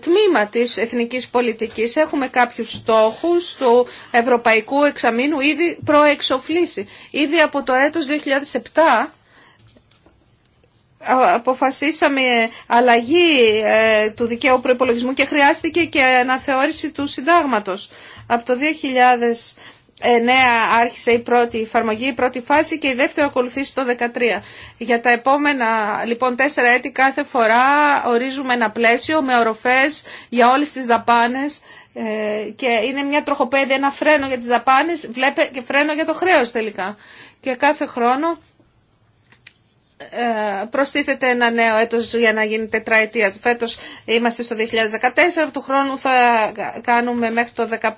τμήμα της εθνικής πολιτικής. Έχουμε κάποιους στόχους του Ευρωπαϊκού Εξαμήνου ήδη προεξοφλήσει. Ήδη από το έτος 2007 αποφασίσαμε αλλαγή ε, του δικαίου προϋπολογισμού και χρειάστηκε και αναθεώρηση του συντάγματος. Από το ε, νέα άρχισε η πρώτη εφαρμογή, η πρώτη φάση και η δεύτερη ακολουθήσει το 2013. Για τα επόμενα λοιπόν τέσσερα έτη κάθε φορά ορίζουμε ένα πλαίσιο με οροφές για όλες τις δαπάνες ε, και είναι μια τροχοπέδια, ένα φρένο για τις δαπάνες βλέπε, και φρένο για το χρέος τελικά. Και κάθε χρόνο ε, προστίθεται ένα νέο έτος για να γίνει τετραετία. Φέτος είμαστε στο 2014, από του χρόνου θα κάνουμε μέχρι το 2015.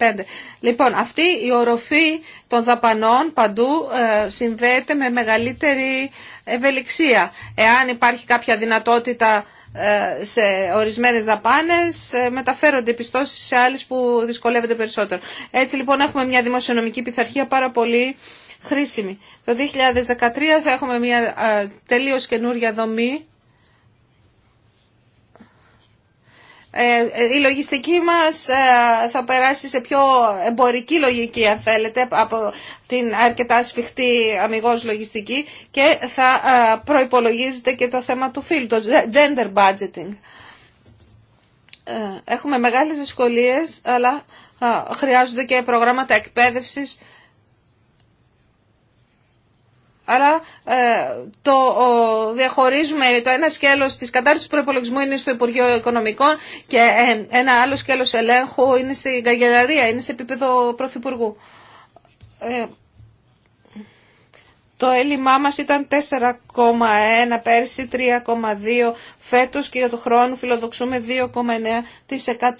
Λοιπόν, αυτή η οροφή των δαπανών παντού ε, συνδέεται με μεγαλύτερη ευελιξία. Εάν υπάρχει κάποια δυνατότητα ε, σε ορισμένες δαπάνες μεταφέρονται πιστώσεις σε άλλες που δυσκολεύονται περισσότερο. Έτσι λοιπόν έχουμε μια δημοσιονομική πειθαρχία πάρα πολύ χρήσιμη. Το 2013 θα έχουμε μια τελείως καινούρια δομή. Ε, ε, η λογιστική μας ε, θα περάσει σε πιο εμπορική λογική αν θέλετε από την αρκετά σφιχτή αμυγός λογιστική και θα προϋπολογίζεται και το θέμα του φίλου, το gender budgeting. Έχουμε μεγάλες δυσκολίες αλλά χρειάζονται και προγράμματα εκπαίδευσης αλλά ε, το διαχωρίζουμε το ένα σκέλος της κατάρτισης του προπολογισμού είναι στο Υπουργείο Οικονομικών και ε, ένα άλλο σκέλος ελέγχου είναι στην Καγκελαρία, είναι σε επίπεδο Πρωθυπουργού. Ε, το έλλειμμά μας ήταν 4,1 πέρσι, 3,2 φέτος και για το χρόνο φιλοδοξούμε 2,9%.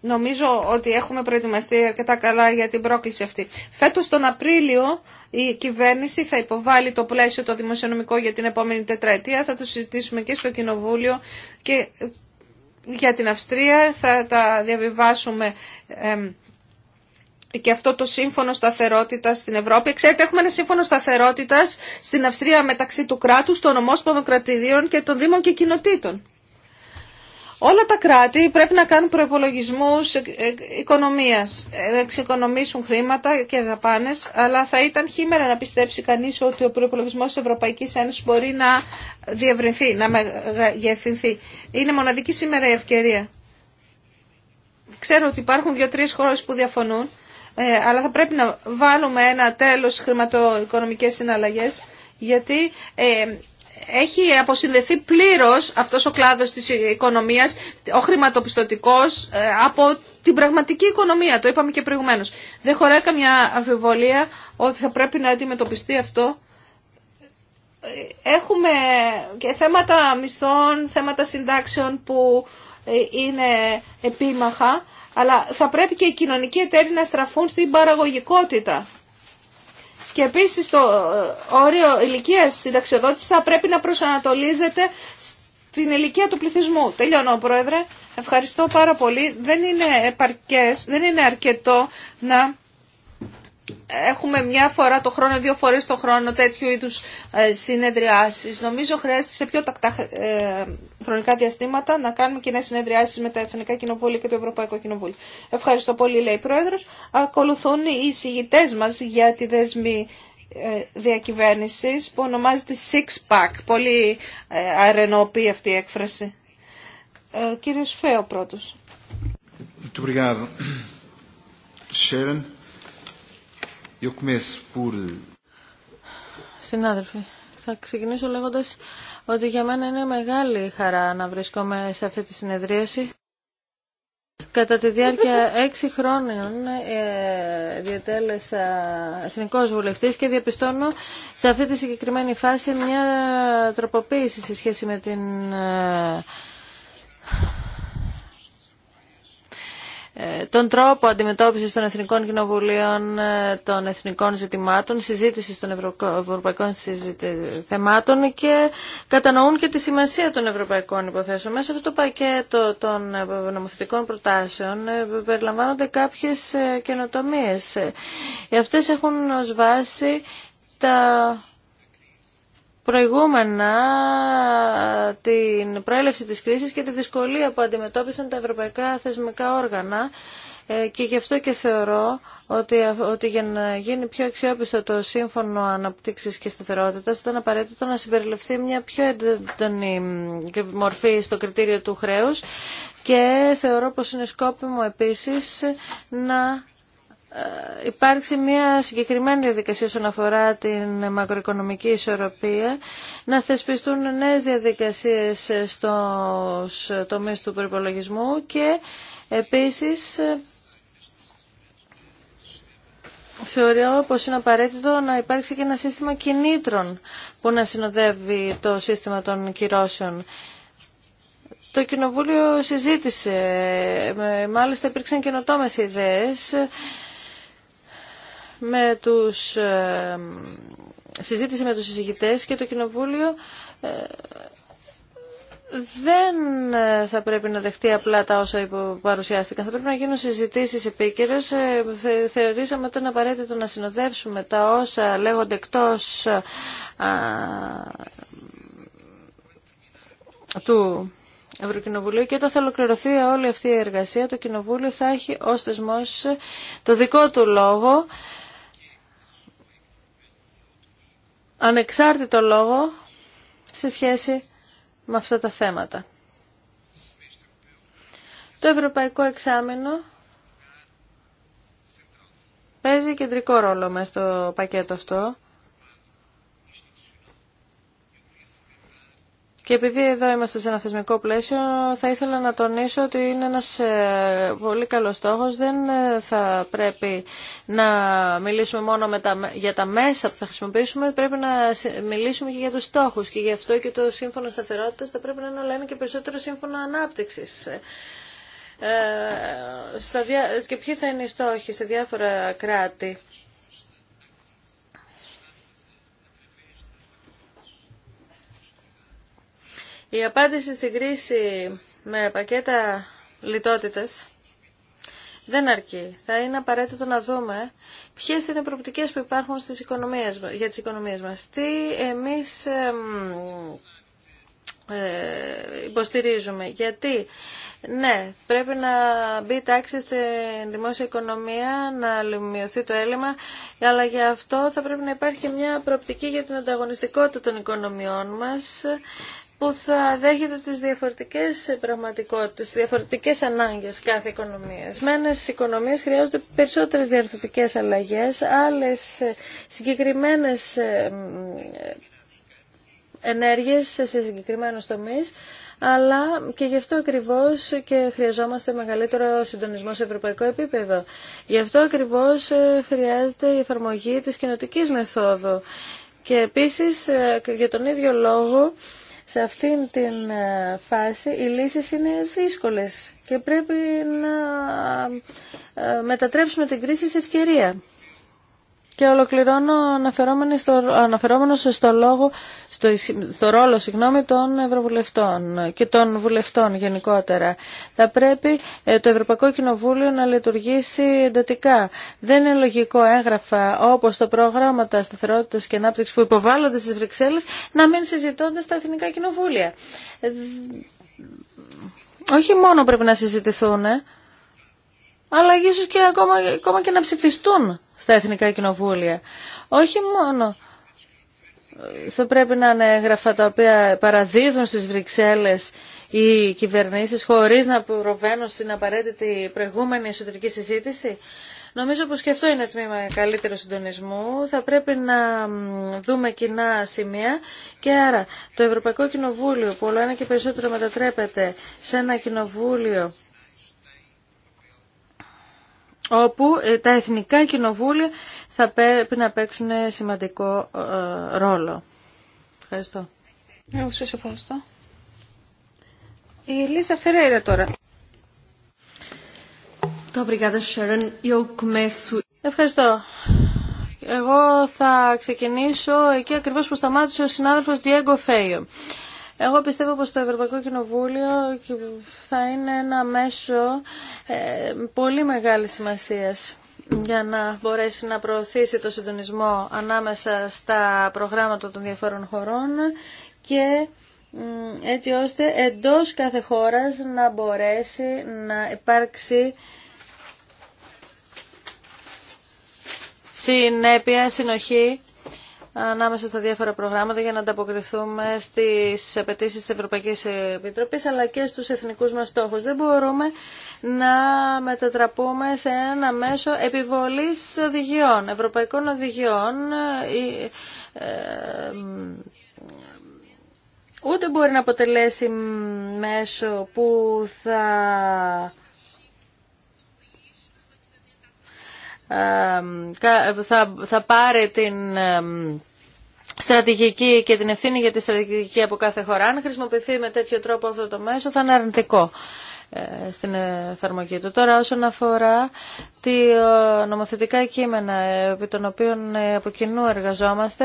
Νομίζω ότι έχουμε προετοιμαστεί αρκετά καλά για την πρόκληση αυτή. Φέτος τον Απρίλιο η κυβέρνηση θα υποβάλει το πλαίσιο το δημοσιονομικό για την επόμενη τετραετία. Θα το συζητήσουμε και στο Κοινοβούλιο και για την Αυστρία θα τα διαβιβάσουμε και αυτό το σύμφωνο σταθερότητα στην Ευρώπη. Ξέρετε, έχουμε ένα σύμφωνο σταθερότητα στην Αυστρία μεταξύ του κράτου, των ομόσπονδων κρατηδίων και των δήμων και κοινοτήτων. Όλα τα κράτη πρέπει να κάνουν προπολογισμού ε, ε, οικονομία, ε, εξοικονομήσουν χρήματα και δαπάνε, αλλά θα ήταν χήμερα να πιστέψει κανεί ότι ο προπολογισμό τη Ευρωπαϊκής Ένωσης μπορεί να διευρυνθεί, να μεγεθυνθεί. Είναι μοναδική σήμερα η ευκαιρία. Ξέρω ότι υπάρχουν δύο-τρει χώρε που διαφωνούν, ε, αλλά θα πρέπει να βάλουμε ένα τέλος χρηματοοικονομικές συναλλαγές, γιατί ε, έχει αποσυνδεθεί πλήρως αυτός ο κλάδος της οικονομίας, ο χρηματοπιστωτικός, ε, από την πραγματική οικονομία. Το είπαμε και προηγουμένως. Δεν χωράει καμιά αμφιβολία ότι θα πρέπει να αντιμετωπιστεί αυτό. Ε, έχουμε και θέματα μισθών, θέματα συντάξεων που είναι επίμαχα αλλά θα πρέπει και οι κοινωνικοί εταίροι να στραφούν στην παραγωγικότητα. Και επίσης το ε, όριο ηλικίας συνταξιοδότηση θα πρέπει να προσανατολίζεται στην ηλικία του πληθυσμού. Τελειώνω, Πρόεδρε. Ευχαριστώ πάρα πολύ. Δεν είναι, επαρκές, δεν είναι αρκετό να έχουμε μια φορά το χρόνο, δύο φορές το χρόνο τέτοιου είδους ε, συνεδριάσεις. Νομίζω χρειάζεται σε πιο τακτά ε, χρονικά διαστήματα να κάνουμε κοινέ συνεδριάσεις με τα Εθνικά Κοινοβούλια και το Ευρωπαϊκό Κοινοβούλιο. Ευχαριστώ πολύ, λέει η Πρόεδρος. Ακολουθούν οι συγητές μας για τη δέσμη ε, διακυβέρνησης που ονομάζεται Six Pack. Πολύ αρενοπή αυτή η έκφραση. Ο κύριος Φέο πρώτος. Συνάδελφοι, θα ξεκινήσω λέγοντας ότι για μένα είναι μεγάλη χαρά να βρίσκομαι σε αυτή τη συνεδρίαση. Κατά τη διάρκεια έξι χρόνων ε, διατέλεσα εθνικό βουλευτής και διαπιστώνω σε αυτή τη συγκεκριμένη φάση μια τροποποίηση σε σχέση με την ε, ε, τον τρόπο αντιμετώπισης των Εθνικών Κοινοβουλίων ε, των Εθνικών Ζητημάτων, συζήτησης των Ευρωπαϊκών Θεμάτων και κατανοούν και τη σημασία των Ευρωπαϊκών Υποθέσεων. Μέσα αυτό το πακέτο των ε, νομοθετικών προτάσεων περιλαμβάνονται κάποιες καινοτομίες. Αυτές έχουν ως βάση τα προηγούμενα την προέλευση της κρίσης και τη δυσκολία που αντιμετώπισαν τα ευρωπαϊκά θεσμικά όργανα ε, και γι' αυτό και θεωρώ ότι, ότι για να γίνει πιο αξιόπιστο το σύμφωνο αναπτύξης και σταθερότητας ήταν απαραίτητο να συμπεριληφθεί μια πιο έντονη μορφή στο κριτήριο του χρέους και θεωρώ πως είναι σκόπιμο επίσης να ε, υπάρξει μια συγκεκριμένη διαδικασία όσον αφορά την μακροοικονομική ισορροπία, να θεσπιστούν νέες διαδικασίες στους τομείς του προπολογισμού και επίσης ε, Θεωρώ πως είναι απαραίτητο να υπάρξει και ένα σύστημα κινήτρων που να συνοδεύει το σύστημα των κυρώσεων. Το Κοινοβούλιο συζήτησε, ε, μάλιστα υπήρξαν καινοτόμες ιδέες με τους, ε, συζήτηση με τους συζητητές και το Κοινοβούλιο ε, δεν ε, θα πρέπει να δεχτεί απλά τα όσα παρουσιάστηκαν. Θα πρέπει να γίνουν συζητήσει επίκαιρε. Θεωρήσαμε ότι είναι απαραίτητο να συνοδεύσουμε τα όσα λέγονται εκτό του Ευρωκοινοβουλίου και όταν θα ολοκληρωθεί όλη αυτή η εργασία, το Κοινοβούλιο θα έχει ω θεσμό το δικό του λόγο ανεξάρτητο λόγο σε σχέση με αυτά τα θέματα. Το Ευρωπαϊκό Εξάμεινο παίζει κεντρικό ρόλο μέσα στο πακέτο αυτό Και επειδή εδώ είμαστε σε ένα θεσμικό πλαίσιο, θα ήθελα να τονίσω ότι είναι ένας ε, πολύ καλός στόχος. Δεν ε, θα πρέπει να μιλήσουμε μόνο με τα, για τα μέσα που θα χρησιμοποιήσουμε, πρέπει να μιλήσουμε και για τους στόχους. Και γι' αυτό και το σύμφωνο σταθερότητας θα πρέπει να είναι όλα και περισσότερο σύμφωνο ανάπτυξης. Ε, ε στα και ποιοι θα είναι οι στόχοι σε διάφορα κράτη. Η απάντηση στην κρίση με πακέτα λιτότητες δεν αρκεί. Θα είναι απαραίτητο να δούμε ποιε είναι οι προοπτικές που υπάρχουν στις οικονομίες, για τις οικονομίες μας. Τι εμείς ε, υποστηρίζουμε. Γιατί, ναι, πρέπει να μπει τάξη στην δημόσια οικονομία, να λιμιωθεί το έλλειμμα, αλλά για αυτό θα πρέπει να υπάρχει μια προοπτική για την ανταγωνιστικότητα των οικονομιών μας που θα δέχεται τις διαφορετικές πραγματικότητες, τις διαφορετικές ανάγκες κάθε οικονομίας. Μένες οικονομίες χρειάζονται περισσότερες διαρθρωτικές αλλαγές, άλλες ε, συγκεκριμένες ε, ε, ενέργειες σε συγκεκριμένους τομείς, αλλά και γι' αυτό ακριβώς και χρειαζόμαστε μεγαλύτερο συντονισμό σε ευρωπαϊκό επίπεδο. Γι' αυτό ακριβώς χρειάζεται η εφαρμογή της κοινοτικής μεθόδου. Και επίσης, για τον ίδιο λόγο, σε αυτήν την ε, φάση οι λύσεις είναι δύσκολες και πρέπει να ε, μετατρέψουμε την κρίση σε ευκαιρία και ολοκληρώνω αναφερόμενο στο, λόγο, στο, στο ρόλο συγγνώμη, των Ευρωβουλευτών και των βουλευτών γενικότερα. Θα πρέπει ε, το Ευρωπαϊκό Κοινοβούλιο να λειτουργήσει εντατικά. Δεν είναι λογικό έγγραφα όπως το τα σταθερότητα και ανάπτυξη που υποβάλλονται στις Βρυξέλλες να μην συζητώνται στα εθνικά κοινοβούλια. Όχι μόνο πρέπει να συζητηθούν, αλλά ίσως και ακόμα, ακόμα και να ψηφιστούν στα εθνικά κοινοβούλια. Όχι μόνο θα πρέπει να είναι έγγραφα τα οποία παραδίδουν στις Βρυξέλλες οι κυβερνήσεις χωρίς να προβαίνουν στην απαραίτητη προηγούμενη εσωτερική συζήτηση. Νομίζω πως και αυτό είναι τμήμα καλύτερου συντονισμού. Θα πρέπει να δούμε κοινά σημεία και άρα το Ευρωπαϊκό Κοινοβούλιο που όλο ένα και περισσότερο μετατρέπεται σε ένα κοινοβούλιο όπου ε, τα εθνικά κοινοβούλια θα πρέπει να παίξουν σημαντικό ε, ρόλο. Ευχαριστώ. Εγώ σας ευχαριστώ. Η Ελίζα Φερέιρα τώρα. Ευχαριστώ. Εγώ θα ξεκινήσω εκεί ακριβώς που σταμάτησε ο συνάδελφος Διέγκο Φέιο. Εγώ πιστεύω πως το Ευρωπαϊκό Κοινοβούλιο θα είναι ένα μέσο ε, πολύ μεγάλη σημασία για να μπορέσει να προωθήσει το συντονισμό ανάμεσα στα προγράμματα των διαφόρων χωρών και έτσι ώστε εντός κάθε χώρας να μπορέσει να υπάρξει συνέπεια, συνοχή ανάμεσα στα διάφορα προγράμματα για να ανταποκριθούμε στις απαιτήσει της Ευρωπαϊκής Επιτροπής αλλά και στους εθνικούς μας στόχους. Δεν μπορούμε να μετατραπούμε σε ένα μέσο επιβολής οδηγιών, ευρωπαϊκών οδηγιών ούτε μπορεί να αποτελέσει μέσο που θα θα, θα πάρει την στρατηγική και την ευθύνη για τη στρατηγική από κάθε χώρα. Αν χρησιμοποιηθεί με τέτοιο τρόπο αυτό το μέσο θα είναι αρνητικό στην εφαρμογή του. Τώρα όσον αφορά τη νομοθετικά κείμενα επί των οποίων ε, από κοινού εργαζόμαστε,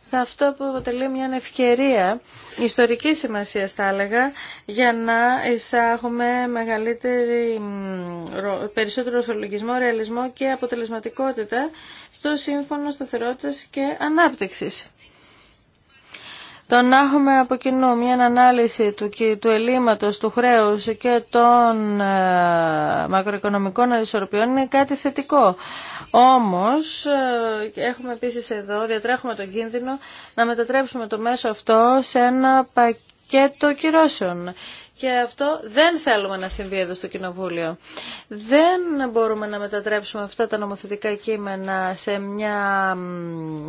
θα αυτό που αποτελεί μια ευκαιρία ιστορική σημασία θα έλεγα για να εισάγουμε μεγαλύτερη, περισσότερο ορθολογισμό, ρεαλισμό και αποτελεσματικότητα στο Σύμφωνο Σταθερότητας και Ανάπτυξης. Το να έχουμε από κοινού μια ανάλυση του, του ελλείμματος, του χρέους και των ε, μακροοικονομικών αρισορροπιών είναι κάτι θετικό. Όμως, ε, έχουμε επίσης εδώ, διατρέχουμε τον κίνδυνο να μετατρέψουμε το μέσο αυτό σε ένα πακέτο και το κυρώσεων. Και αυτό δεν θέλουμε να συμβεί εδώ στο Κοινοβούλιο. Δεν μπορούμε να μετατρέψουμε αυτά τα νομοθετικά κείμενα σε μια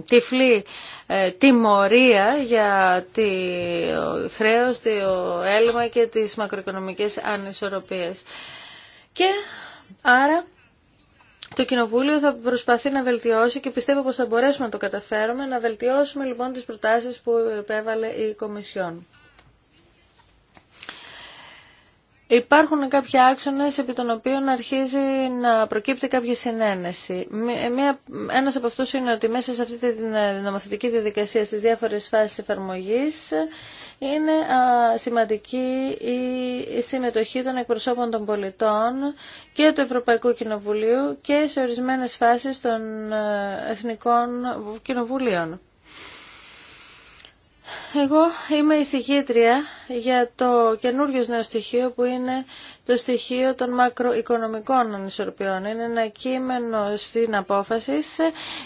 τυφλή ε, τιμωρία για τη χρέος, το έλλειμμα και τις μακροοικονομικές ανισορροπίες. Και άρα... Το Κοινοβούλιο θα προσπαθεί να βελτιώσει και πιστεύω πως θα μπορέσουμε να το καταφέρουμε, να βελτιώσουμε λοιπόν τις προτάσεις που επέβαλε η Κομισιόν. Υπάρχουν κάποια άξονες επί των οποίων αρχίζει να προκύπτει κάποια συνένεση. Ε, μία, ένας από αυτούς είναι ότι μέσα σε αυτή τη ε, νομοθετική διαδικασία στις διάφορες φάσεις εφαρμογής είναι σημαντική η συμμετοχή των εκπροσώπων των πολιτών και του Ευρωπαϊκού Κοινοβουλίου και σε ορισμένες φάσεις των ε, Εθνικών Κοινοβουλίων. Εγώ είμαι η συγχύτρια για το καινούριο νέο στοιχείο που είναι το στοιχείο των μακροοικονομικών ανισορροπιών. Είναι ένα κείμενο στην απόφαση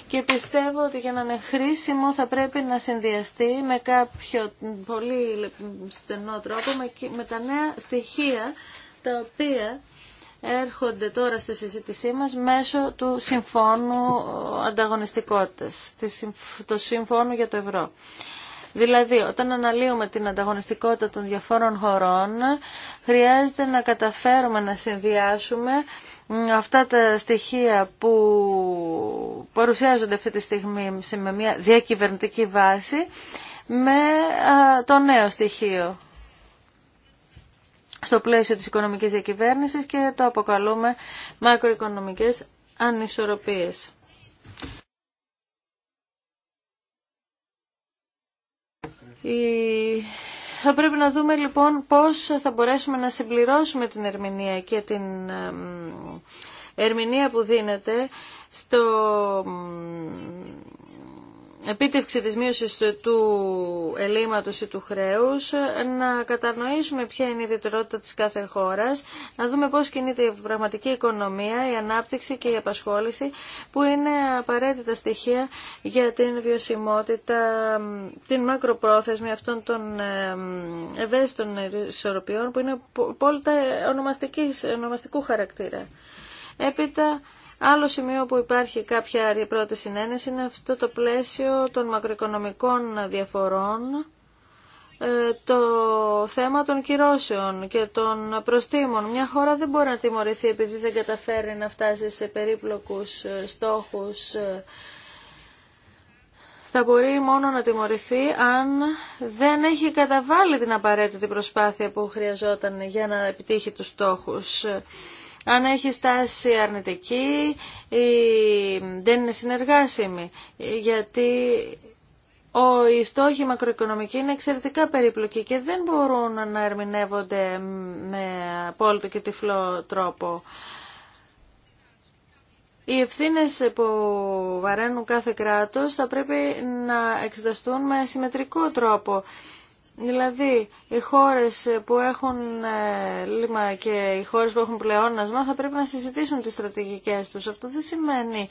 και πιστεύω ότι για να είναι χρήσιμο θα πρέπει να συνδυαστεί με κάποιο πολύ στενό τρόπο με τα νέα στοιχεία τα οποία έρχονται τώρα στη συζήτησή μας μέσω του Συμφώνου Ανταγωνιστικότητας, του Συμφώνου για το Ευρώ. Δηλαδή, όταν αναλύουμε την ανταγωνιστικότητα των διαφόρων χωρών, χρειάζεται να καταφέρουμε να συνδυάσουμε αυτά τα στοιχεία που παρουσιάζονται αυτή τη στιγμή με μια διακυβερνητική βάση με το νέο στοιχείο στο πλαίσιο της οικονομικής διακυβέρνησης και το αποκαλούμε μακροοικονομικές ανισορροπίες. Θα πρέπει να δούμε λοιπόν πώς θα μπορέσουμε να συμπληρώσουμε την ερμηνεία και την ερμηνεία που δίνεται στο επίτευξη της μείωσης του ελλείμματος ή του χρέους, να κατανοήσουμε ποια είναι η ιδιαιτερότητα της κάθε χώρας, να δούμε πώς κινείται η πραγματική οικονομία, η ανάπτυξη και η απασχόληση, που είναι απαραίτητα στοιχεία για την βιωσιμότητα, την μακροπρόθεσμη αυτών των ε, ευαίσθητων ισορροπιών, που είναι απόλυτα ονομαστικού χαρακτήρα. Έπειτα, Άλλο σημείο που υπάρχει κάποια πρώτη συνένεση είναι αυτό το πλαίσιο των μακροοικονομικών διαφορών ε, το θέμα των κυρώσεων και των προστήμων. Μια χώρα δεν μπορεί να τιμωρηθεί επειδή δεν καταφέρει να φτάσει σε περίπλοκους ε, στόχους. Ε. Θα μπορεί μόνο να τιμωρηθεί αν δεν έχει καταβάλει την απαραίτητη προσπάθεια που χρειαζόταν για να επιτύχει τους στόχους αν έχει στάση αρνητική δεν είναι συνεργάσιμη γιατί ο, οι στόχοι μακροοικονομικοί είναι εξαιρετικά περίπλοκοι και δεν μπορούν να ερμηνεύονται με απόλυτο και τυφλό τρόπο. Οι ευθύνε που βαραίνουν κάθε κράτος θα πρέπει να εξεταστούν με συμμετρικό τρόπο Δηλαδή, οι χώρες που έχουν ε, λίμα και οι χώρες που έχουν πλεόνασμα θα πρέπει να συζητήσουν τις στρατηγικές τους. Αυτό δεν σημαίνει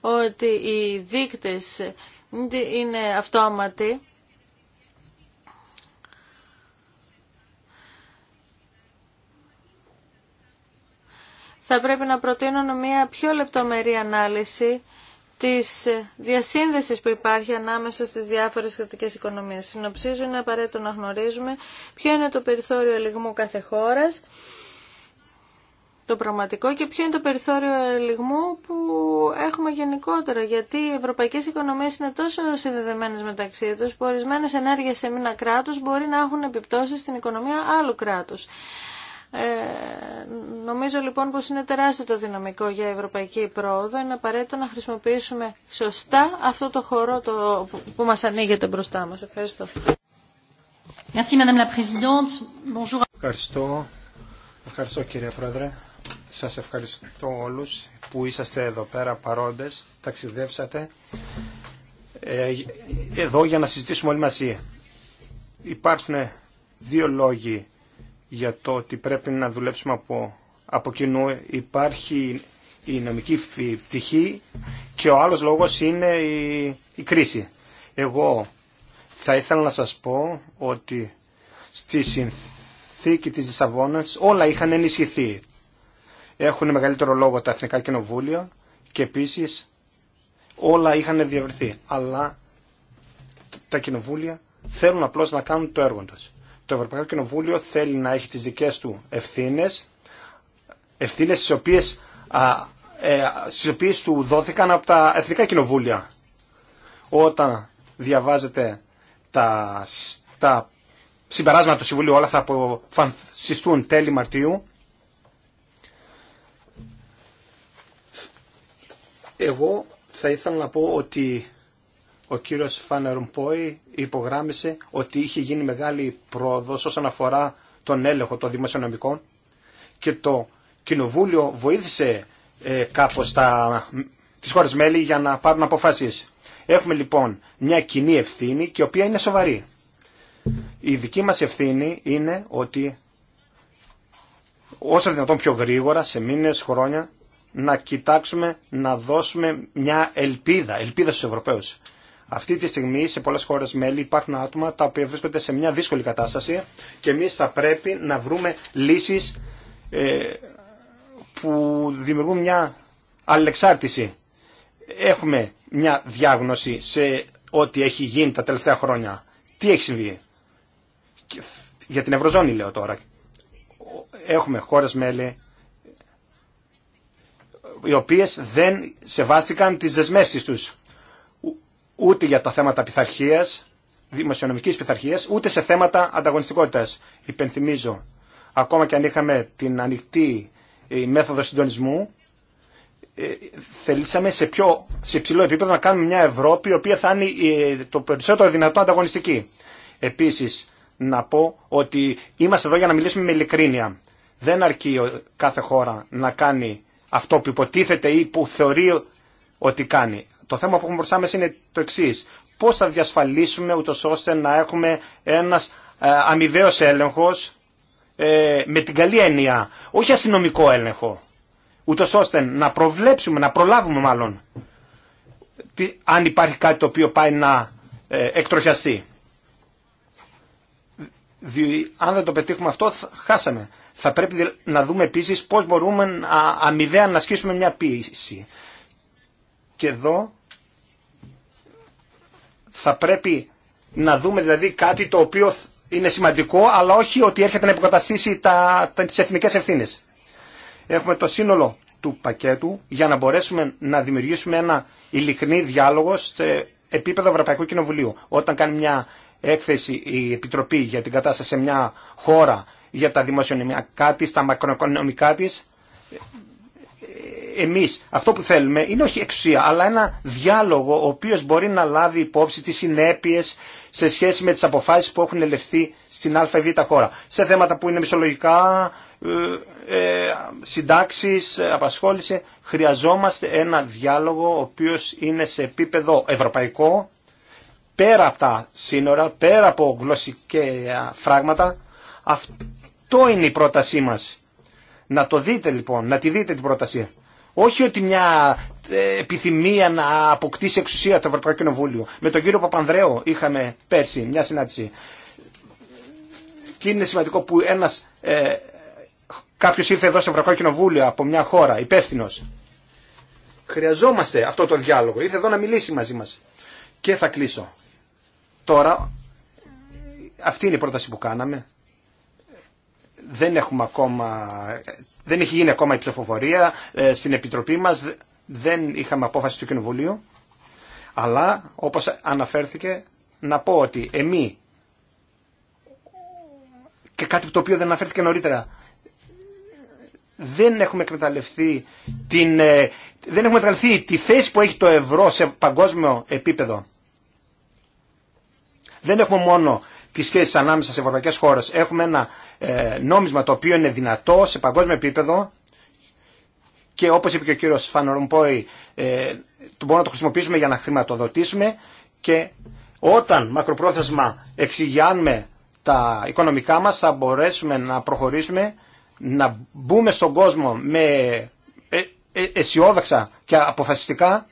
ότι οι δείκτες είναι αυτόματοι. Θα πρέπει να προτείνουν μια πιο λεπτομερή ανάλυση της διασύνδεσης που υπάρχει ανάμεσα στις διάφορες κρατικές οικονομίες. Συνοψίζω, είναι απαραίτητο να γνωρίζουμε ποιο είναι το περιθώριο ελιγμού κάθε χώρας, το πραγματικό και ποιο είναι το περιθώριο ελιγμού που έχουμε γενικότερα. Γιατί οι ευρωπαϊκέ οικονομίε είναι τόσο συνδεδεμένε μεταξύ του που ορισμένε ενέργειε σε μήνα κράτου μπορεί να έχουν επιπτώσει στην οικονομία άλλου κράτου. Ε, νομίζω λοιπόν πως είναι τεράστιο το δυναμικό για ευρωπαϊκή πρόοδο. Είναι απαραίτητο να χρησιμοποιήσουμε σωστά αυτό το χώρο το, που μας ανοίγεται μπροστά μας. Ευχαριστώ. Ευχαριστώ. Ευχαριστώ κύριε Πρόεδρε. Σας ευχαριστώ όλους που είσαστε εδώ πέρα παρόντες, ταξιδεύσατε ε, εδώ για να συζητήσουμε όλοι μαζί. Υπάρχουν δύο λόγοι για το ότι πρέπει να δουλέψουμε από, από κοινού. Υπάρχει η νομική πτυχή και ο άλλος λόγος είναι η, η κρίση. Εγώ θα ήθελα να σας πω ότι στη συνθήκη της Λισαβόνας όλα είχαν ενισχυθεί. Έχουν μεγαλύτερο λόγο τα εθνικά κοινοβούλια και επίσης όλα είχαν διαβρεθεί. Αλλά τα κοινοβούλια θέλουν απλώς να κάνουν το έργο τους. Το Ευρωπαϊκό Κοινοβούλιο θέλει να έχει τις δικές του ευθύνες, ευθύνες στις οποίες, α, ε, οποίες του δόθηκαν από τα Εθνικά Κοινοβούλια. Όταν διαβάζετε τα, τα συμπεράσματα του Συμβουλίου όλα θα αποφασιστούν τέλη Μαρτίου. Εγώ θα ήθελα να πω ότι ο κύριος Φανερουμπόη υπογράμμισε ότι είχε γίνει μεγάλη πρόοδος όσον αφορά τον έλεγχο των δημοσιονομικών και το Κοινοβούλιο βοήθησε ε, κάπως τα, τις χώρες μέλη για να πάρουν αποφάσεις. Έχουμε λοιπόν μια κοινή ευθύνη και η οποία είναι σοβαρή. Η δική μας ευθύνη είναι ότι όσο δυνατόν πιο γρήγορα, σε μήνες, χρόνια, να κοιτάξουμε να δώσουμε μια ελπίδα, ελπίδα στους Ευρωπαίους. Αυτή τη στιγμή σε πολλές χώρε μέλη υπάρχουν άτομα τα οποία βρίσκονται σε μια δύσκολη κατάσταση και εμεί θα πρέπει να βρούμε λύσεις ε, που δημιουργούν μια αλληλεξάρτηση. Έχουμε μια διάγνωση σε ό,τι έχει γίνει τα τελευταία χρόνια. Τι έχει συμβεί. Για την Ευρωζώνη λέω τώρα. Έχουμε χώρε μέλη ε, οι οποίες δεν σεβάστηκαν τις δεσμεύσει τους ούτε για τα θέματα πειθαρχία, δημοσιονομική πειθαρχία, ούτε σε θέματα ανταγωνιστικότητα. Υπενθυμίζω, ακόμα και αν είχαμε την ανοιχτή ε, μέθοδο συντονισμού, ε, θελήσαμε σε, πιο, σε υψηλό επίπεδο να κάνουμε μια Ευρώπη η οποία θα είναι ε, το περισσότερο δυνατό ανταγωνιστική. Επίσης, να πω ότι είμαστε εδώ για να μιλήσουμε με ειλικρίνεια. Δεν αρκεί κάθε χώρα να κάνει αυτό που υποτίθεται ή που θεωρεί ότι κάνει το θέμα που έχουμε μπροστά είναι το εξή. Πώς θα διασφαλίσουμε ούτω ώστε να έχουμε ένας ε, αμοιβαίος έλεγχος ε, με την καλή έννοια, όχι αστυνομικό έλεγχο, ούτω ώστε να προβλέψουμε, να προλάβουμε μάλλον, τι, αν υπάρχει κάτι το οποίο πάει να ε, εκτροχιαστεί. Δι, αν δεν το πετύχουμε αυτό, χάσαμε. Θα πρέπει να δούμε επίση πώ μπορούμε αμοιβαία να ασκήσουμε μια πίεση. Και εδώ θα πρέπει να δούμε δηλαδή κάτι το οποίο είναι σημαντικό, αλλά όχι ότι έρχεται να υποκαταστήσει τα, τα, τις εθνικές ευθύνες. Έχουμε το σύνολο του πακέτου για να μπορέσουμε να δημιουργήσουμε ένα ειλικρινή διάλογο σε επίπεδο Ευρωπαϊκού Κοινοβουλίου. Όταν κάνει μια έκθεση η Επιτροπή για την κατάσταση σε μια χώρα, για τα δημοσιονομικά της, τα μακροοικονομικά της, εμείς αυτό που θέλουμε είναι όχι εξουσία, αλλά ένα διάλογο ο οποίος μπορεί να λάβει υπόψη τις συνέπειες σε σχέση με τις αποφάσεις που έχουν ελευθεί στην ΑΒ χώρα. Σε θέματα που είναι μισολογικά, ε, ε, συντάξεις, απασχόληση, χρειαζόμαστε ένα διάλογο ο οποίος είναι σε επίπεδο ευρωπαϊκό, πέρα από τα σύνορα, πέρα από γλωσσικά φράγματα. Αυτό είναι η πρότασή μας. Να το δείτε λοιπόν, να τη δείτε την πρόταση. Όχι ότι μια ε, επιθυμία να αποκτήσει εξουσία το Ευρωπαϊκό Κοινοβούλιο. Με τον κύριο Παπανδρέο είχαμε πέρσι μια συνάντηση. Και είναι σημαντικό που ένας, ε, κάποιος ήρθε εδώ στο Ευρωπαϊκό Κοινοβούλιο από μια χώρα, υπεύθυνο. Χρειαζόμαστε αυτό το διάλογο. Ήρθε εδώ να μιλήσει μαζί μας. Και θα κλείσω. Τώρα, αυτή είναι η πρόταση που κάναμε. Δεν έχουμε ακόμα δεν έχει γίνει ακόμα η ψηφοφορία ε, στην Επιτροπή μας, δεν είχαμε απόφαση του Κοινοβουλίου, αλλά όπως αναφέρθηκε να πω ότι εμεί και κάτι το οποίο δεν αναφέρθηκε νωρίτερα, δεν έχουμε εκμεταλλευτεί την, ε, δεν έχουμε εκμεταλλευτεί τη θέση που έχει το ευρώ σε παγκόσμιο επίπεδο. Δεν έχουμε μόνο τι σχέσει ανάμεσα σε ευρωπαϊκέ χώρε. Έχουμε ένα ε, νόμισμα το οποίο είναι δυνατό σε παγκόσμιο επίπεδο και όπω είπε και ο κύριο Φανορομπόη, ε, το μπορούμε να το χρησιμοποιήσουμε για να χρηματοδοτήσουμε και όταν μακροπρόθεσμα εξηγιάνουμε τα οικονομικά μας θα μπορέσουμε να προχωρήσουμε, να μπούμε στον κόσμο με ε, ε, αισιόδοξα και αποφασιστικά.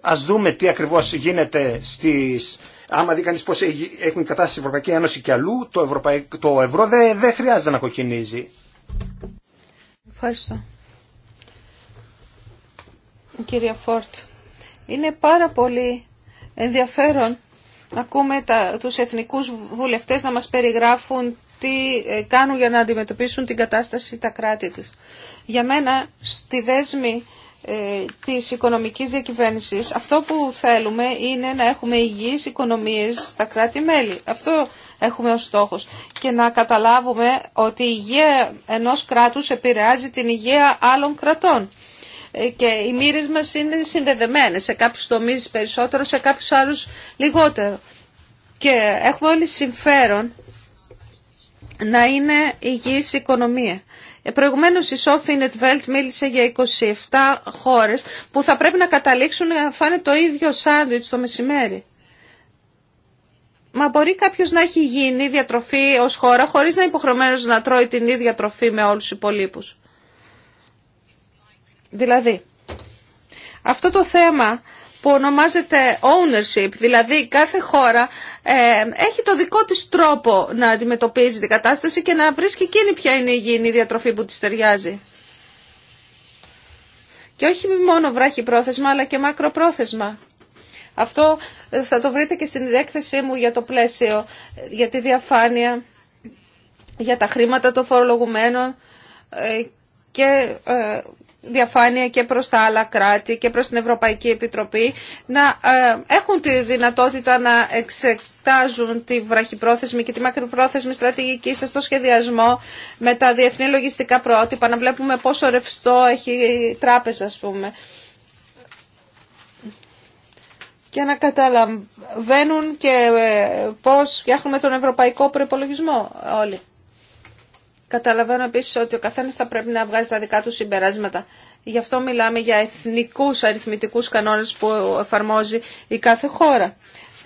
Ας δούμε τι ακριβώς γίνεται στις άμα δει κανεί πώ έχουν κατάσταση στην Ευρωπαϊκή Ένωση και αλλού, το, Ευρωπαϊκ... το ευρώ δεν δε χρειάζεται να κοκκινίζει. Ευχαριστώ. Κυρία Φόρτ, είναι πάρα πολύ ενδιαφέρον να ακούμε τα, τους εθνικούς βουλευτές να μας περιγράφουν τι ε, κάνουν για να αντιμετωπίσουν την κατάσταση τα κράτη της. Για μένα, στη δέσμη ε, της οικονομικής διακυβέρνησης. Αυτό που θέλουμε είναι να έχουμε υγιείς οικονομίες στα κράτη-μέλη. Αυτό έχουμε ως στόχος. Και να καταλάβουμε ότι η υγεία ενός κράτους επηρεάζει την υγεία άλλων κρατών. Ε, και οι μοίρες μας είναι συνδεδεμένες, σε κάποιους τομείς περισσότερο, σε κάποιους άλλους λιγότερο. Και έχουμε όλοι συμφέρον να είναι υγιής οικονομία. Ε, προηγουμένως η Σόφη Νετβέλτ μίλησε για 27 χώρες που θα πρέπει να καταλήξουν να φάνε το ίδιο σάντουιτ το μεσημέρι. Μα μπορεί κάποιο να έχει γίνει διατροφή ω χώρα χωρί να είναι υποχρεωμένο να τρώει την ίδια τροφή με όλου του υπολείπου. Δηλαδή, αυτό το θέμα που ονομάζεται ownership, δηλαδή κάθε χώρα ε, έχει το δικό της τρόπο να αντιμετωπίζει την κατάσταση και να βρίσκει εκείνη ποια είναι η υγιεινή διατροφή που της ταιριάζει. Και όχι μόνο βράχει πρόθεσμα, αλλά και μακροπρόθεσμα. Αυτό ε, θα το βρείτε και στην διέκθεσή μου για το πλαίσιο, για τη διαφάνεια, για τα χρήματα των φορολογουμένων ε, και διαφάνεια και προς τα άλλα κράτη και προς την Ευρωπαϊκή Επιτροπή να ε, έχουν τη δυνατότητα να εξετάζουν τη βραχυπρόθεσμη και τη μακροπρόθεσμη στρατηγική σας το σχεδιασμό με τα διεθνή λογιστικά πρότυπα, να βλέπουμε πόσο ρευστό έχει η τράπεζα ας πούμε και να καταλαβαίνουν και ε, πώς φτιάχνουμε τον ευρωπαϊκό προϋπολογισμό όλοι. Καταλαβαίνω επίση ότι ο καθένα θα πρέπει να βγάζει τα δικά του συμπεράσματα. Γι' αυτό μιλάμε για εθνικού, αριθμητικού κανόνε που εφαρμόζει η κάθε χώρα.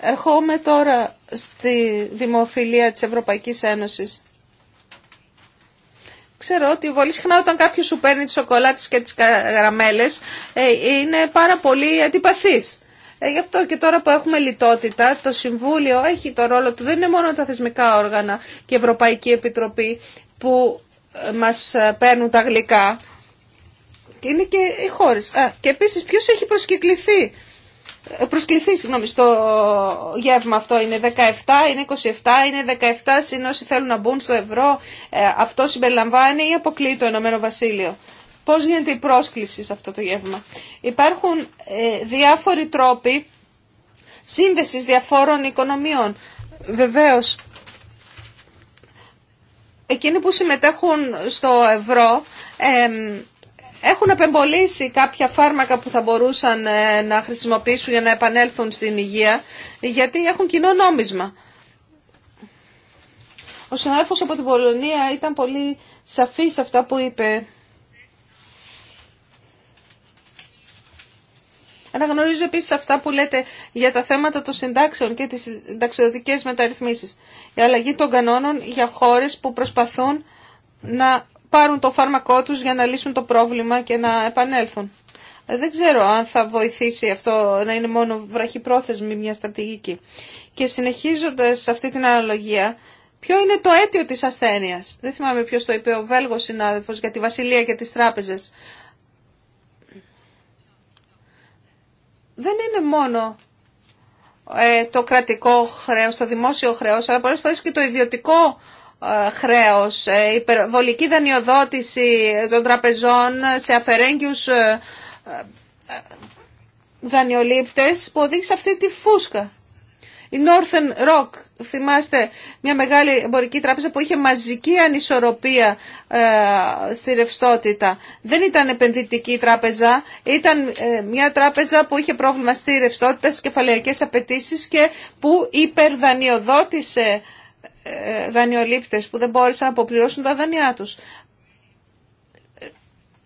Ερχόμαι τώρα στη δημοφιλία τη Ευρωπαϊκή Ένωση. Ξέρω ότι πολύ συχνά όταν κάποιο σου παίρνει τι σοκολάτε και τι καραμέλε, ε, είναι πάρα πολύ αντιπαθής. Ε, γι' αυτό και τώρα που έχουμε λιτότητα, το Συμβούλιο έχει το ρόλο του, δεν είναι μόνο τα θεσμικά όργανα και η Ευρωπαϊκή Επιτροπή που ε, μας ε, παίρνουν τα γλυκά. Είναι και οι χώρες. Α, και επίσης ποιος έχει προσκυκληθεί ε, Προσκληθεί, συγγνώμη, στο γεύμα αυτό είναι 17, είναι 27, είναι 17 συν όσοι θέλουν να μπουν στο ευρώ. αυτό συμπεριλαμβάνει ή αποκλείει το Ενωμένο Βασίλειο. Πώς γίνεται η πρόσκληση σε αυτό το γεύμα. Υπάρχουν διάφοροι τρόποι σύνδεσης διαφόρων οικονομιών. Βεβαίως, εκείνοι που συμμετέχουν στο ευρώ έχουν απεμπολίσει κάποια φάρμακα που θα μπορούσαν ε, να χρησιμοποιήσουν για να επανέλθουν στην υγεία, γιατί έχουν κοινό νόμισμα. Ο συνάδελφος από την Πολωνία ήταν πολύ σαφής αυτά που είπε Αναγνωρίζω επίση αυτά που λέτε για τα θέματα των συντάξεων και τι συνταξιδοτικές μεταρρυθμίσει. Η αλλαγή των κανόνων για χώρε που προσπαθούν να πάρουν το φάρμακό του για να λύσουν το πρόβλημα και να επανέλθουν. Ε, δεν ξέρω αν θα βοηθήσει αυτό να είναι μόνο βραχυπρόθεσμη μια στρατηγική. Και συνεχίζοντας αυτή την αναλογία, ποιο είναι το αίτιο της ασθένειας. Δεν θυμάμαι ποιος το είπε ο Βέλγος συνάδελφος για τη Βασιλεία και τις Τράπεζε. δεν είναι μόνο ε, το κρατικό χρέος, το δημόσιο χρέος, αλλά πολλές φορές και το ιδιωτικό ε, χρέος, ε, υπερβολική δανειοδότηση των τραπεζών σε αφαιρέγγιους δανειολήπτες που οδήγησε αυτή τη φούσκα. Η Northern Rock, θυμάστε, μια μεγάλη εμπορική τράπεζα που είχε μαζική ανισορροπία ε, στη ρευστότητα. Δεν ήταν επενδυτική τράπεζα, ήταν ε, μια τράπεζα που είχε πρόβλημα στη ρευστότητα, στις κεφαλαϊκές απαιτήσει και που υπερδανειοδότησε ε, δανειολήπτες που δεν μπόρεσαν να αποπληρώσουν τα δανειά τους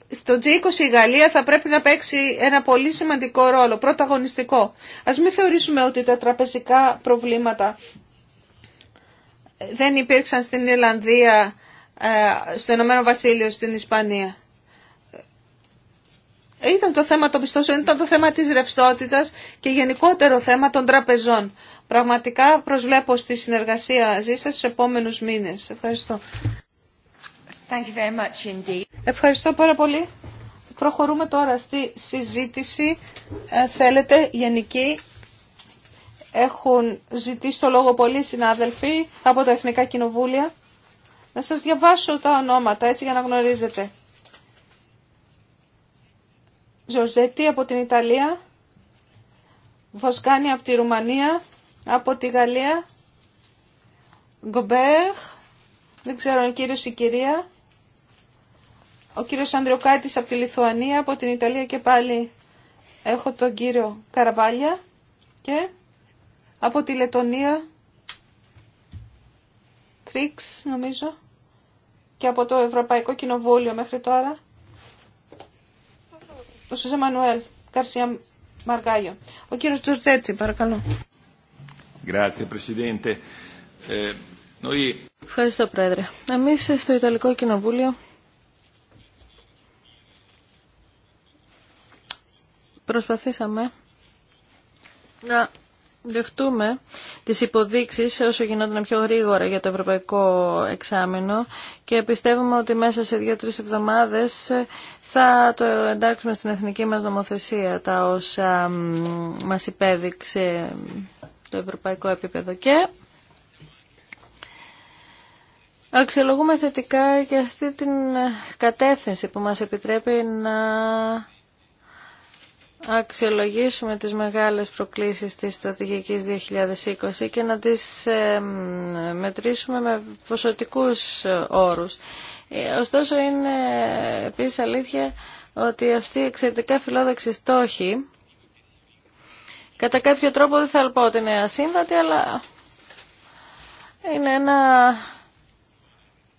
στο G20 η Γαλλία θα πρέπει να παίξει ένα πολύ σημαντικό ρόλο, πρωταγωνιστικό. Ας μην θεωρήσουμε ότι τα τραπεζικά προβλήματα δεν υπήρξαν στην Ιρλανδία, ε, στο Ηνωμένο Βασίλειο, στην Ισπανία. Ήταν το θέμα των πιστώσεων, ήταν το θέμα της ρευστότητα και γενικότερο θέμα των τραπεζών. Πραγματικά προσβλέπω στη συνεργασία μαζί σας στους επόμενους μήνες. Ευχαριστώ. Thank you very much Ευχαριστώ πάρα πολύ. Προχωρούμε τώρα στη συζήτηση. Ε, θέλετε, Γενική, έχουν ζητήσει το λόγο πολλοί συνάδελφοι από τα Εθνικά Κοινοβούλια. Να σας διαβάσω τα ονόματα, έτσι για να γνωρίζετε. ζοζέτη από την Ιταλία, Βοσκάνη από τη Ρουμανία, από τη Γαλλία, Γκομπέρ, δεν ξέρω αν κύριος ή κυρία, ο κύριος Ανδριοκάτης από τη Λιθουανία, από την Ιταλία και πάλι έχω τον κύριο Καραβάλια και από τη Λετωνία Κρίξ νομίζω και από το Ευρωπαϊκό Κοινοβούλιο μέχρι τώρα ο Σουζέ Μανουέλ Καρσία Μαργάγιο. Ο κύριος Τζορτζέτσι παρακαλώ. Ε, Ευχαριστώ Πρόεδρε. Εμείς στο Ιταλικό Κοινοβούλιο προσπαθήσαμε να δεχτούμε τις υποδείξεις όσο γινόταν πιο γρήγορα για το ευρωπαϊκό εξάμεινο και πιστεύουμε ότι μέσα σε δύο-τρεις εβδομάδες θα το εντάξουμε στην εθνική μας νομοθεσία τα όσα μας υπέδειξε το ευρωπαϊκό επίπεδο και αξιολογούμε θετικά και αυτή την κατεύθυνση που μας επιτρέπει να αξιολογήσουμε τις μεγάλες προκλήσεις της στρατηγικής 2020 και να τις μετρήσουμε με ποσοτικούς όρους. Ε, ωστόσο είναι επίσης αλήθεια ότι αυτή η εξαιρετικά φιλόδοξη στόχοι κατά κάποιο τρόπο δεν θα πω ότι είναι αλλά είναι ένα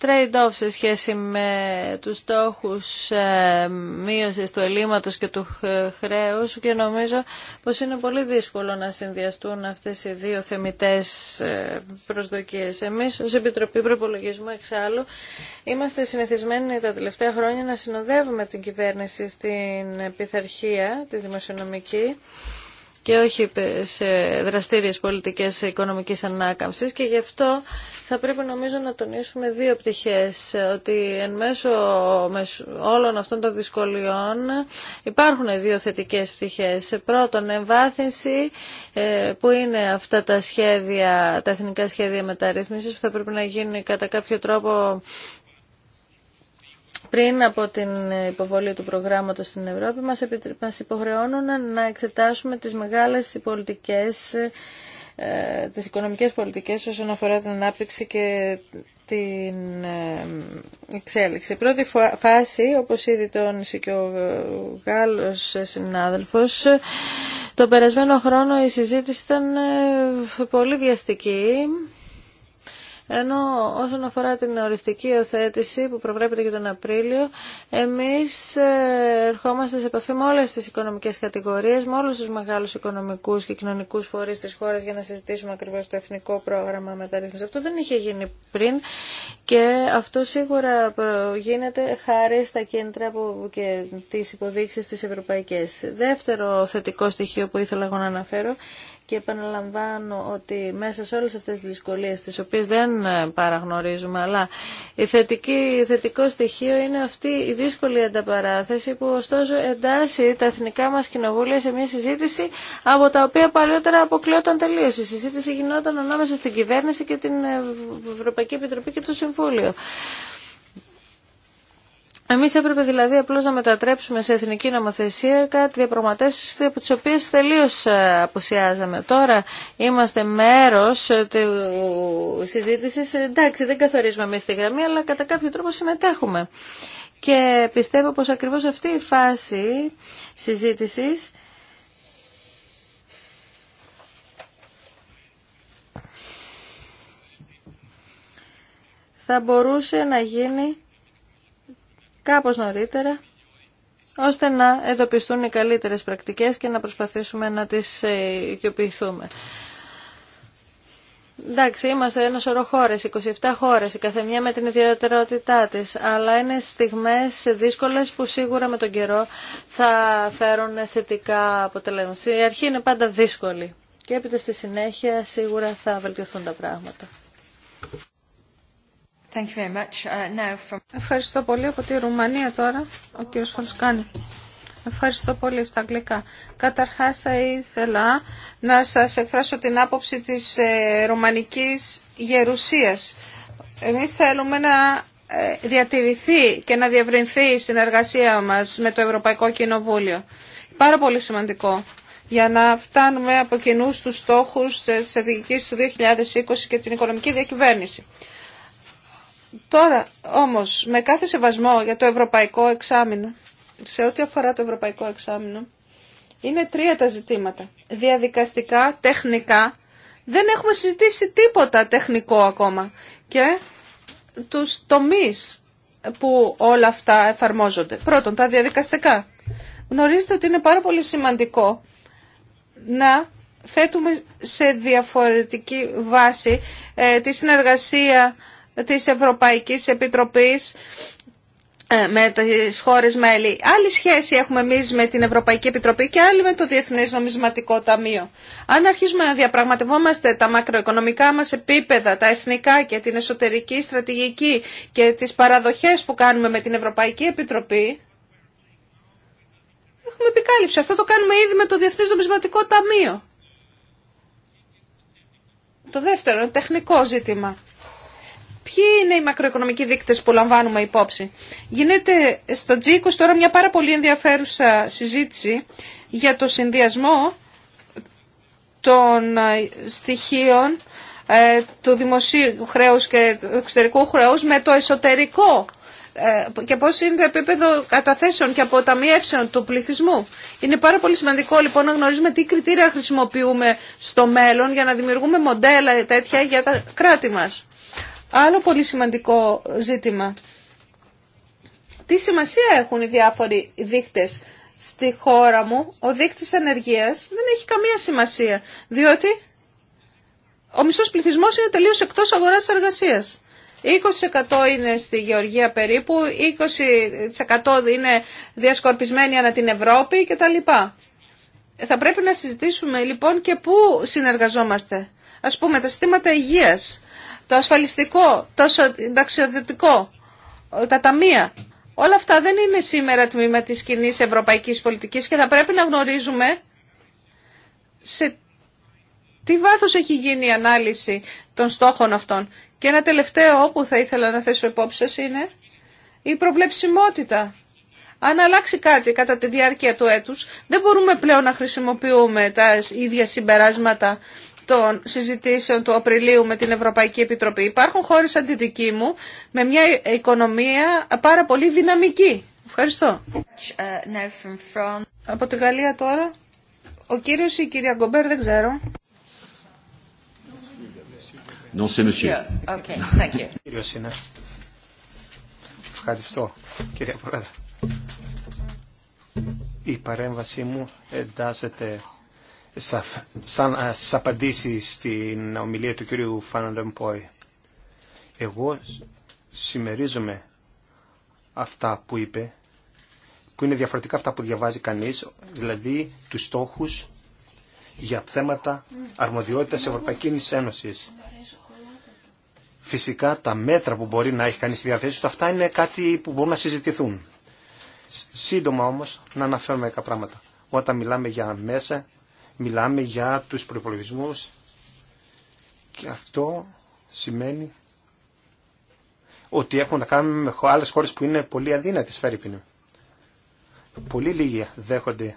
trade-off σε σχέση με τους στόχους ε, μείωσης του ελλείμματος και του χρέους και νομίζω πως είναι πολύ δύσκολο να συνδυαστούν αυτές οι δύο θεμητές ε, προσδοκίες. Εμείς ως Επιτροπή Προπολογισμού εξάλλου είμαστε συνηθισμένοι τα τελευταία χρόνια να συνοδεύουμε την κυβέρνηση στην πειθαρχία, τη δημοσιονομική και όχι σε δραστήριες πολιτικές οικονομικής ανάκαμψης και γι' αυτό θα πρέπει νομίζω να τονίσουμε δύο πτυχές ότι εν μέσω όλων αυτών των δυσκολιών υπάρχουν δύο θετικές πτυχές. Πρώτον, εμβάθυνση ε, που είναι αυτά τα σχέδια, τα εθνικά σχέδια μεταρρύθμισης που θα πρέπει να γίνει κατά κάποιο τρόπο πριν από την υποβολή του προγράμματος στην Ευρώπη μας, μας υποχρεώνουν να εξετάσουμε τις μεγάλες πολιτικές, ε, τις οικονομικές πολιτικές όσον αφορά την ανάπτυξη και την ε, εξέλιξη. πρώτη φάση, όπως ήδη τόνισε και ο Γάλλος συνάδελφος, το περασμένο χρόνο η συζήτηση ήταν ε, πολύ βιαστική ενώ όσον αφορά την οριστική οθέτηση που προβλέπεται για τον Απρίλιο, εμείς ε, ερχόμαστε σε επαφή με όλες τις οικονομικές κατηγορίες, με όλους τους μεγάλους οικονομικούς και κοινωνικούς φορείς της χώρας για να συζητήσουμε ακριβώς το εθνικό πρόγραμμα μεταρρύθμισης. Αυτό δεν είχε γίνει πριν και αυτό σίγουρα γίνεται χάρη στα κέντρα και τις υποδείξεις της ευρωπαϊκές. Δεύτερο θετικό στοιχείο που ήθελα εγώ να αναφέρω και επαναλαμβάνω ότι μέσα σε όλες αυτές τις δυσκολίες τις οποίες δεν ε, παραγνωρίζουμε αλλά η θετική, θετικό στοιχείο είναι αυτή η δύσκολη ανταπαράθεση που ωστόσο εντάσσει τα εθνικά μας κοινοβούλια σε μια συζήτηση από τα οποία παλιότερα αποκλειόταν τελείως. Η συζήτηση γινόταν ανάμεσα στην κυβέρνηση και την ε, Ευρωπαϊκή Επιτροπή και το Συμβούλιο. Εμείς έπρεπε δηλαδή απλώς να μετατρέψουμε σε εθνική νομοθεσία κάτι διαπραγματεύσεις από τις οποίες τελείως ε, αποσιάζαμε. Τώρα είμαστε μέρος τη συζήτησης, εντάξει δεν καθορίζουμε εμείς τη γραμμή αλλά κατά κάποιο τρόπο συμμετέχουμε. Και πιστεύω πως ακριβώς αυτή η φάση συζήτησης θα μπορούσε να γίνει κάπως νωρίτερα ώστε να εντοπιστούν οι καλύτερες πρακτικές και να προσπαθήσουμε να τις ε, οικειοποιηθούμε. Εντάξει, είμαστε ένα σωρό χώρε, 27 χώρε, η καθεμιά με την ιδιαιτερότητά τη. Αλλά είναι στιγμέ δύσκολε που σίγουρα με τον καιρό θα φέρουν θετικά αποτελέσματα. Η αρχή είναι πάντα δύσκολη. Και έπειτα στη συνέχεια σίγουρα θα βελτιωθούν τα πράγματα. Uh, Ευχαριστώ πολύ. Από τη Ρουμανία τώρα, ο κύριος Φαλσκάνη. Ευχαριστώ πολύ στα αγγλικά. Καταρχάς θα ήθελα να σας εκφράσω την άποψη της ε, ρουμανικής γερουσίας. Εμείς θέλουμε να ε, διατηρηθεί και να διευρυνθεί η συνεργασία μας με το Ευρωπαϊκό Κοινοβούλιο. Πάρα πολύ σημαντικό για να φτάνουμε από κοινού στους στόχους της εθνικής του 2020 και την οικονομική διακυβέρνηση. Τώρα όμως με κάθε σεβασμό για το ευρωπαϊκό εξάμεινο, σε ό,τι αφορά το ευρωπαϊκό εξάμεινο, είναι τρία τα ζητήματα. Διαδικαστικά, τεχνικά, δεν έχουμε συζητήσει τίποτα τεχνικό ακόμα και τους τομείς που όλα αυτά εφαρμόζονται. Πρώτον, τα διαδικαστικά. Γνωρίζετε ότι είναι πάρα πολύ σημαντικό να θέτουμε σε διαφορετική βάση ε, τη συνεργασία της Ευρωπαϊκής Επιτροπής ε, με τις χώρες μέλη. Άλλη σχέση έχουμε εμείς με την Ευρωπαϊκή Επιτροπή και άλλη με το Διεθνές Νομισματικό Ταμείο. Αν αρχίσουμε να διαπραγματευόμαστε τα μακροοικονομικά μας επίπεδα, τα εθνικά και την εσωτερική στρατηγική και τις παραδοχές που κάνουμε με την Ευρωπαϊκή Επιτροπή, έχουμε επικάλυψη. Αυτό το κάνουμε ήδη με το Διεθνές Νομισματικό Ταμείο. Το δεύτερο, τεχνικό ζήτημα. Ποιοι είναι οι μακροοικονομικοί δείκτε που λαμβάνουμε υπόψη. Γίνεται στο G20 τώρα μια πάρα πολύ ενδιαφέρουσα συζήτηση για το συνδυασμό των ε, στοιχείων ε, του δημοσίου χρέους και του εξωτερικού χρέους με το εσωτερικό ε, και πώς είναι το επίπεδο καταθέσεων και αποταμιεύσεων του πληθυσμού. Είναι πάρα πολύ σημαντικό λοιπόν να γνωρίζουμε τι κριτήρια χρησιμοποιούμε στο μέλλον για να δημιουργούμε μοντέλα τέτοια για τα κράτη μας. Άλλο πολύ σημαντικό ζήτημα. Τι σημασία έχουν οι διάφοροι δείκτες στη χώρα μου, ο δείκτης ενεργείας δεν έχει καμία σημασία, διότι ο μισός πληθυσμός είναι τελείως εκτός αγοράς εργασίας. 20% είναι στη Γεωργία περίπου, 20% είναι διασκορπισμένοι ανά την Ευρώπη κτλ. Θα πρέπει να συζητήσουμε λοιπόν και πού συνεργαζόμαστε. Ας πούμε τα συστήματα υγείας το ασφαλιστικό, το συνταξιοδοτικό, τα ταμεία. Όλα αυτά δεν είναι σήμερα τμήμα της κοινή ευρωπαϊκής πολιτικής και θα πρέπει να γνωρίζουμε σε τι βάθος έχει γίνει η ανάλυση των στόχων αυτών. Και ένα τελευταίο όπου θα ήθελα να θέσω υπόψη σας είναι η προβλεψιμότητα. Αν αλλάξει κάτι κατά τη διάρκεια του έτους, δεν μπορούμε πλέον να χρησιμοποιούμε τα ίδια συμπεράσματα των συζητήσεων του Απριλίου με την Ευρωπαϊκή Επιτροπή. Υπάρχουν χώρες σαν μου με μια οικονομία πάρα πολύ δυναμική. Ευχαριστώ. Από τη Γαλλία τώρα, ο κύριος ή η κυρία Γκομπέρ, δεν ξέρω. Non, Okay, thank you. Ευχαριστώ, κυρία Πρόεδρε. Η παρέμβασή μου εντάσσεται σαν σα απαντήσει στην ομιλία του κύριου Φαναντεμπόη. Εγώ συμμερίζομαι αυτά που είπε, που είναι διαφορετικά αυτά που διαβάζει κανείς, δηλαδή τους στόχους για θέματα αρμοδιότητας Ευρωπαϊκής Ένωσης. Φυσικά τα μέτρα που μπορεί να έχει κανείς στη διαθέση του, αυτά είναι κάτι που μπορούν να συζητηθούν. Σύντομα όμως να αναφέρουμε κάποια πράγματα. Όταν μιλάμε για μέσα μιλάμε για τους προϋπολογισμούς και αυτό σημαίνει ότι έχουμε να κάνουμε με άλλες χώρες που είναι πολύ αδύνατες φέρει Πολύ λίγοι δέχονται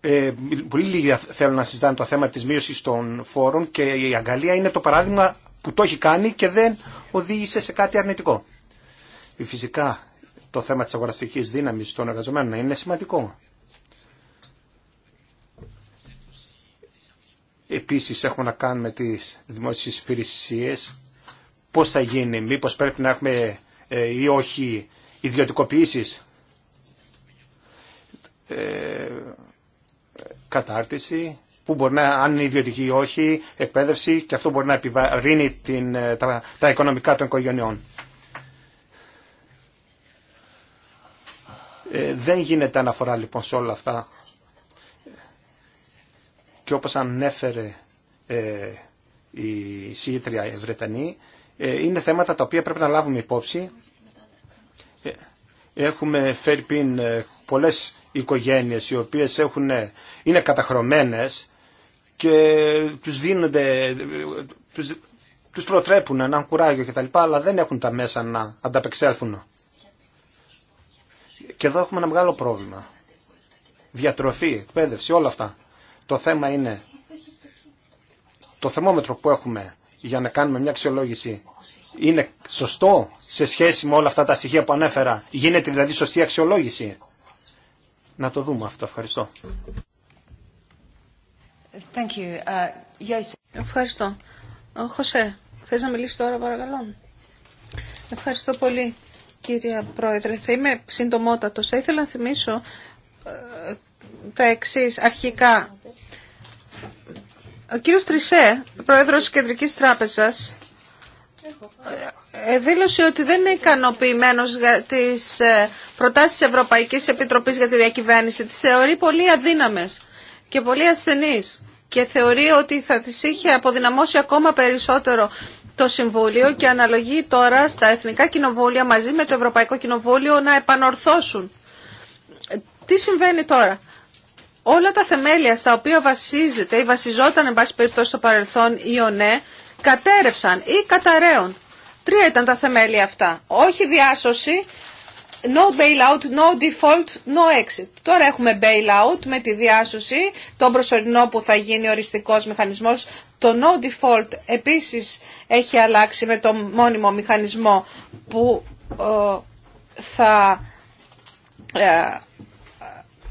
ε, πολύ λίγοι θέλουν να συζητάνε το θέμα της μείωσης των φόρων και η Αγκαλία είναι το παράδειγμα που το έχει κάνει και δεν οδήγησε σε κάτι αρνητικό. Φυσικά το θέμα της αγοραστικής δύναμης των εργαζομένων είναι σημαντικό. Επίσης έχουμε να κάνουμε τις δημόσιες υπηρεσίε. Πώς θα γίνει, μήπως πρέπει να έχουμε ε, ή όχι ιδιωτικοποιήσεις. Ε, κατάρτιση, που μπορεί να, αν είναι ιδιωτική ή όχι, εκπαίδευση και αυτό μπορεί να επιβαρύνει την, ε, τα, τα οικονομικά των οικογενειών. Ε, δεν γίνεται αναφορά λοιπόν σε όλα αυτά. Και όπως ανέφερε ε, η Σύτρια Βρετανή, ε, είναι θέματα τα οποία πρέπει να λάβουμε υπόψη. Έχουμε φέρει πίν πολλές οικογένειες οι οποίες έχουν, είναι καταχρωμένες και τους δίνονται, τους, τους προτρέπουν να έχουν κουράγιο κτλ. αλλά δεν έχουν τα μέσα να ανταπεξέλθουν. Και εδώ έχουμε ένα μεγάλο πρόβλημα. Διατροφή, εκπαίδευση, όλα αυτά. Το θέμα είναι το θερμόμετρο που έχουμε για να κάνουμε μια αξιολόγηση είναι σωστό σε σχέση με όλα αυτά τα στοιχεία που ανέφερα. Γίνεται δηλαδή σωστή αξιολόγηση. Να το δούμε αυτό. Ευχαριστώ. Thank you. Uh, Ευχαριστώ. Χωσέ, θες να μιλήσεις τώρα παρακαλώ. Ευχαριστώ πολύ. Κυρία Πρόεδρε, θα είμαι συντομότατος. Θα ήθελα να θυμίσω ε, τα εξής αρχικά. Ο κύριος Τρισέ, πρόεδρος της Κεντρικής Τράπεζας, ε, ε, δήλωσε ότι δεν είναι ικανοποιημένος για τις προτάσεις της Ευρωπαϊκής Επιτροπής για τη διακυβέρνηση. Τις θεωρεί πολύ αδύναμες και πολύ ασθενείς και θεωρεί ότι θα τις είχε αποδυναμώσει ακόμα περισσότερο το Συμβούλιο και αναλογεί τώρα στα Εθνικά Κοινοβούλια μαζί με το Ευρωπαϊκό Κοινοβούλιο να επανορθώσουν. Τι συμβαίνει τώρα. Όλα τα θεμέλια στα οποία βασίζεται ή βασιζόταν εν πάση περιπτώσει στο παρελθόν ή ο ναι, κατέρευσαν ή καταραίων. Τρία ήταν τα θεμέλια αυτά. Όχι διάσωση, no bailout, no default, no exit. Τώρα έχουμε bailout με τη διάσωση, τον προσωρινό που θα γίνει οριστικός μηχανισμός. Το no default επίσης έχει αλλάξει με το μόνιμο μηχανισμό που ε, θα ε,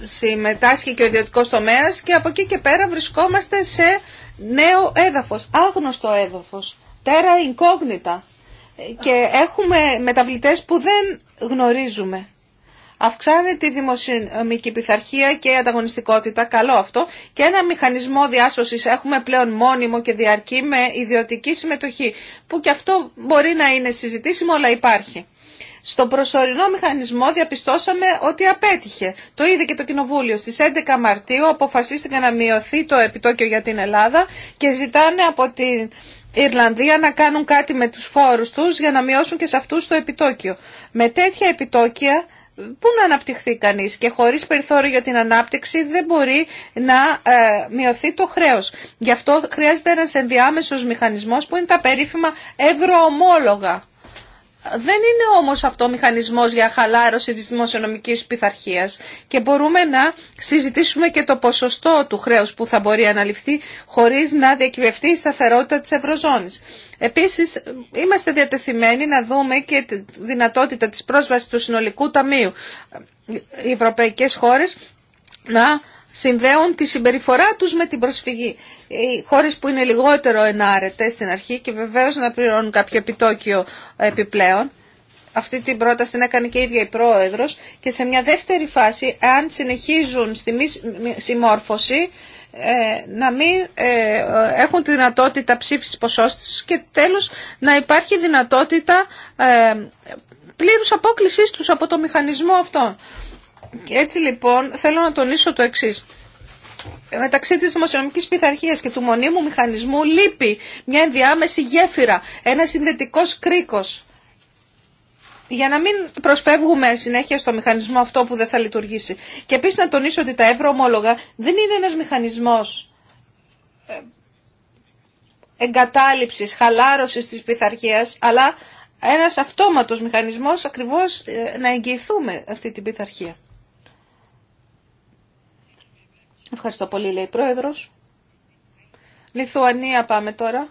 συμμετάσχει και ο ιδιωτικό τομέας και από εκεί και πέρα βρισκόμαστε σε νέο έδαφος, άγνωστο έδαφος, τέρα incognita. Και έχουμε μεταβλητές που δεν γνωρίζουμε. Αυξάνεται η δημοσιονομική πειθαρχία και η ανταγωνιστικότητα, καλό αυτό, και ένα μηχανισμό διάσωσης έχουμε πλέον μόνιμο και διαρκή με ιδιωτική συμμετοχή, που και αυτό μπορεί να είναι συζητήσιμο, αλλά υπάρχει. Στο προσωρινό μηχανισμό διαπιστώσαμε ότι απέτυχε. Το είδε και το Κοινοβούλιο. Στις 11 Μαρτίου αποφασίστηκε να μειωθεί το επιτόκιο για την Ελλάδα και ζητάνε από την Ιρλανδία να κάνουν κάτι με τους φόρους τους για να μειώσουν και σε αυτούς το επιτόκιο. Με τέτοια επιτόκια πού να αναπτυχθεί κανείς και χωρίς περιθώριο για την ανάπτυξη δεν μπορεί να ε, μειωθεί το χρέος. Γι' αυτό χρειάζεται ένας ενδιάμεσος μηχανισμός που είναι τα περίφημα ευρωομόλογα δεν είναι όμως αυτό ο μηχανισμός για χαλάρωση της δημοσιονομικής πειθαρχία και μπορούμε να συζητήσουμε και το ποσοστό του χρέους που θα μπορεί να ληφθεί χωρίς να διακυβευτεί η σταθερότητα της Ευρωζώνης. Επίσης, είμαστε διατεθειμένοι να δούμε και τη δυνατότητα της πρόσβασης του συνολικού ταμείου. Οι ευρωπαϊκές χώρες να συνδέουν τη συμπεριφορά τους με την προσφυγή. Οι χώρες που είναι λιγότερο ενάρετες στην αρχή και βεβαίως να πληρώνουν κάποιο επιτόκιο επιπλέον. Αυτή την πρόταση την έκανε και η ίδια η πρόεδρος και σε μια δεύτερη φάση, αν συνεχίζουν στη μη συμμόρφωση, ε, να μην ε, έχουν τη δυνατότητα ψήφισης ποσόστησης και τέλος να υπάρχει δυνατότητα ε, πλήρους απόκλησης τους από το μηχανισμό αυτό. Και έτσι λοιπόν θέλω να τονίσω το εξή. Μεταξύ της δημοσιονομική πειθαρχίας και του μονίμου μηχανισμού λείπει μια ενδιάμεση γέφυρα, ένα συνδετικός κρίκος. Για να μην προσφεύγουμε συνέχεια στο μηχανισμό αυτό που δεν θα λειτουργήσει. Και επίσης να τονίσω ότι τα ευρωομόλογα δεν είναι ένας μηχανισμός ε, εγκατάλειψης, χαλάρωσης της πειθαρχία, αλλά ένας αυτόματος μηχανισμός ακριβώς ε, να εγγυηθούμε αυτή την πειθαρχία. Ευχαριστώ πολύ, λέει η Πρόεδρος. Λιθουανία πάμε τώρα.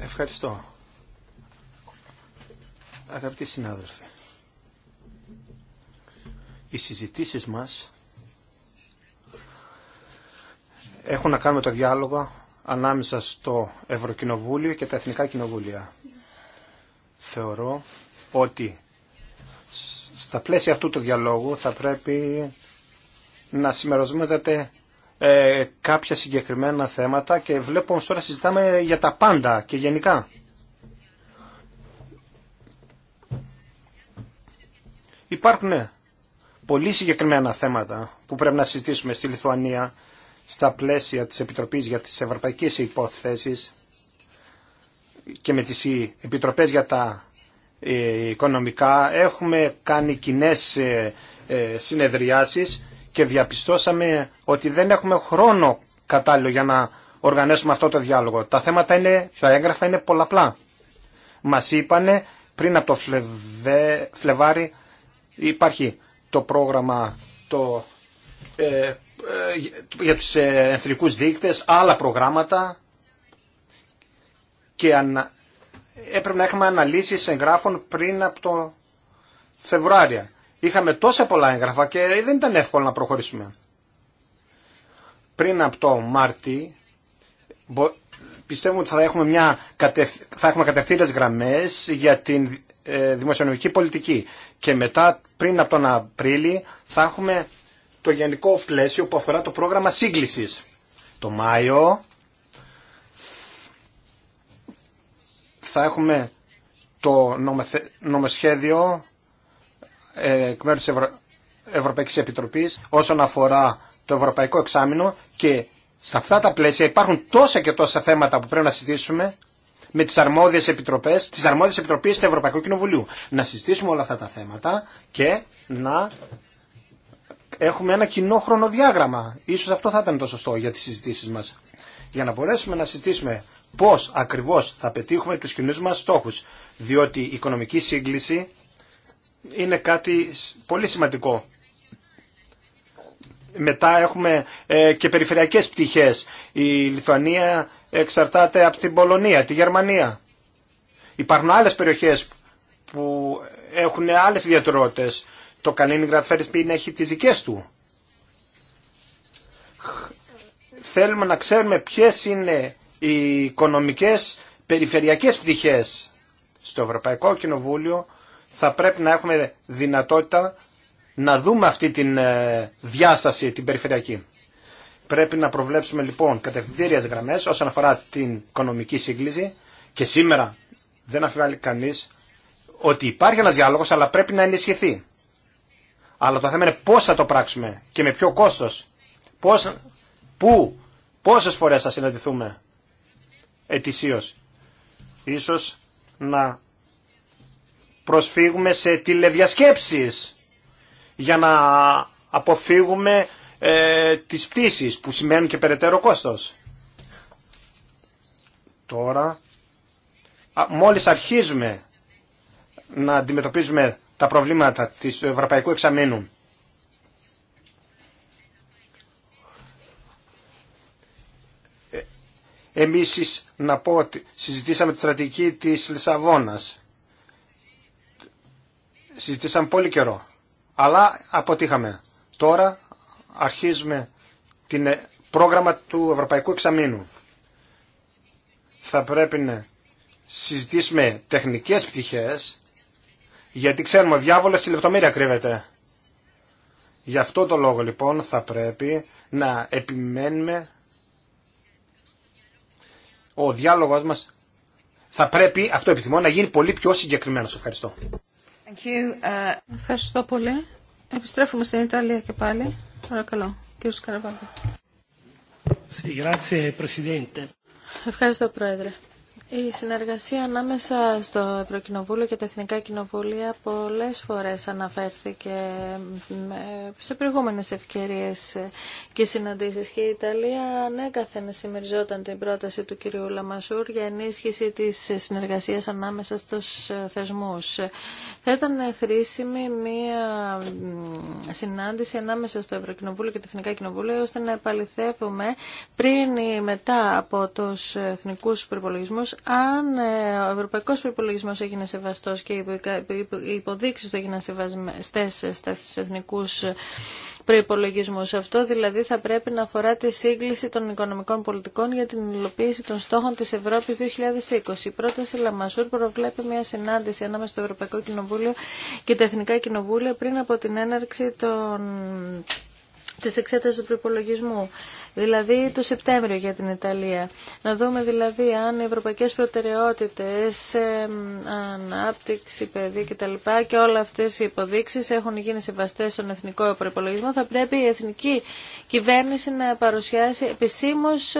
Ευχαριστώ. Αγαπητοί συνάδελφοι, οι συζητήσεις μας έχουν να κάνουν με το διάλογο ανάμεσα στο Ευρωκοινοβούλιο και τα Εθνικά Κοινοβούλια. Θεωρώ ότι στα πλαίσια αυτού του διαλόγου θα πρέπει να συμμεροζόμαστε ε, κάποια συγκεκριμένα θέματα και βλέπω όμως τώρα συζητάμε για τα πάντα και γενικά. Υπάρχουν ε, πολύ συγκεκριμένα θέματα που πρέπει να συζητήσουμε στη Λιθουανία στα πλαίσια της Επιτροπής για τις Ευρωπαϊκές Υπόθεσεις και με τις ε, Επιτροπές για τα ε, Οικονομικά έχουμε κάνει κοινέ ε, συνεδριάσεις και διαπιστώσαμε ότι δεν έχουμε χρόνο κατάλληλο για να οργανώσουμε αυτό το διάλογο. Τα θέματα είναι, τα έγγραφα είναι πολλαπλά. Μας είπανε πριν από το Φλεβάρι υπάρχει το πρόγραμμα το ε, για τους ε, εθνικούς δείκτες, άλλα προγράμματα και ανα... έπρεπε να έχουμε αναλύσεις εγγράφων πριν από το Φεβρουάριο. Είχαμε τόσα πολλά έγγραφα και δεν ήταν εύκολο να προχωρήσουμε. Πριν από το Μάρτι πιστεύουμε ότι θα έχουμε, μια θα έχουμε κατευθύνες γραμμές για την ε, δημοσιονομική πολιτική και μετά πριν από τον Απρίλη θα έχουμε το γενικό πλαίσιο που αφορά το πρόγραμμα σύγκλησης. Το Μάιο θα έχουμε το νομοσχέδιο ε, εκ μέρους της Ευρω... Ευρωπαϊκής Επιτροπής όσον αφορά το Ευρωπαϊκό Εξάμεινο και σε αυτά τα πλαίσια υπάρχουν τόσα και τόσα θέματα που πρέπει να συζητήσουμε με τις αρμόδιες επιτροπές, τις αρμόδιες επιτροπές του Ευρωπαϊκού Κοινοβουλίου. Να συζητήσουμε όλα αυτά τα θέματα και να έχουμε ένα κοινό χρονοδιάγραμμα. Ίσως αυτό θα ήταν το σωστό για τις συζητήσεις μας. Για να μπορέσουμε να συζητήσουμε πώς ακριβώς θα πετύχουμε τους κοινούς μας στόχους. Διότι η οικονομική σύγκληση είναι κάτι πολύ σημαντικό. Μετά έχουμε ε, και περιφερειακές πτυχές. Η Λιθουανία εξαρτάται από την Πολωνία, τη Γερμανία. Υπάρχουν άλλες περιοχές που έχουν άλλες ιδιαιτερότητες το γραφείο να έχει τις δικές του. Θέλουμε να ξέρουμε ποιες είναι οι οικονομικές περιφερειακές πτυχές. Στο Ευρωπαϊκό Κοινοβούλιο θα πρέπει να έχουμε δυνατότητα να δούμε αυτή την ε, διάσταση, την περιφερειακή. Πρέπει να προβλέψουμε λοιπόν κατευθυντήριες γραμμές όσον αφορά την οικονομική σύγκληση και σήμερα δεν αφιβάλλει κανείς ότι υπάρχει ένας διάλογος αλλά πρέπει να ενισχυθεί. Αλλά το θέμα είναι πώς θα το πράξουμε και με ποιο κόστος. πού, πόσες φορές θα συναντηθούμε ετησίω. Ίσως να προσφύγουμε σε τηλεδιασκέψεις για να αποφύγουμε ε, τις πτήσεις που σημαίνουν και περαιτέρω κόστος. Τώρα, μόλις αρχίζουμε να αντιμετωπίζουμε τα προβλήματα της, Ευρωπαϊκού Εξαμένου. Ε, εμείς να πω ότι συζητήσαμε τη στρατηγική της Λισαβόνας. Συζητήσαμε πολύ καιρό. Αλλά αποτύχαμε. Τώρα αρχίζουμε την ε, πρόγραμμα του Ευρωπαϊκού Εξαμήνου. Θα πρέπει να συζητήσουμε τεχνικές πτυχές γιατί ξέρουμε, ο διάβολος στη λεπτομέρεια κρύβεται. Γι' αυτό το λόγο λοιπόν θα πρέπει να επιμένουμε ο διάλογος μας θα πρέπει, αυτό επιθυμώ, να γίνει πολύ πιο συγκεκριμένος. Ευχαριστώ. Thank you. Uh, Ευχαριστώ πολύ. Επιστρέφουμε στην Ιταλία και πάλι. Παρακαλώ, κύριο Presidente. Ευχαριστώ, Πρόεδρε. Η συνεργασία ανάμεσα στο Ευρωκοινοβούλιο και τα Εθνικά Κοινοβούλια πολλές φορές αναφέρθηκε σε προηγούμενες ευκαιρίες και συναντήσεις και η Ιταλία ανέκαθεν ναι, συμμεριζόταν την πρόταση του κ. Λαμασούρ για ενίσχυση της συνεργασίας ανάμεσα στους θεσμούς. Θα ήταν χρήσιμη μία συνάντηση ανάμεσα στο Ευρωκοινοβούλιο και τα Εθνικά Κοινοβούλια ώστε να επαληθεύουμε πριν ή μετά από τους εθνικούς προπολογισμού αν ε, ο ευρωπαϊκός προϋπολογισμός έγινε σεβαστός και οι υποδείξεις του έγιναν σεβαστές στους εθνικούς προϋπολογισμούς. Αυτό δηλαδή θα πρέπει να αφορά τη σύγκληση των οικονομικών πολιτικών για την υλοποίηση των στόχων της Ευρώπης 2020. Η πρόταση Λαμασούρ προβλέπει μια συνάντηση ανάμεσα στο Ευρωπαϊκό Κοινοβούλιο και τα Εθνικά Κοινοβούλια πριν από την έναρξη των της εξέτασης του προπολογισμού δηλαδή το Σεπτέμβριο για την Ιταλία. Να δούμε δηλαδή αν οι ευρωπαϊκές προτεραιότητες, ανάπτυξη, παιδί κτλ. και όλα αυτές οι υποδείξεις έχουν γίνει σεβαστές στον εθνικό προπολογισμό. Θα πρέπει η εθνική κυβέρνηση να παρουσιάσει επισήμως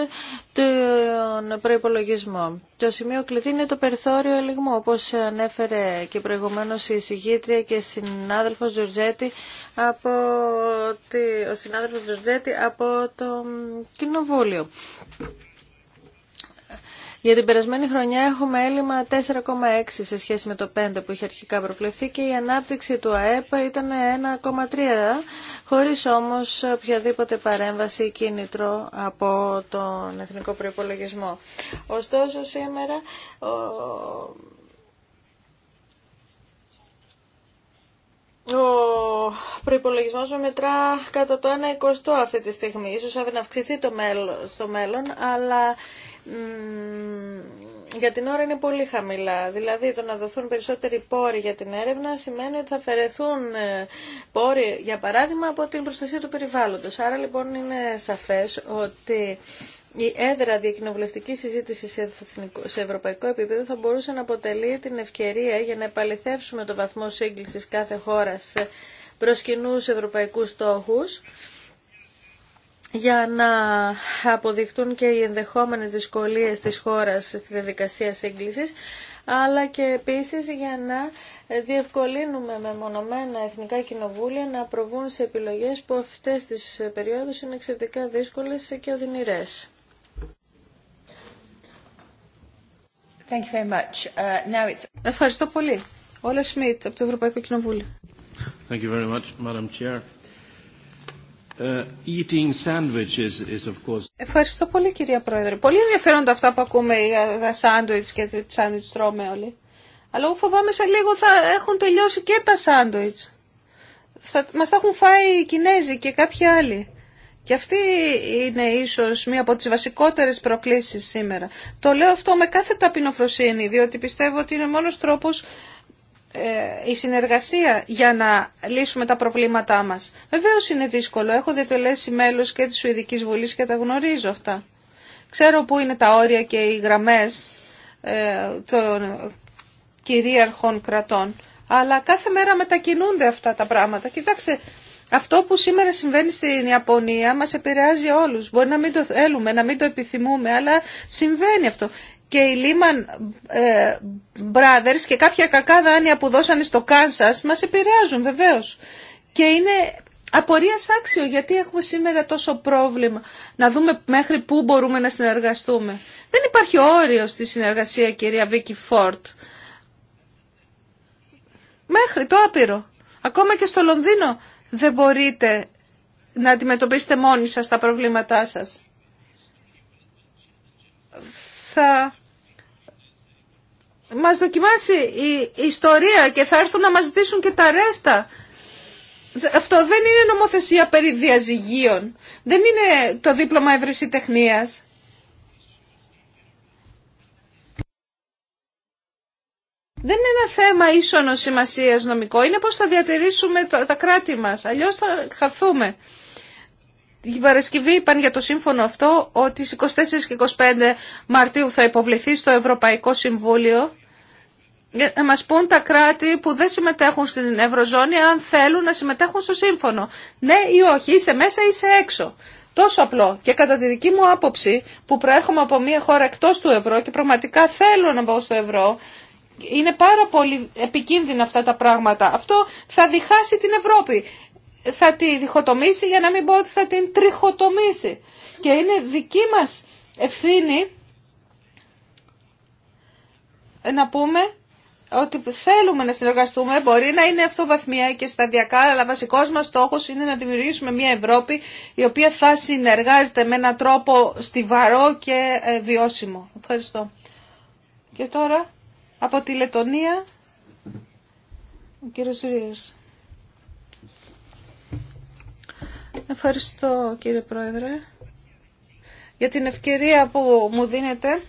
τον προπολογισμό. Το σημείο κλειδί είναι το περιθώριο ελιγμού, όπως ανέφερε και προηγουμένως η συγγήτρια και συνάδελφος Ζουρζέτη, από τη, ο συνάδελφος από το Κοινοβούλιο. Για την περασμένη χρονιά έχουμε έλλειμμα 4,6 σε σχέση με το 5 που είχε αρχικά προβλεφθεί και η ανάπτυξη του ΑΕΠ ήταν 1,3 χωρίς όμως οποιαδήποτε παρέμβαση ή κίνητρο από τον Εθνικό Προϋπολογισμό. Ωστόσο σήμερα ο προπολογισμό με μετρά κατά το 1,20 αυτή τη στιγμή. Ίσως να αυξηθεί το στο μέλλον, αλλά για την ώρα είναι πολύ χαμηλά. Δηλαδή το να δοθούν περισσότεροι πόροι για την έρευνα σημαίνει ότι θα αφαιρεθούν ε, πόροι, για παράδειγμα, από την προστασία του περιβάλλοντος. Άρα λοιπόν είναι σαφές ότι η έδρα διακοινοβουλευτική συζήτηση σε ευρωπαϊκό επίπεδο θα μπορούσε να αποτελεί την ευκαιρία για να επαληθεύσουμε το βαθμό σύγκληση κάθε χώρα προ κοινού ευρωπαϊκού στόχου, για να αποδειχτούν και οι ενδεχόμενες δυσκολίες της χώρας στη διαδικασία σύγκλησης αλλά και επίσης για να διευκολύνουμε με μονομένα εθνικά κοινοβούλια να προβούν σε επιλογές που αυτές τις περιόδους είναι εξαιρετικά δύσκολες και οδυνηρές. Uh, Ευχαριστώ πολύ. Όλα Σμιτ από το Ευρωπαϊκό Κοινοβούλιο. Thank you very much, Madam Chair. Uh, eating sandwiches is of course... Ευχαριστώ πολύ κυρία Πρόεδρε. Πολύ ενδιαφέροντα αυτά που ακούμε για τα σάντουιτς και τα σάντουιτς τρώμε όλοι. Αλλά εγώ φοβάμαι σε λίγο θα έχουν τελειώσει και τα σάντουιτς. Θα μας τα έχουν φάει οι Κινέζοι και κάποιοι άλλοι. Και αυτή είναι ίσως μία από τις βασικότερες προκλήσεις σήμερα. Το λέω αυτό με κάθε ταπεινοφροσύνη, διότι πιστεύω ότι είναι μόνος τρόπος ε, η συνεργασία για να λύσουμε τα προβλήματά μας. Βεβαίω είναι δύσκολο. Έχω διατελέσει μέλος και της Σουηδικής Βουλής και τα γνωρίζω αυτά. Ξέρω πού είναι τα όρια και οι γραμμές ε, των κυρίαρχων κρατών. Αλλά κάθε μέρα μετακινούνται αυτά τα πράγματα. Κοιτάξτε αυτό που σήμερα συμβαίνει στην Ιαπωνία μας επηρεάζει όλους. Μπορεί να μην το θέλουμε, να μην το επιθυμούμε, αλλά συμβαίνει αυτό. Και οι Lehman ε, Brothers και κάποια κακά δάνεια που δώσανε στο Κάνσας μας επηρεάζουν βεβαίως. Και είναι απορία άξιο γιατί έχουμε σήμερα τόσο πρόβλημα να δούμε μέχρι πού μπορούμε να συνεργαστούμε. Δεν υπάρχει όριο στη συνεργασία κυρία Βίκη Φόρτ. Μέχρι το άπειρο. Ακόμα και στο Λονδίνο δεν μπορείτε να αντιμετωπίσετε μόνοι σας τα προβλήματά σας. Θα μας δοκιμάσει η ιστορία και θα έρθουν να μας ζητήσουν και τα ρέστα. Αυτό δεν είναι νομοθεσία περί διαζυγίων. Δεν είναι το δίπλωμα ευρεσιτεχνίας. δεν είναι ένα θέμα ίσονο σημασία νομικό, είναι πώ θα διατηρήσουμε τα κράτη μα. Αλλιώ θα χαθούμε. Η Παρασκευή είπαν για το σύμφωνο αυτό ότι στις 24 και 25 Μαρτίου θα υποβληθεί στο Ευρωπαϊκό Συμβούλιο να μας πούν τα κράτη που δεν συμμετέχουν στην Ευρωζώνη αν θέλουν να συμμετέχουν στο σύμφωνο. Ναι ή όχι, είσαι μέσα ή είσαι έξω. Τόσο απλό. Και κατά τη δική μου άποψη που προέρχομαι από μια χώρα εκτός του ευρώ και πραγματικά θέλω να μπω στο ευρώ, είναι πάρα πολύ επικίνδυνα αυτά τα πράγματα. Αυτό θα διχάσει την Ευρώπη. Θα τη διχοτομήσει για να μην πω ότι θα την τριχοτομήσει. Και είναι δική μας ευθύνη να πούμε ότι θέλουμε να συνεργαστούμε, μπορεί να είναι αυτό και σταδιακά, αλλά βασικό μα στόχο είναι να δημιουργήσουμε μια Ευρώπη η οποία θα συνεργάζεται με έναν τρόπο στιβαρό και ε, βιώσιμο. Ευχαριστώ. Και τώρα από τη Λετωνία, ο κύριος Ρίος. Ευχαριστώ κύριε Πρόεδρε για την ευκαιρία που μου δίνετε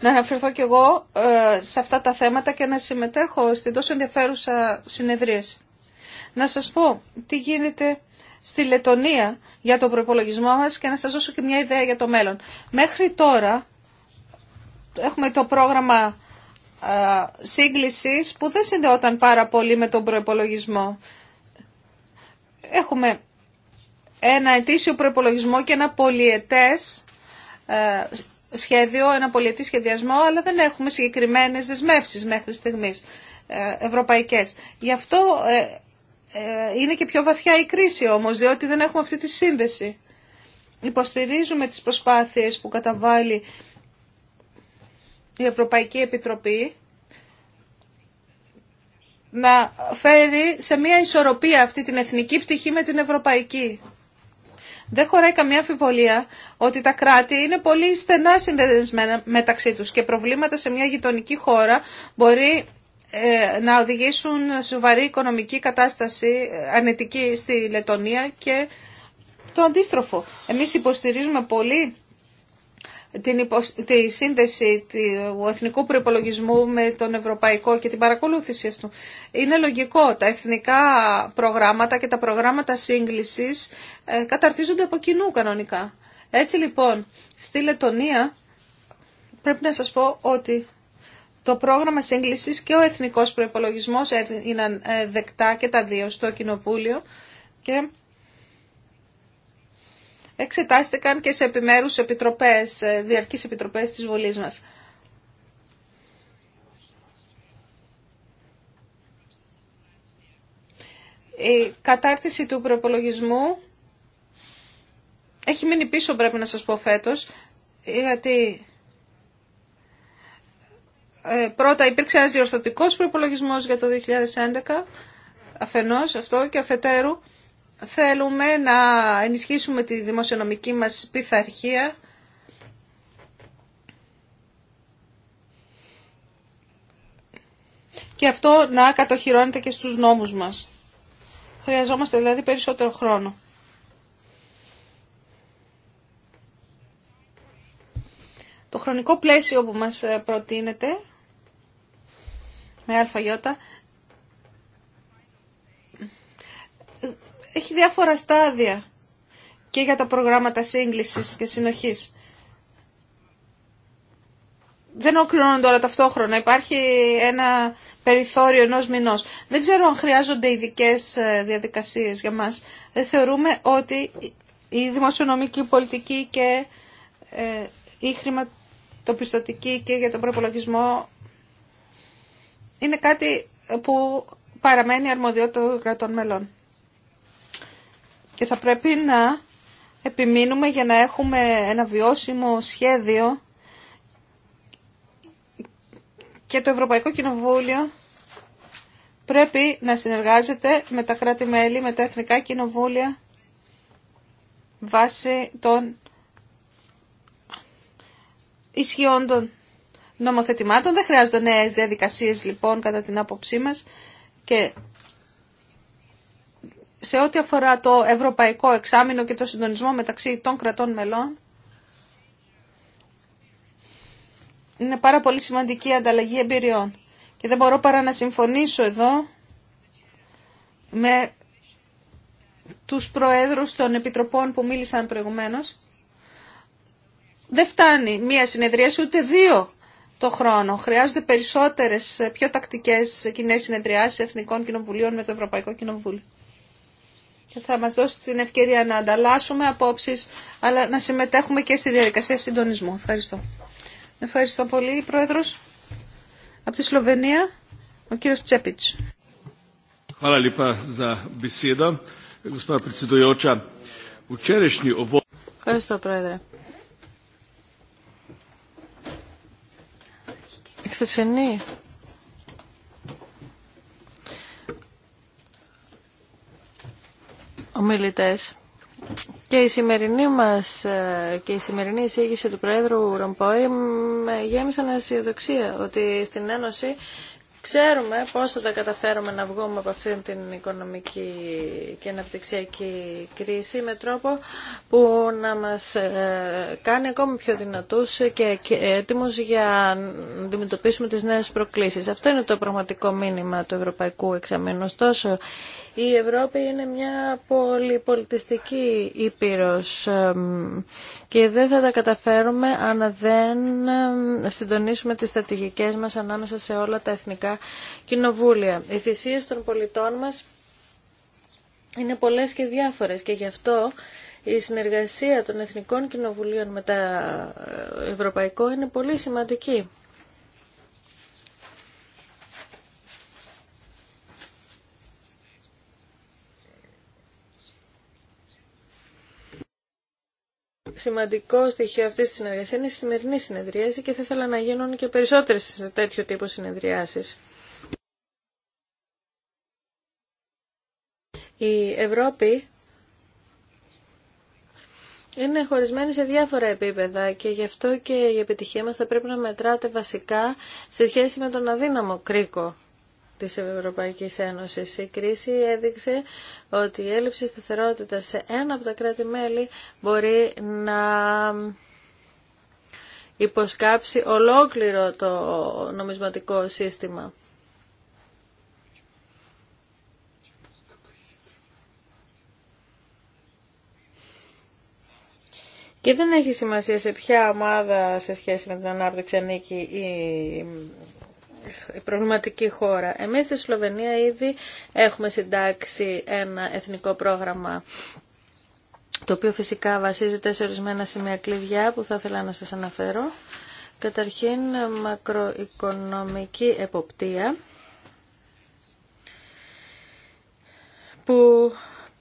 να αναφερθώ κι εγώ ε, σε αυτά τα θέματα και να συμμετέχω στην τόσο ενδιαφέρουσα συνεδρίαση. Να σας πω τι γίνεται στη Λετωνία για το προπολογισμό μας και να σας δώσω και μια ιδέα για το μέλλον. Μέχρι τώρα έχουμε το πρόγραμμα ε, σύγκλησης που δεν συνδεόταν πάρα πολύ με τον προϋπολογισμό. Έχουμε ένα ετήσιο προϋπολογισμό και ένα πολιετές ε, σχέδιο, ένα πολιετή σχεδιασμό, αλλά δεν έχουμε συγκεκριμένες δεσμεύσεις μέχρι στιγμής ε, ευρωπαϊκές. Γι' αυτό είναι και πιο βαθιά η κρίση όμως, διότι δεν έχουμε αυτή τη σύνδεση. Υποστηρίζουμε τις προσπάθειες που καταβάλει η Ευρωπαϊκή Επιτροπή να φέρει σε μια ισορροπία αυτή την εθνική πτυχή με την ευρωπαϊκή. Δεν χωράει καμία αμφιβολία ότι τα κράτη είναι πολύ στενά συνδεδεμένα μεταξύ τους και προβλήματα σε μια γειτονική χώρα μπορεί ε, να οδηγήσουν σοβαρή οικονομική κατάσταση ε, ανετική στη Λετωνία και το αντίστροφο. Εμείς υποστηρίζουμε πολύ την τη σύνδεση του εθνικού προπολογισμού με τον ευρωπαϊκό και την παρακολούθηση αυτού. Είναι λογικό. Τα εθνικά προγράμματα και τα προγράμματα σύγκλησης ε, καταρτίζονται από κοινού κανονικά. Έτσι λοιπόν, στη Λετωνία πρέπει να σας πω ότι το πρόγραμμα σύγκλησης και ο εθνικός προϋπολογισμός είναι ε, δεκτά και τα δύο στο Κοινοβούλιο και εξετάστηκαν και σε επιμέρους επιτροπές, ε, διαρκείς επιτροπές της Βουλής μας. Η κατάρτιση του προπολογισμού έχει μείνει πίσω πρέπει να σας πω φέτος, γιατί ε, πρώτα υπήρξε ένας διορθωτικός προπολογισμός για το 2011, αφενός αυτό και αφετέρου θέλουμε να ενισχύσουμε τη δημοσιονομική μας πειθαρχία και αυτό να κατοχυρώνεται και στους νόμους μας. Χρειαζόμαστε δηλαδή περισσότερο χρόνο. Το χρονικό πλαίσιο που μας ε, προτείνεται με αλφαγιώτα έχει διάφορα στάδια και για τα προγράμματα σύγκλησης και συνοχής. Δεν οκληρώνονται όλα ταυτόχρονα. Υπάρχει ένα περιθώριο ενός μηνός. Δεν ξέρω αν χρειάζονται ειδικέ ε, διαδικασίες για μας. Ε, θεωρούμε ότι η δημοσιονομική πολιτική και ε, η χρηματοπιστωτική και για τον προπολογισμό είναι κάτι που παραμένει αρμοδιότητα των κρατών μελών. Και θα πρέπει να επιμείνουμε για να έχουμε ένα βιώσιμο σχέδιο και το Ευρωπαϊκό Κοινοβούλιο πρέπει να συνεργάζεται με τα κράτη-μέλη, με τα εθνικά κοινοβούλια βάσει των ισχυών των νομοθετημάτων. Δεν χρειάζονται νέε διαδικασίες λοιπόν κατά την άποψή μας και σε ό,τι αφορά το ευρωπαϊκό εξάμεινο και το συντονισμό μεταξύ των κρατών μελών, είναι πάρα πολύ σημαντική η ανταλλαγή εμπειριών. Και δεν μπορώ παρά να συμφωνήσω εδώ με τους προέδρους των επιτροπών που μίλησαν προηγουμένως. Δεν φτάνει μία συνεδρίαση ούτε δύο το χρόνο. Χρειάζονται περισσότερες, πιο τακτικές κοινέ συνεδριάσεις εθνικών κοινοβουλίων με το Ευρωπαϊκό Κοινοβούλιο. Και θα μας δώσει την ευκαιρία να ανταλλάσσουμε απόψεις, αλλά να συμμετέχουμε και στη διαδικασία συντονισμού. Ευχαριστώ. Ευχαριστώ πολύ, Πρόεδρος. Από τη Σλοβενία, ο κύριος Τσέπιτς. Ευχαριστώ, Πρόεδρε. Η χθεσινή ομιλητές και η σημερινή μας ε, και η σημερινή εισήγηση του Πρόεδρου Ρομπόη γέμισαν αισιοδοξία ότι στην Ένωση Ξέρουμε πώς θα τα καταφέρουμε να βγούμε από αυτήν την οικονομική και αναπτυξιακή κρίση με τρόπο που να μας ε, κάνει ακόμη πιο δυνατούς και έτοιμους για να αντιμετωπίσουμε τις νέες προκλήσεις. Αυτό είναι το πραγματικό μήνυμα του Ευρωπαϊκού Εξαμήνου. Ωστόσο, η Ευρώπη είναι μια πολυπολιτιστική ήπειρος και δεν θα τα καταφέρουμε αν δεν συντονίσουμε τις στρατηγικές μας ανάμεσα σε όλα τα εθνικά κοινοβούλια. Οι θυσίε των πολιτών μας είναι πολλές και διάφορες και γι' αυτό η συνεργασία των εθνικών κοινοβουλίων με τα ε, ευρωπαϊκό είναι πολύ σημαντική. σημαντικό στοιχείο αυτής της συνεργασίας είναι η σημερινή συνεδρίαση και θα ήθελα να γίνουν και περισσότερες τέτοιου τύπου συνεδριάσεις. Η Ευρώπη είναι χωρισμένη σε διάφορα επίπεδα και γι' αυτό και η επιτυχία μας θα πρέπει να μετράτε βασικά σε σχέση με τον αδύναμο κρίκο της Ευρωπαϊκής Ένωσης. Η κρίση έδειξε ότι η έλλειψη σταθερότητα σε ένα από τα κράτη-μέλη μπορεί να υποσκάψει ολόκληρο το νομισματικό σύστημα. Και δεν έχει σημασία σε ποια ομάδα σε σχέση με την ανάπτυξη ανήκει η προβληματική χώρα. Εμείς στη Σλοβενία ήδη έχουμε συντάξει ένα εθνικό πρόγραμμα το οποίο φυσικά βασίζεται σε ορισμένα σημεία κλειδιά που θα ήθελα να σας αναφέρω. Καταρχήν μακροοικονομική εποπτεία που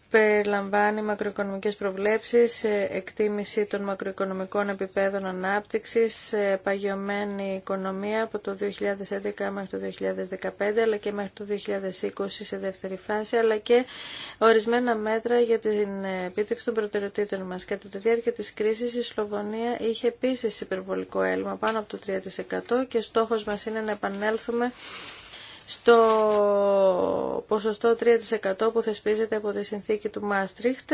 περιλαμβάνει μακροοικονομικές προβλέψεις, ε, εκτίμηση των μακροοικονομικών επιπέδων ανάπτυξης, ε, παγιωμένη οικονομία από το 2011 μέχρι το 2015, αλλά και μέχρι το 2020 σε δεύτερη φάση, αλλά και ορισμένα μέτρα για την ε, επίτευξη των προτεραιοτήτων μας. Κατά τη διάρκεια της κρίσης η Σλοβονία είχε επίσης υπερβολικό έλλειμμα πάνω από το 3% και στόχος μας είναι να επανέλθουμε στο ποσοστό 3% που θεσπίζεται από τη συνθήκη του Μάστριχτ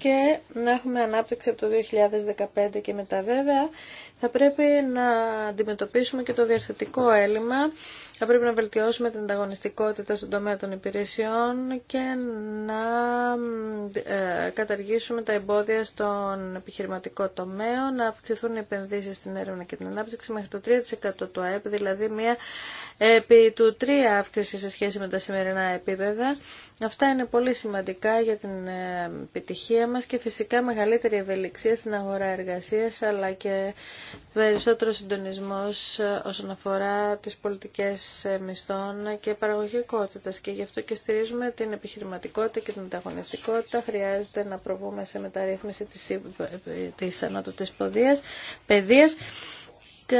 και να έχουμε ανάπτυξη από το 2015 και μετά βέβαια θα πρέπει να αντιμετωπίσουμε και το διαρθετικό έλλειμμα, θα πρέπει να βελτιώσουμε την ανταγωνιστικότητα στον τομέα των υπηρεσιών και να ε, καταργήσουμε τα εμπόδια στον επιχειρηματικό τομέα, να αυξηθούν οι επενδύσεις στην έρευνα και την ανάπτυξη μέχρι το 3% του ΑΕΠ, δηλαδή μια επί του 3 αύξηση σε σχέση με τα σημερινά επίπεδα. Αυτά είναι πολύ σημαντικά για την ε, επιτυχία μας και φυσικά μεγαλύτερη ευελιξία στην αγορά εργασίας αλλά και περισσότερο συντονισμός ε, όσον αφορά τις πολιτικές ε, μισθών και παραγωγικότητας και γι' αυτό και στηρίζουμε την επιχειρηματικότητα και την ανταγωνιστικότητα. Χρειάζεται να προβούμε σε μεταρρύθμιση της, της ανώτατης παιδείας και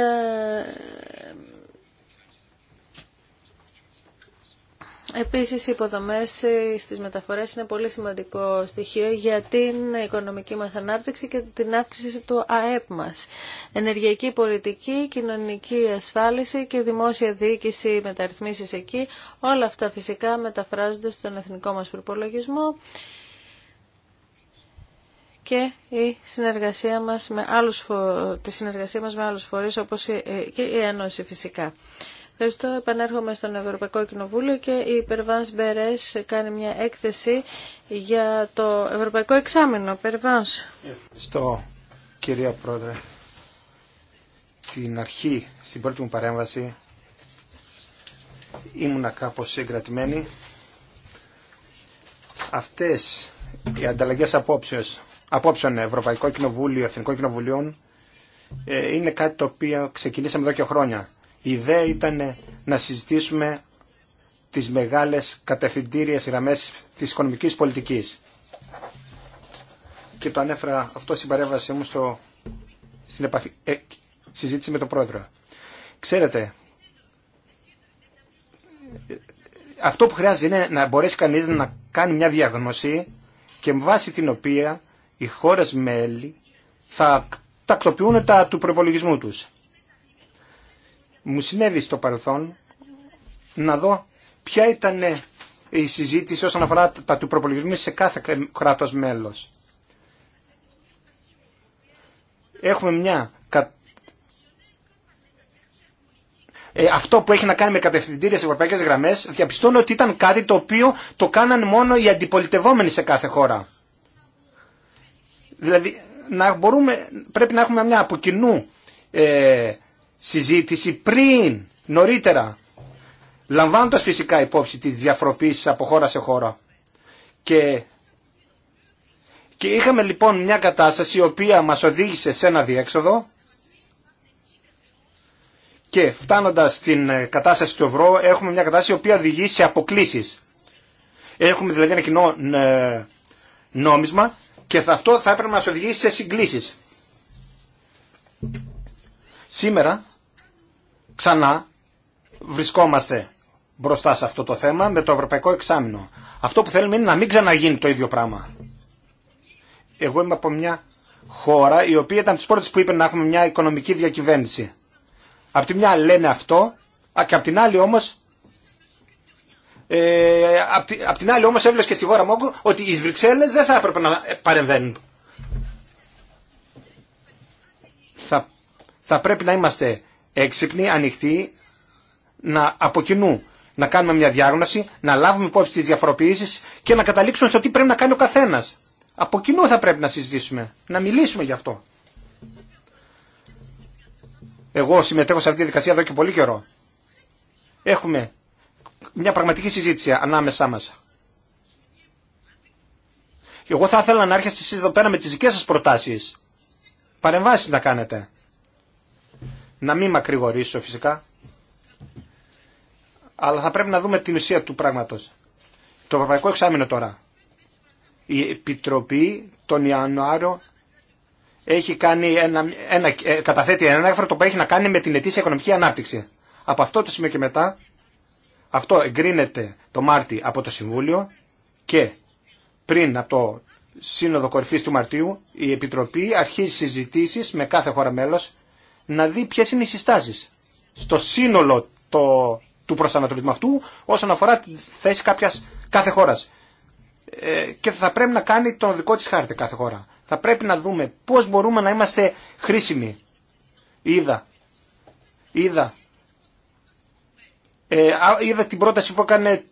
Επίσης, οι υποδομές ε, στις μεταφορές είναι πολύ σημαντικό στοιχείο για την οικονομική μας ανάπτυξη και την αύξηση του ΑΕΠ μας. Ενεργειακή πολιτική, κοινωνική ασφάλιση και δημόσια διοίκηση μεταρρυθμίσεις εκεί, όλα αυτά φυσικά μεταφράζονται στον εθνικό μας προπολογισμό και η συνεργασία μας με άλλους, τη συνεργασία μας με άλλους φορείς όπως ε, και η Ένωση φυσικά. Ευχαριστώ. Επανέρχομαι στον Ευρωπαϊκό Κοινοβούλιο και η Περβάνς Μπερές κάνει μια έκθεση για το Ευρωπαϊκό Εξάμεινο. Περβάνς. Ευχαριστώ κυρία Πρόεδρε. Στην αρχή, στην πρώτη μου παρέμβαση, ήμουνα κάπως συγκρατημένη. Αυτές οι ανταλλαγές απόψεως, απόψεων Ευρωπαϊκό Κοινοβούλιο, Εθνικών Κοινοβουλίων, ε, είναι κάτι το οποίο ξεκινήσαμε εδώ και χρόνια. Η ιδέα ήταν να συζητήσουμε τις μεγάλες κατευθυντήριες γραμμές της οικονομικής πολιτικής. Και το ανέφερα αυτό στην παρέμβασή μου στο, στην ε, συζήτηση με τον πρόεδρο. Ξέρετε, αυτό που χρειάζεται είναι να μπορέσει κανείς να κάνει μια διαγνώση και με βάση την οποία οι χώρες μέλη θα τακτοποιούν τα του προπολογισμού τους. Μου συνέβη στο παρελθόν να δω ποια ήταν η συζήτηση όσον αφορά τα του προπολογισμού σε κάθε κράτος μέλος. Έχουμε μια ε, αυτό που έχει να κάνει με κατευθυντήρια σε ευρωπαϊκέ γραμμέ, διαπιστώνω ότι ήταν κάτι το οποίο το κάνανε μόνο οι αντιπολιτευόμενοι σε κάθε χώρα. Δηλαδή, να μπορούμε, πρέπει να έχουμε μια από κοινού ε, συζήτηση πριν, νωρίτερα, λαμβάνοντας φυσικά υπόψη τη διαφοροποίησεις από χώρα σε χώρα. Και, και είχαμε λοιπόν μια κατάσταση η οποία μας οδήγησε σε ένα διέξοδο και φτάνοντας στην ε, κατάσταση του ευρώ έχουμε μια κατάσταση η οποία οδηγεί σε αποκλήσεις. Έχουμε δηλαδή ένα κοινό ε, νόμισμα και αυτό θα έπρεπε να μας οδηγήσει σε συγκλήσεις. Σήμερα ξανά βρισκόμαστε μπροστά σε αυτό το θέμα με το ευρωπαϊκό εξάμεινο. Αυτό που θέλουμε είναι να μην ξαναγίνει το ίδιο πράγμα. Εγώ είμαι από μια χώρα η οποία ήταν τη πρώτη που είπε να έχουμε μια οικονομική διακυβέρνηση. Απ' τη μια λένε αυτό και απ' την άλλη όμως ε, την άλλη όμως έβλεπες και στη χώρα μου ότι οι Βρυξέλλες δεν θα έπρεπε να παρεμβαίνουν. θα πρέπει να είμαστε έξυπνοι, ανοιχτοί, να από κοινού να κάνουμε μια διάγνωση, να λάβουμε υπόψη τις διαφοροποιήσει και να καταλήξουμε στο τι πρέπει να κάνει ο καθένας. Από κοινού θα πρέπει να συζητήσουμε, να μιλήσουμε γι' αυτό. Εγώ συμμετέχω σε αυτή τη δικασία εδώ και πολύ καιρό. Έχουμε μια πραγματική συζήτηση ανάμεσά μας. εγώ θα ήθελα να έρχεστε εσείς εδώ πέρα με τις δικές σας προτάσεις. Παρεμβάσεις να κάνετε. Να μην μακρηγορήσω φυσικά, αλλά θα πρέπει να δούμε την ουσία του πράγματος. Το Ευρωπαϊκό Εξάμεινο τώρα. Η Επιτροπή τον Ιανουάριο έχει κάνει ένα, ένα, ε, καταθέτει ένα έγγραφο το οποίο έχει να κάνει με την ετήσια οικονομική ανάπτυξη. Από αυτό το σημείο και μετά, αυτό εγκρίνεται το Μάρτι από το Συμβούλιο και πριν από το Σύνοδο Κορυφής του Μαρτίου, η Επιτροπή αρχίζει συζητήσεις με κάθε χώρα μέλος να δει ποιε είναι οι συστάσει στο σύνολο το, του προσανατολισμού αυτού όσον αφορά τη θέση κάποιας, κάθε χώρας. Ε, και θα πρέπει να κάνει τον δικό της χάρτη κάθε χώρα. Θα πρέπει να δούμε πώς μπορούμε να είμαστε χρήσιμοι. Είδα. Είδα. Ε, είδα την πρόταση που έκανε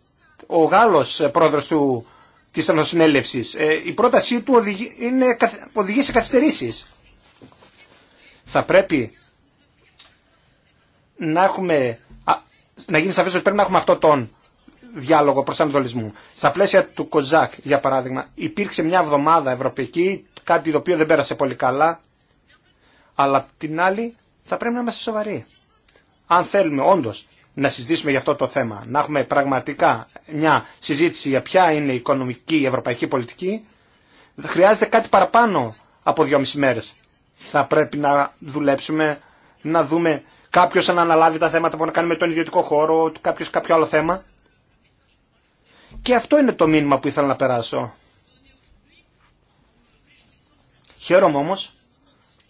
ο Γάλλος πρόεδρος του, της Ανασυνέλευσης. Ε, η πρότασή του οδηγεί, είναι, οδηγεί σε καθυστερήσεις. Θα πρέπει να έχουμε, να γίνει σαφές ότι πρέπει να έχουμε αυτό τον διάλογο προσανατολισμού. Στα πλαίσια του Κοζάκ, για παράδειγμα, υπήρξε μια εβδομάδα ευρωπαϊκή, κάτι το οποίο δεν πέρασε πολύ καλά, αλλά την άλλη θα πρέπει να είμαστε σοβαροί. Αν θέλουμε όντως να συζητήσουμε για αυτό το θέμα, να έχουμε πραγματικά μια συζήτηση για ποια είναι η οικονομική η ευρωπαϊκή πολιτική, χρειάζεται κάτι παραπάνω από δυόμιση μέρες. Θα πρέπει να δουλέψουμε, να δούμε κάποιο να αναλάβει τα θέματα που να κάνει με τον ιδιωτικό χώρο, κάποιο κάποιο άλλο θέμα. Και αυτό είναι το μήνυμα που ήθελα να περάσω. Χαίρομαι όμω,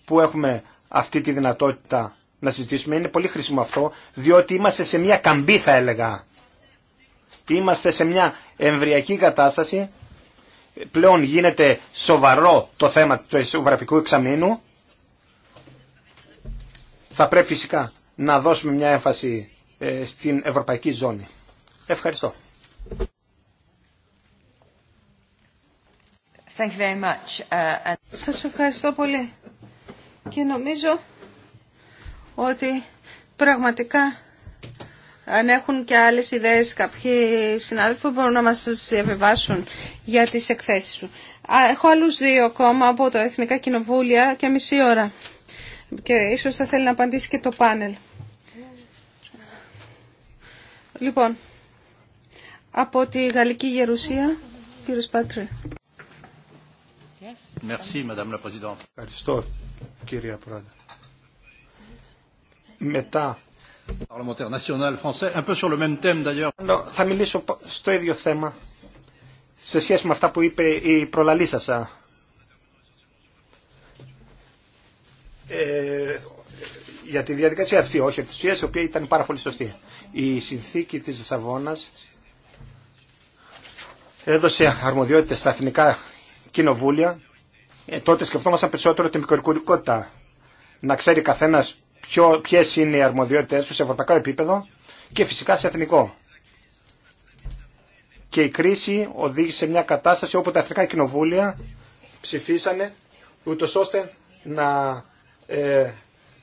που έχουμε αυτή τη δυνατότητα να συζητήσουμε. Είναι πολύ χρήσιμο αυτό, διότι είμαστε σε μια καμπή θα έλεγα. Είμαστε σε μια εμβριακή κατάσταση. Πλέον γίνεται σοβαρό το θέμα του Ευρωπαϊκού εξαμήνου θα πρέπει φυσικά να δώσουμε μια έμφαση ε, στην ευρωπαϊκή ζώνη. Ευχαριστώ. Thank you very much. Uh, Σας ευχαριστώ πολύ και νομίζω ότι πραγματικά αν έχουν και άλλες ιδέες κάποιοι συνάδελφοι μπορούν να μας τις διαβιβάσουν για τις εκθέσεις σου. Έχω άλλους δύο ακόμα από το Εθνικά Κοινοβούλια και μισή ώρα και ίσως θα θέλει να απαντήσει και το πάνελ. Λοιπόν, από τη Γαλλική Γερουσία, κύριος Πάτρε. Ευχαριστώ, κυρία Πρόεδρε. Μετά. Θα μιλήσω στο ίδιο θέμα σε σχέση με αυτά που είπε η προλαλήσασα Ε, για τη διαδικασία αυτή, όχι τη η οποία ήταν πάρα πολύ σωστή. Η συνθήκη της Λισαβόνα έδωσε αρμοδιότητε στα εθνικά κοινοβούλια. Ε, τότε σκεφτόμασταν περισσότερο την μικροκουρικότητα. Να ξέρει καθένα ποιε είναι οι αρμοδιότητε του σε ευρωπαϊκό επίπεδο και φυσικά σε εθνικό. Και η κρίση οδήγησε μια κατάσταση όπου τα εθνικά κοινοβούλια ψηφίσανε ούτως ώστε να ε,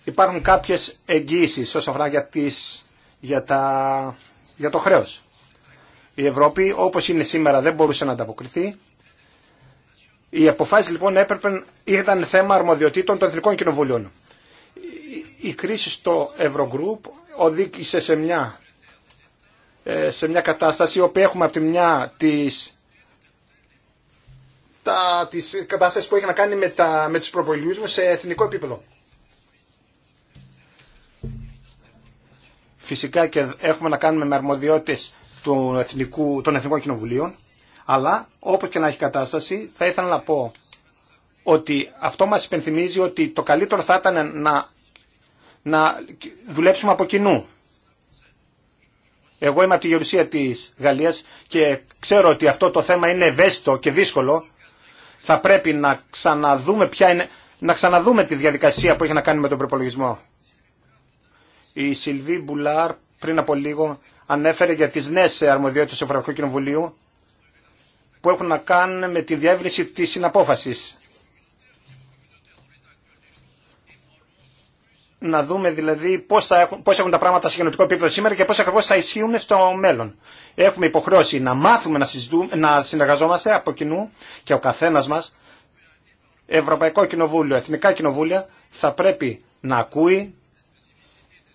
υπάρχουν κάποιες εγγύησεις όσον αφορά για, τις, για, τα, για το χρέος. Η Ευρώπη όπως είναι σήμερα δεν μπορούσε να ανταποκριθεί. Οι αποφάσεις λοιπόν έπρεπε, ήταν θέμα αρμοδιοτήτων των εθνικών κοινοβουλίων. Η, κρίση στο Eurogroup οδήγησε σε μια, ε, σε μια κατάσταση όπου έχουμε από τη μια τις, τα, τις που έχει να κάνει με, τα, με τους προπολιούς σε εθνικό επίπεδο. Φυσικά και έχουμε να κάνουμε με αρμοδιότητες των Εθνικών Κοινοβουλίων, αλλά όπως και να έχει κατάσταση θα ήθελα να πω ότι αυτό μας υπενθυμίζει ότι το καλύτερο θα ήταν να, να δουλέψουμε από κοινού. Εγώ είμαι από τη γερουσία της Γαλλίας και ξέρω ότι αυτό το θέμα είναι ευαίσθητο και δύσκολο. Θα πρέπει να ξαναδούμε, να ξαναδούμε τη διαδικασία που έχει να κάνει με τον προπολογισμό. Η Σιλβί Μπουλάρ πριν από λίγο ανέφερε για τις νέες αρμοδιότητες του Ευρωπαϊκού Κοινοβουλίου που έχουν να κάνουν με τη διεύρυνση της συναπόφασης. Να δούμε δηλαδή πώς, θα έχουν, πώς έχουν τα πράγματα σε γενοτικό επίπεδο σήμερα και πώς ακριβώς θα ισχύουν στο μέλλον. Έχουμε υποχρέωση να μάθουμε να, να συνεργαζόμαστε από κοινού και ο καθένας μας, Ευρωπαϊκό Κοινοβούλιο, Εθνικά Κοινοβούλια, θα πρέπει να ακούει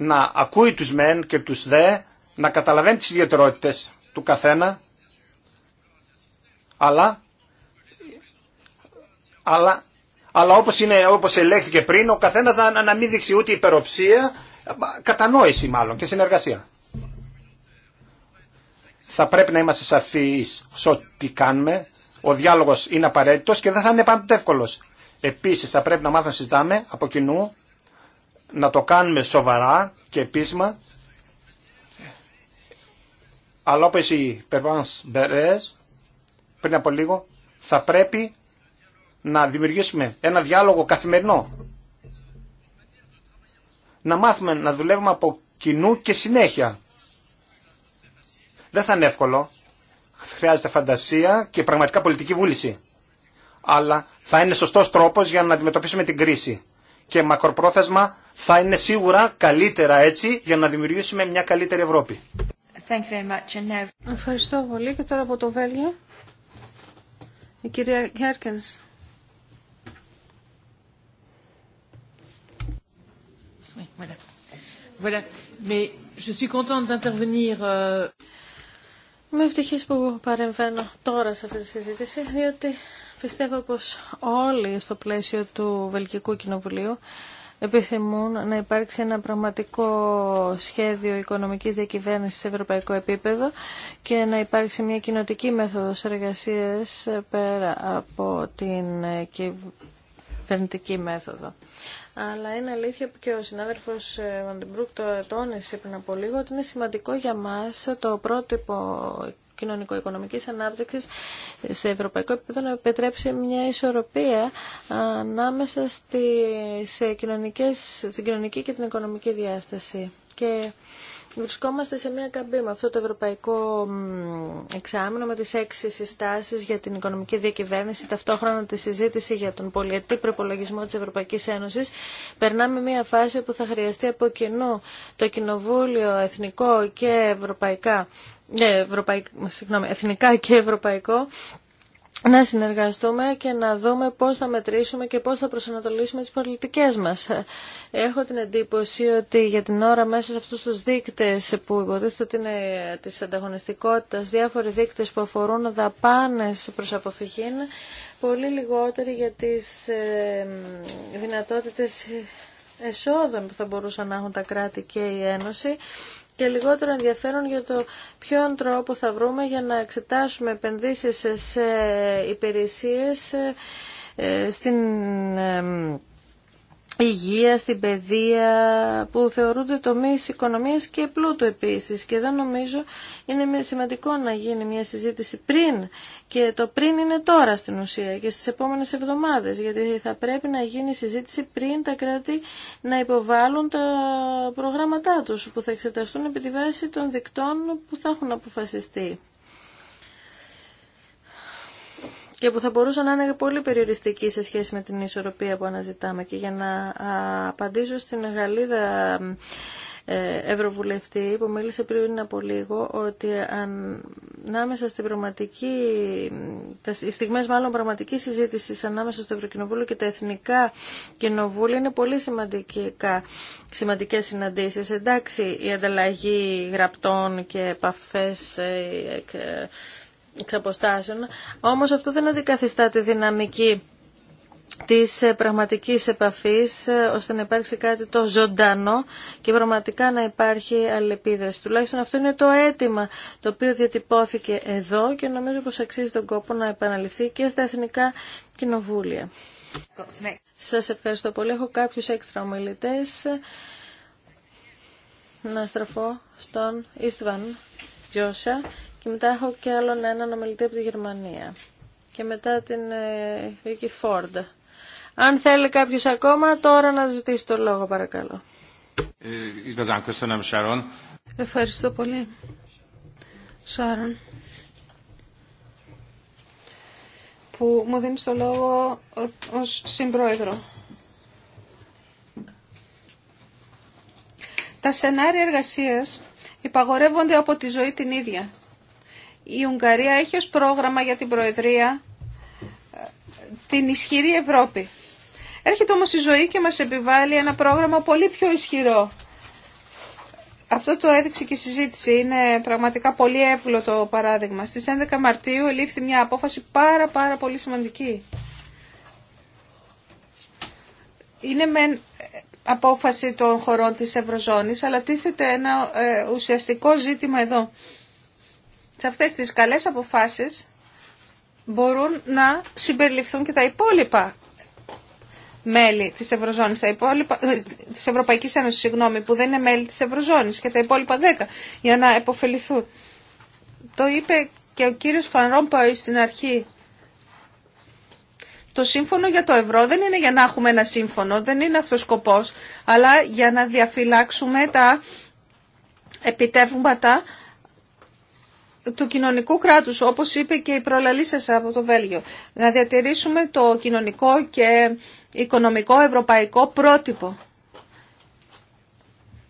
να ακούει τους μεν και τους δε, να καταλαβαίνει τις ιδιαιτερότητες του καθένα, αλλά, αλλά, αλλά όπως, είναι, όπως ελέγχθηκε πριν, ο καθένας να, να μην δείξει ούτε υπεροψία, κατανόηση μάλλον και συνεργασία. Θα πρέπει να είμαστε σαφείς σε ό,τι κάνουμε. Ο διάλογος είναι απαραίτητος και δεν θα είναι πάντοτε εύκολος. Επίσης θα πρέπει να μάθουμε να συζητάμε από κοινού να το κάνουμε σοβαρά και επίσημα. Αλλά όπως η Περβάνς Μπερές πριν από λίγο θα πρέπει να δημιουργήσουμε ένα διάλογο καθημερινό. Να μάθουμε να δουλεύουμε από κοινού και συνέχεια. Δεν θα είναι εύκολο. Χρειάζεται φαντασία και πραγματικά πολιτική βούληση. Αλλά θα είναι σωστός τρόπος για να αντιμετωπίσουμε την κρίση. Και μακροπρόθεσμα θα είναι σίγουρα καλύτερα έτσι για να δημιουργήσουμε μια καλύτερη Ευρώπη. Thank you very much. Ευχαριστώ πολύ και τώρα από το Βέλγιο η κυρία Γκέρκενς. Euh, Είμαι ευτυχής που παρεμβαίνω τώρα σε αυτή τη συζήτηση, διότι πιστεύω πως όλοι στο πλαίσιο του Βελγικού Κοινοβουλίου επιθυμούν να υπάρξει ένα πραγματικό σχέδιο οικονομικής διακυβέρνησης σε ευρωπαϊκό επίπεδο και να υπάρξει μια κοινοτική μέθοδος εργασίας πέρα από την κυβερνητική μέθοδο. Αλλά είναι αλήθεια που και ο συνάδελφος Βαντιμπρούκ ε, το τόνισε πριν από λίγο ότι είναι σημαντικό για μας το πρότυπο κοινωνικο-οικονομικής ανάπτυξης σε ευρωπαϊκό επίπεδο να επιτρέψει μια ισορροπία ανάμεσα στη, σε κοινωνικές, στην κοινωνική και την οικονομική διάσταση. Και Βρισκόμαστε σε μια καμπή με αυτό το ευρωπαϊκό εξάμεινο με τις έξι συστάσεις για την οικονομική διακυβέρνηση, ταυτόχρονα τη συζήτηση για τον πολιετή προπολογισμό της Ευρωπαϊκής Ένωσης. Περνάμε μια φάση που θα χρειαστεί από κοινού το Κοινοβούλιο Εθνικό και Ευρωπαϊκά, ε, ευρωπαϊκ, συγγνώμη, Εθνικά και Ευρωπαϊκό να συνεργαστούμε και να δούμε πώς θα μετρήσουμε και πώς θα προσανατολίσουμε τις πολιτικές μας. Έχω την εντύπωση ότι για την ώρα μέσα σε αυτούς τους δείκτες που υποτίθεται ότι είναι της ανταγωνιστικότητας, διάφοροι δείκτες που αφορούν δαπάνες προς αποφυγή, πολύ λιγότεροι για τις ε, δυνατότητες εσόδων που θα μπορούσαν να έχουν τα κράτη και η Ένωση και λιγότερο ενδιαφέρον για το ποιον τρόπο θα βρούμε για να εξετάσουμε επενδύσεις σε υπηρεσίες ε, στην ε, υγεία, στην παιδεία, που θεωρούνται τομείς οικονομίας και πλούτου επίσης. Και εδώ νομίζω είναι σημαντικό να γίνει μια συζήτηση πριν και το πριν είναι τώρα στην ουσία και στις επόμενες εβδομάδες, γιατί θα πρέπει να γίνει συζήτηση πριν τα κράτη να υποβάλουν τα προγράμματά τους, που θα εξεταστούν επί τη βάση των δικτών που θα έχουν αποφασιστεί. και που θα μπορούσαν να είναι πολύ περιοριστικοί σε σχέση με την ισορροπία που αναζητάμε. Και για να απαντήσω στην Γαλλίδα ε, Ευρωβουλευτή που μίλησε πριν από λίγο ότι ανάμεσα στην πραγματική, τα στιγμές μάλλον πραγματική συζήτηση ανάμεσα στο Ευρωκοινοβούλιο και τα εθνικά κοινοβούλια είναι πολύ σημαντικά, σημαντικές συναντήσεις. Εντάξει, η ανταλλαγή γραπτών και επαφές ε, ε, εξ αποστάσεων, όμως αυτό δεν αντικαθιστά τη δυναμική της ε, πραγματικής επαφής ε, ώστε να υπάρξει κάτι το ζωντανό και πραγματικά να υπάρχει αλληλεπίδραση. Τουλάχιστον αυτό είναι το αίτημα το οποίο διατυπώθηκε εδώ και νομίζω πως αξίζει τον κόπο να επαναληφθεί και στα εθνικά κοινοβούλια. Σας ευχαριστώ πολύ. Έχω κάποιους έξτρα ομιλητές. Να στραφώ στον Ιστβαν Τζόσα και μετά έχω και άλλον έναν ομιλητή από τη Γερμανία. Και μετά την Βίκη ε, Φόρντ. Αν θέλει κάποιο ακόμα, τώρα να ζητήσει το λόγο, παρακαλώ. Ε, Ευχαριστώ πολύ. Σάρων. Που μου δίνει το λόγο ε, ω συμπρόεδρο. Τα σενάρια εργασίας υπαγορεύονται από τη ζωή την ίδια. Η Ουγγαρία έχει ως πρόγραμμα για την Προεδρία ε, την ισχυρή Ευρώπη. Έρχεται όμως η ζωή και μας επιβάλλει ένα πρόγραμμα πολύ πιο ισχυρό. Αυτό το έδειξε και η συζήτηση. Είναι πραγματικά πολύ εύγλωτο το παράδειγμα. Στις 11 Μαρτίου λήφθη μια απόφαση πάρα πάρα πολύ σημαντική. Είναι με ε, απόφαση των χωρών της Ευρωζώνης, αλλά τίθεται ένα ε, ουσιαστικό ζήτημα εδώ σε αυτές τις καλές αποφάσεις μπορούν να συμπεριληφθούν και τα υπόλοιπα μέλη της Ευρωζώνης, τα υπόλοιπα, ε, της Ευρωπαϊκής Ένωσης, συγγνώμη, που δεν είναι μέλη της Ευρωζώνης και τα υπόλοιπα 10 για να επωφεληθούν. Το είπε και ο κύριος Φανρόμποϊ στην αρχή. Το σύμφωνο για το ευρώ δεν είναι για να έχουμε ένα σύμφωνο, δεν είναι αυτός ο σκοπός, αλλά για να διαφυλάξουμε τα επιτεύγματα του κοινωνικού κράτους, όπως είπε και η προλαλή σας από το Βέλγιο. Να διατηρήσουμε το κοινωνικό και οικονομικό ευρωπαϊκό πρότυπο.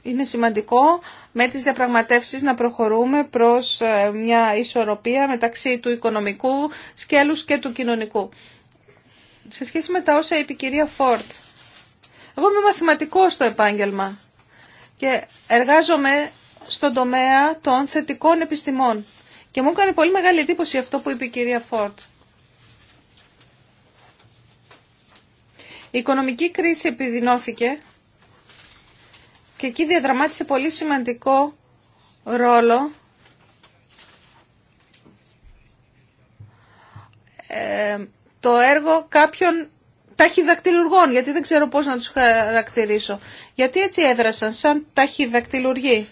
Είναι σημαντικό με τις διαπραγματεύσεις να προχωρούμε προς ε, μια ισορροπία μεταξύ του οικονομικού σκέλους και του κοινωνικού. Σε σχέση με τα όσα είπε η κυρία Φόρτ, εγώ είμαι μαθηματικό στο επάγγελμα και εργάζομαι στον τομέα των θετικών επιστημών. Και μου έκανε πολύ μεγάλη εντύπωση αυτό που είπε η κυρία Φόρτ. Η οικονομική κρίση επιδεινώθηκε και εκεί διαδραμάτισε πολύ σημαντικό ρόλο ε, το έργο κάποιων ταχυδακτηλουργών, γιατί δεν ξέρω πώς να τους χαρακτηρίσω. Γιατί έτσι έδρασαν, σαν ταχυδακτηλουργοί.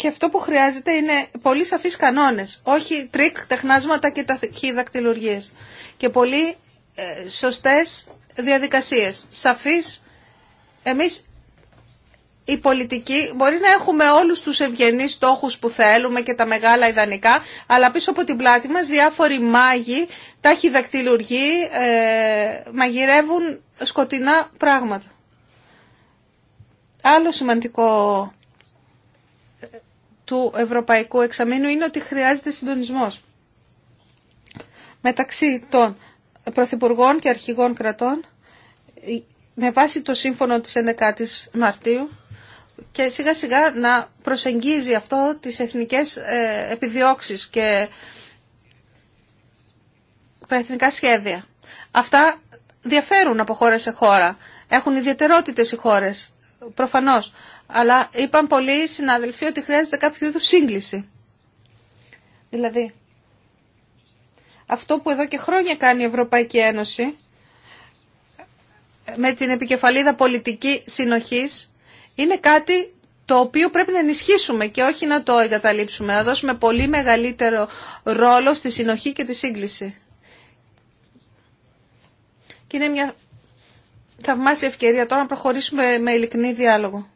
Και αυτό που χρειάζεται είναι πολύ σαφείς κανόνες, όχι τρίκ, τεχνάσματα και ταχυδακτηλουργίες. Και πολύ ε, σωστές διαδικασίες. Σαφείς, εμείς οι πολιτικοί μπορεί να έχουμε όλους τους ευγενείς στόχους που θέλουμε και τα μεγάλα ιδανικά, αλλά πίσω από την πλάτη μας διάφοροι μάγοι, ταχυδακτηλουργοί, ε, μαγειρεύουν σκοτεινά πράγματα. Άλλο σημαντικό του Ευρωπαϊκού Εξαμήνου είναι ότι χρειάζεται συντονισμός μεταξύ των Πρωθυπουργών και Αρχηγών Κρατών ε, με βάση το σύμφωνο της 11ης Μαρτίου και σιγά σιγά να προσεγγίζει αυτό τις εθνικές ε, επιδιώξεις και τα εθνικά σχέδια. Αυτά διαφέρουν από χώρα σε χώρα. Έχουν ιδιαιτερότητες οι χώρες, προφανώς. Αλλά είπαν πολλοί συναδελφοί ότι χρειάζεται κάποιο είδου σύγκληση. Δηλαδή, αυτό που εδώ και χρόνια κάνει η Ευρωπαϊκή Ένωση ε, με την επικεφαλίδα πολιτική συνοχής είναι κάτι το οποίο πρέπει να ενισχύσουμε και όχι να το εγκαταλείψουμε, να δώσουμε πολύ μεγαλύτερο ρόλο στη συνοχή και τη σύγκληση. Και είναι μια θαυμάσια ευκαιρία τώρα να προχωρήσουμε με ειλικρινή διάλογο.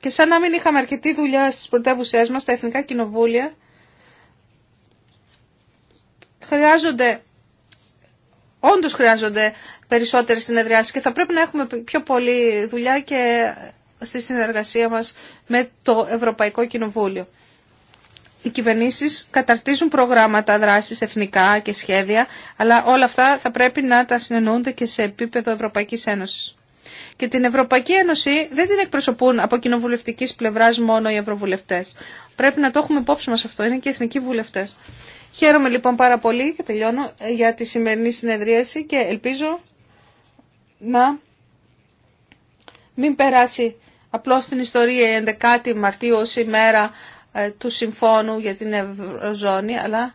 Και σαν να μην είχαμε αρκετή δουλειά στι πρωτεύουσές μα στα εθνικά κοινοβούλια χρειάζονται, όντως χρειάζονται περισσότερε συνεδριάσει και θα πρέπει να έχουμε πιο πολλή δουλειά και στη συνεργασία μα με το Ευρωπαϊκό Κοινοβούλιο. Οι κυβερνήσει καταρτίζουν προγράμματα δράση εθνικά και σχέδια, αλλά όλα αυτά θα πρέπει να τα συνεννοούνται και σε επίπεδο Ευρωπαϊκή Ένωση. Και την Ευρωπαϊκή Ένωση δεν την εκπροσωπούν από κοινοβουλευτική πλευρά μόνο οι ευρωβουλευτέ. Πρέπει να το έχουμε υπόψη μα αυτό. Είναι και οι εθνικοί βουλευτέ. Χαίρομαι λοιπόν πάρα πολύ και τελειώνω ε, για τη σημερινή συνεδρίαση και ελπίζω να μην περάσει απλώς στην ιστορία η 11η Μαρτίου ως ημέρα ε, του συμφώνου για την Ευρωζώνη, αλλά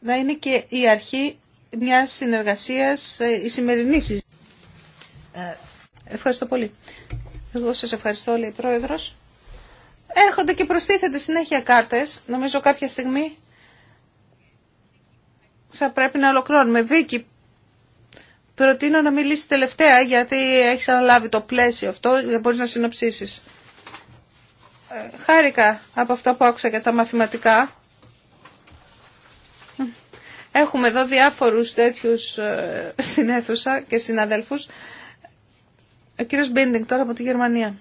να είναι και η αρχή μιας συνεργασίας ε, η σημερινή συζήτηση. Ευχαριστώ πολύ. Εγώ σας ευχαριστώ, λέει Πρόεδρος. Έρχονται και προστίθεται συνέχεια κάρτες. Νομίζω κάποια στιγμή θα πρέπει να ολοκληρώνουμε. Βίκη, προτείνω να μιλήσει τελευταία γιατί έχει αναλάβει το πλαίσιο αυτό δεν μπορείς να συνοψίσεις. Ε, χάρηκα από αυτό που άκουσα για τα μαθηματικά. Έχουμε εδώ διάφορους τέτοιους ε, στην αίθουσα και συναδέλφους. Ο κύριο Μπίντινγκ τώρα από τη Γερμανία.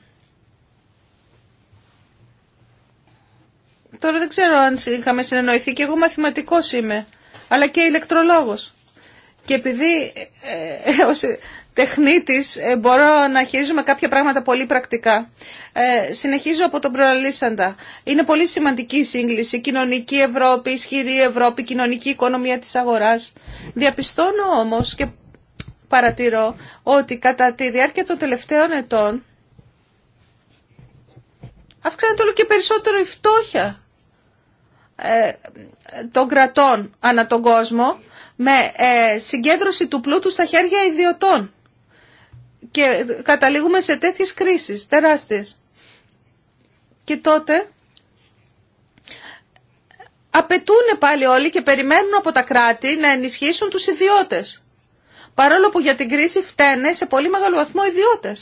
Τώρα δεν ξέρω αν είχαμε συνεννοηθεί και εγώ μαθηματικός είμαι, αλλά και ηλεκτρολόγος. Και επειδή ε, ε ως τεχνίτης ε, μπορώ να χειρίζομαι κάποια πράγματα πολύ πρακτικά, ε, συνεχίζω από τον προαλήσαντα. Είναι πολύ σημαντική η σύγκληση, κοινωνική Ευρώπη, ισχυρή Ευρώπη, κοινωνική οικονομία τη αγορά. Διαπιστώνω όμω. και παρατηρώ ότι κατά τη διάρκεια των τελευταίων ετών αυξάνεται όλο και περισσότερο η φτώχεια ε, των κρατών ανά τον κόσμο με ε, συγκέντρωση του πλούτου στα χέρια ιδιωτών και καταλήγουμε σε τέτοιες κρίσεις τεράστιες. Και τότε απαιτούν πάλι όλοι και περιμένουν από τα κράτη να ενισχύσουν τους ιδιώτες παρόλο που για την κρίση φταίνε σε πολύ μεγάλο βαθμό ιδιώτε.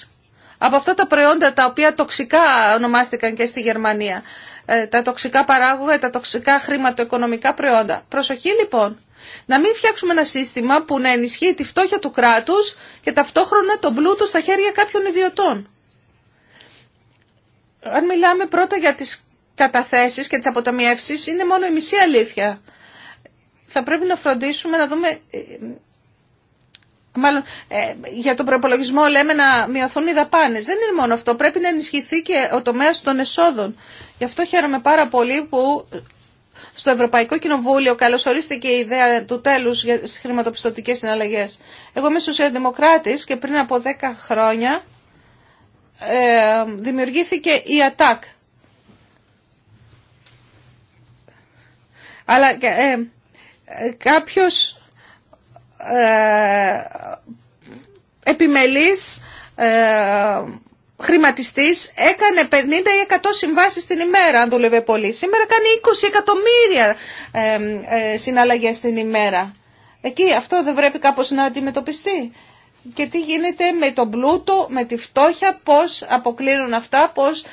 Από αυτά τα προϊόντα τα οποία τοξικά ονομάστηκαν και στη Γερμανία, ε, τα τοξικά παράγωγα, τα τοξικά χρηματοοικονομικά προϊόντα. Προσοχή λοιπόν, να μην φτιάξουμε ένα σύστημα που να ενισχύει τη φτώχεια του κράτου και ταυτόχρονα τον πλούτο στα χέρια κάποιων ιδιωτών. Αν μιλάμε πρώτα για τι καταθέσει και τι αποταμιεύσει, είναι μόνο η μισή αλήθεια. Θα πρέπει να φροντίσουμε να δούμε ε, Μάλλον ε, για τον προπολογισμό λέμε να μειωθούν οι δαπάνε. Δεν είναι μόνο αυτό. Πρέπει να ενισχυθεί και ο τομέα των εσόδων. Γι' αυτό χαίρομαι πάρα πολύ που στο Ευρωπαϊκό Κοινοβούλιο καλωσορίστηκε η ιδέα του τέλου στι χρηματοπιστωτικέ συναλλαγέ. Εγώ είμαι σοσιαλδημοκράτη και πριν από 10 χρόνια ε, δημιουργήθηκε η ΑΤΑΚ. Αλλά ε, ε κάποιος ε, επιμελής ε, χρηματιστής έκανε 50 ή 100 συμβάσεις την ημέρα αν δούλευε πολύ. Σήμερα κάνει 20 εκατομμύρια ε, συναλλαγές την ημέρα. Εκεί αυτό δεν πρέπει κάπως να αντιμετωπιστεί. Και τι γίνεται με τον πλούτο, με τη φτώχεια, πώς αποκλίνουν αυτά, πώς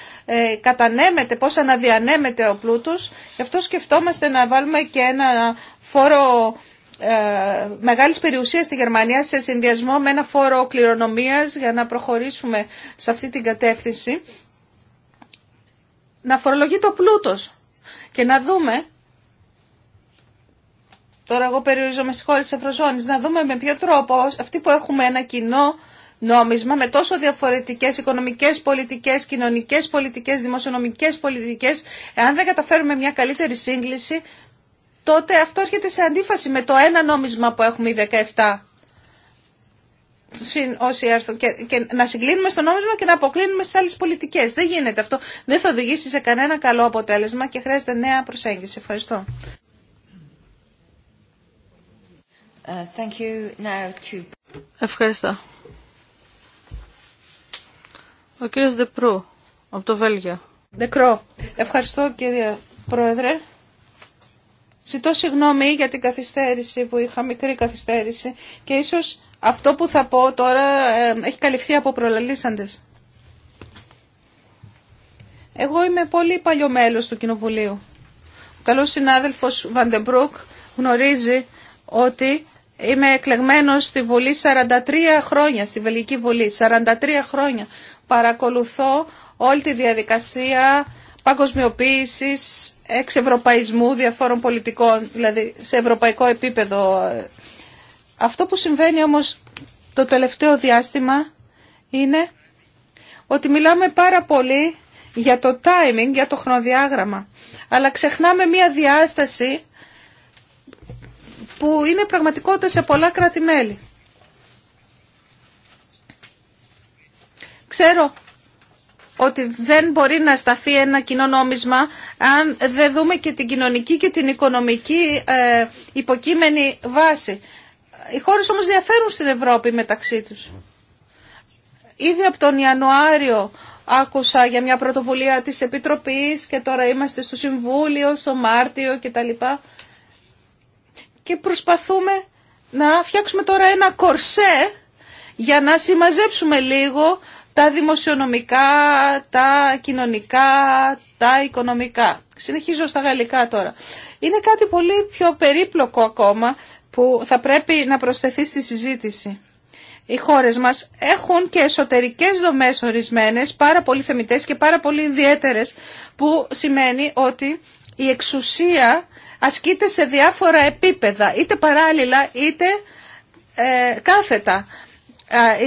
κατανέμεται, πώς αναδιανέμεται ο πλούτος. Γι' αυτό σκεφτόμαστε να βάλουμε και ένα φόρο ε, μεγάλης περιουσίας στη Γερμανία σε συνδυασμό με ένα φόρο κληρονομίας για να προχωρήσουμε σε αυτή την κατεύθυνση να φορολογεί το πλούτος και να δούμε τώρα εγώ περιορίζομαι στις χώρες της Ευρωζώνης να δούμε με ποιο τρόπο αυτοί που έχουμε ένα κοινό νόμισμα με τόσο διαφορετικές οικονομικές πολιτικές, κοινωνικές πολιτικές, δημοσιονομικές πολιτικές αν δεν καταφέρουμε μια καλύτερη σύγκληση τότε αυτό έρχεται σε αντίφαση με το ένα νόμισμα που έχουμε οι 17 όσοι έρθουν και, να συγκλίνουμε στο νόμισμα και να αποκλίνουμε στις άλλες πολιτικές. Δεν γίνεται αυτό. Δεν θα οδηγήσει σε κανένα καλό αποτέλεσμα και χρειάζεται νέα προσέγγιση. Ευχαριστώ. Ε, thank you. Now to... Ευχαριστώ. Ο κύριος Δεπρού από το Βέλγιο. Δεκρό. Ευχαριστώ κύριε Πρόεδρε. Ζητώ συγγνώμη για την καθυστέρηση που είχα, μικρή καθυστέρηση και ίσως αυτό που θα πω τώρα έχει καλυφθεί από προλαλήσαντες. Εγώ είμαι πολύ παλιό μέλος του Κοινοβουλίου. Ο καλός συνάδελφος Βαντεμπρούκ γνωρίζει ότι είμαι εκλεγμένος στη Βουλή 43 χρόνια, στη Βελγική Βουλή, 43 χρόνια. Παρακολουθώ όλη τη διαδικασία παγκοσμιοποίησης εξευρωπαϊσμού διαφόρων πολιτικών, δηλαδή σε ευρωπαϊκό επίπεδο. Αυτό που συμβαίνει όμως το τελευταίο διάστημα είναι ότι μιλάμε πάρα πολύ για το timing, για το χρονοδιάγραμμα, αλλά ξεχνάμε μία διάσταση που είναι πραγματικότητα σε πολλά κράτη-μέλη. Ξέρω ότι δεν μπορεί να σταθεί ένα κοινό νόμισμα αν δεν δούμε και την κοινωνική και την οικονομική ε, υποκείμενη βάση. Οι χώρες όμως διαφέρουν στην Ευρώπη μεταξύ τους. Ήδη από τον Ιανουάριο άκουσα για μια πρωτοβουλία της Επιτροπής και τώρα είμαστε στο Συμβούλιο, στο Μάρτιο κτλ. Και προσπαθούμε να φτιάξουμε τώρα ένα κορσέ για να συμμαζέψουμε λίγο τα δημοσιονομικά, τα κοινωνικά, τα οικονομικά. Συνεχίζω στα γαλλικά τώρα. Είναι κάτι πολύ πιο περίπλοκο ακόμα που θα πρέπει να προσθεθεί στη συζήτηση. Οι χώρες μας έχουν και εσωτερικές δομές ορισμένες, πάρα πολύ θεμητές και πάρα πολύ ιδιαίτερες, που σημαίνει ότι η εξουσία ασκείται σε διάφορα επίπεδα, είτε παράλληλα είτε ε, κάθετα.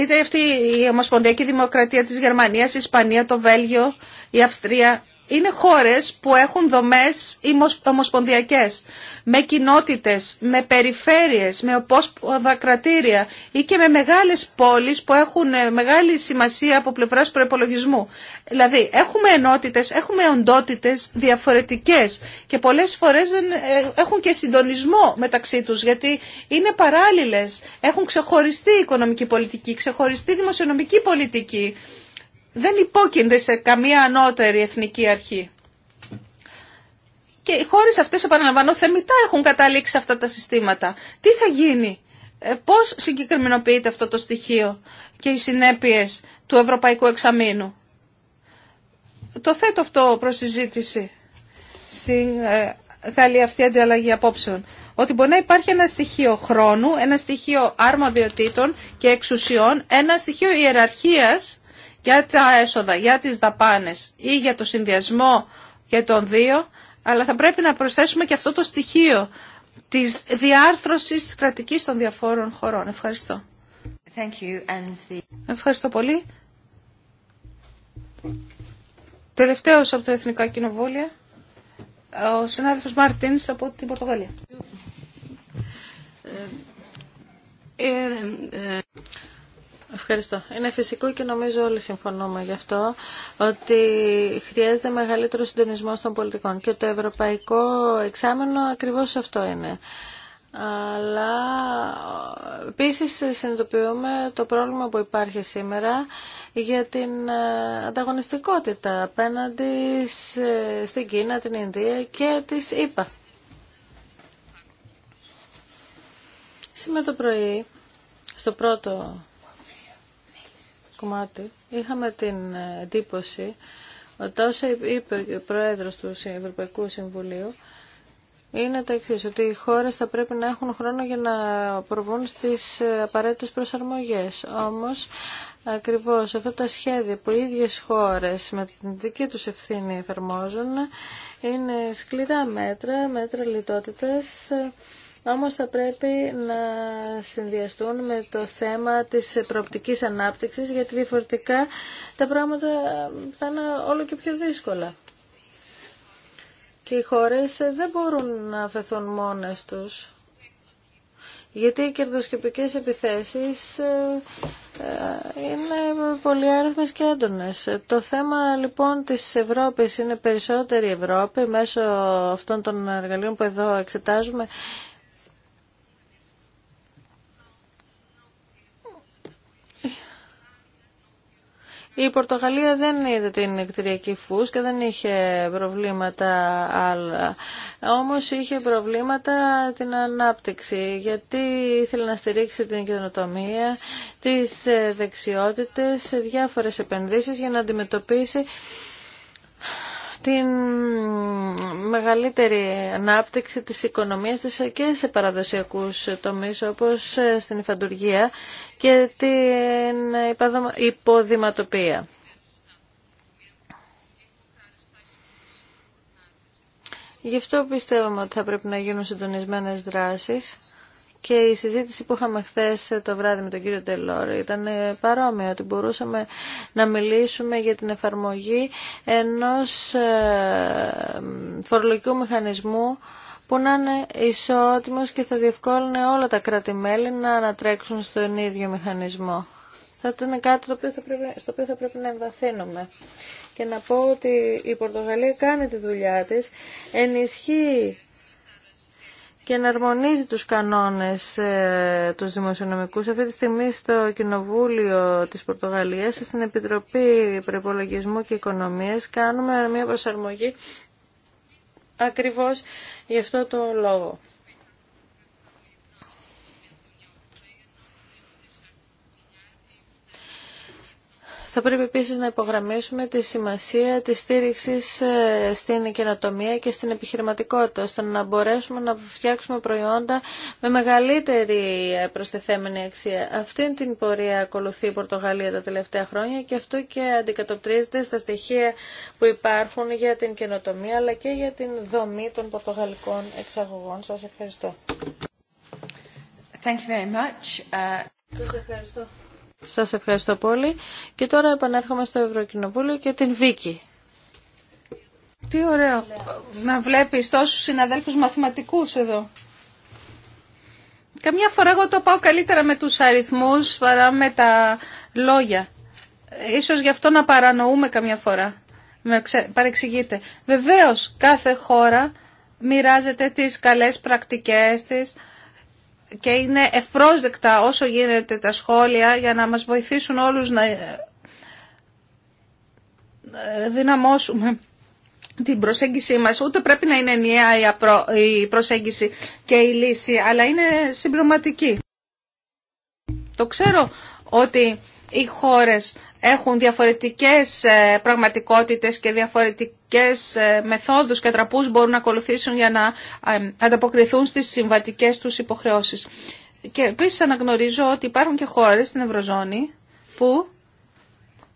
Είτε αυτή η Ομοσπονδιακή Δημοκρατία της Γερμανίας, η Ισπανία, το Βέλγιο, η Αυστρία είναι χώρες που έχουν δομές ομοσπονδιακές, με κοινότητες, με περιφέρειες, με οπόσποδα κρατήρια ή και με μεγάλες πόλεις που έχουν ε, μεγάλη σημασία από πλευράς προπολογισμού. Δηλαδή έχουμε ενότητες, έχουμε οντότητες διαφορετικές και πολλές φορές δεν ε, έχουν και συντονισμό μεταξύ τους γιατί είναι παράλληλες, έχουν ξεχωριστή οικονομική πολιτική, ξεχωριστή δημοσιονομική πολιτική δεν υπόκεινται σε καμία ανώτερη εθνική αρχή. Και οι χώρες αυτές, επαναλαμβάνω, θεμητά έχουν καταλήξει αυτά τα συστήματα. Τι θα γίνει, ε, πώς συγκεκριμενοποιείται αυτό το στοιχείο και οι συνέπειες του Ευρωπαϊκού Εξαμήνου. Το θέτω αυτό προς συζήτηση στην καλή ε, αυτή αντιαλλαγή απόψεων. Ότι μπορεί να υπάρχει ένα στοιχείο χρόνου, ένα στοιχείο άρμοδιοτήτων και εξουσιών, ένα στοιχείο ιεραρχίας για τα έσοδα, για τις δαπάνες ή για το συνδυασμό και των δύο, αλλά θα πρέπει να προσθέσουμε και αυτό το στοιχείο της διάρθρωσης της κρατικής των διαφόρων χωρών. Ευχαριστώ. Ευχαριστώ πολύ. Τελευταίος από το εθνικό Κοινοβούλια, ο συνάδελφος Μαρτίνς από την Πορτογαλία. Ε, ε, ε, Ευχαριστώ. Είναι φυσικό και νομίζω όλοι συμφωνούμε γι' αυτό ότι χρειάζεται μεγαλύτερο συντονισμό των πολιτικών και το ευρωπαϊκό εξάμενο ακριβώς αυτό είναι. Αλλά επίση συνειδητοποιούμε το πρόβλημα που υπάρχει σήμερα για την ε, ανταγωνιστικότητα απέναντι στην Κίνα, την Ινδία και τις ΗΠΑ. Σήμερα το πρωί, στο πρώτο είχαμε την εντύπωση ότι όσα είπε ο Πρόεδρος του Ευρωπαϊκού Συμβουλίου είναι το εξή, ότι οι χώρες θα πρέπει να έχουν χρόνο για να προβούν στις απαραίτητες προσαρμογές. Όμως, ακριβώς αυτά τα σχέδια που οι ίδιες χώρες με την δική τους ευθύνη εφαρμόζουν είναι σκληρά μέτρα, μέτρα λιτότητας, όμως θα πρέπει να συνδυαστούν με το θέμα της προοπτικής ανάπτυξης, γιατί διαφορετικά τα πράγματα θα είναι όλο και πιο δύσκολα. Και οι χώρες δεν μπορούν να αφαιθούν μόνες τους, γιατί οι κερδοσκοπικές επιθέσεις ε, ε, είναι πολύ άριθμες και έντονες. Το θέμα λοιπόν της Ευρώπης είναι περισσότερη Ευρώπη μέσω αυτών των εργαλείων που εδώ εξετάζουμε Η Πορτογαλία δεν είδε την φούς και δεν είχε προβλήματα άλλα. Όμως είχε προβλήματα την ανάπτυξη, γιατί ήθελε να στηρίξει την καινοτομία, τις ε, δεξιότητες, διάφορες επενδύσεις για να αντιμετωπίσει την μεγαλύτερη ανάπτυξη της οικονομίας της και σε παραδοσιακούς τομείς όπως ε, στην υφαντουργία και την υποδηματοπία. Γι' αυτό πιστεύουμε ότι θα πρέπει να γίνουν συντονισμένες δράσεις και η συζήτηση που είχαμε χθε το βράδυ με τον κύριο Τελόρ ήταν ε, παρόμοια, ότι μπορούσαμε να μιλήσουμε για την εφαρμογή ενός ε, φορολογικού μηχανισμού που να είναι ισότιμος και θα διευκόλυνε όλα τα κράτη-μέλη να ανατρέξουν στον ίδιο μηχανισμό. Θα ήταν κάτι στο οποίο θα πρέπει να εμβαθύνουμε. Και να πω ότι η Πορτογαλία κάνει τη δουλειά της, ενισχύει και εναρμονίζει τους κανόνες ε, τους δημοσιονομικούς. Αυτή τη στιγμή στο Κοινοβούλιο της Πορτογαλίας, στην Επιτροπή Προπολογισμού και Οικονομίας, κάνουμε μια προσαρμογή ακριβώς γι' αυτό το λόγο. Θα πρέπει επίσης να υπογραμμίσουμε τη σημασία της στήριξης ε, στην καινοτομία και στην επιχειρηματικότητα, ώστε να μπορέσουμε να φτιάξουμε προϊόντα με μεγαλύτερη ε, προσθεθέμενη αξία. Αυτή την πορεία ακολουθεί η Πορτογαλία τα τελευταία χρόνια και αυτό και αντικατοπτρίζεται στα στοιχεία που υπάρχουν για την καινοτομία αλλά και για την δομή των πορτογαλικών εξαγωγών. Σας ευχαριστώ. Thank you very much. Σας ευχαριστώ. Σας ευχαριστώ πολύ. Και τώρα επανέρχομαι στο Ευρωκοινοβούλιο και την Βίκη. Τι ωραίο να βλέπεις τόσους συναδέλφους μαθηματικούς εδώ. Καμιά φορά εγώ το πάω καλύτερα με τους αριθμούς παρά με τα λόγια. Ίσως γι' αυτό να παρανοούμε καμιά φορά. Με παρεξηγείτε. Βεβαίως κάθε χώρα μοιράζεται τις καλές πρακτικές της, και είναι ευπρόσδεκτα όσο γίνεται τα σχόλια για να μας βοηθήσουν όλους να ε, ε, δυναμώσουμε την προσέγγιση μας. Ούτε πρέπει να είναι ενιαία η προσέγγιση και η λύση, αλλά είναι συμπληρωματική. Το ξέρω ότι οι χώρες έχουν διαφορετικές ε, πραγματικότητες και διαφορετικές ε, μεθόδους και τραπούς μπορούν να ακολουθήσουν για να ε, ανταποκριθούν στις συμβατικές τους υποχρεώσεις. Και επίσης αναγνωρίζω ότι υπάρχουν και χώρες στην Ευρωζώνη που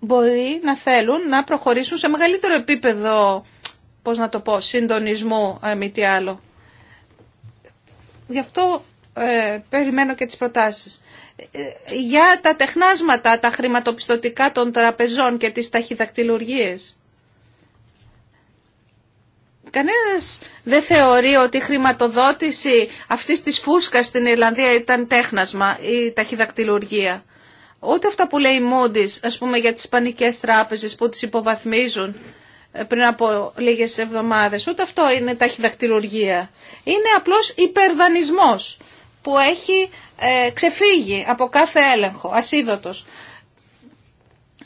μπορεί να θέλουν να προχωρήσουν σε μεγαλύτερο επίπεδο, πώς να το πω, συντονισμού, μη τι άλλο. Γι' αυτό περιμένω και τις προτάσεις για τα τεχνάσματα, τα χρηματοπιστωτικά των τραπεζών και τις ταχυδακτηλουργίες. Κανένας δεν θεωρεί ότι η χρηματοδότηση αυτής της φούσκας στην Ιρλανδία ήταν τέχνασμα ή ταχυδακτηλουργία. Ούτε αυτά που λέει η ας πούμε, για τις πανικές τράπεζες που τις υποβαθμίζουν ε, πριν από λίγες εβδομάδες. Ούτε αυτό είναι ταχυδακτηλουργία. Είναι απλώς υπερδανισμός που έχει ε, ξεφύγει από κάθε έλεγχο, ασίδωτος.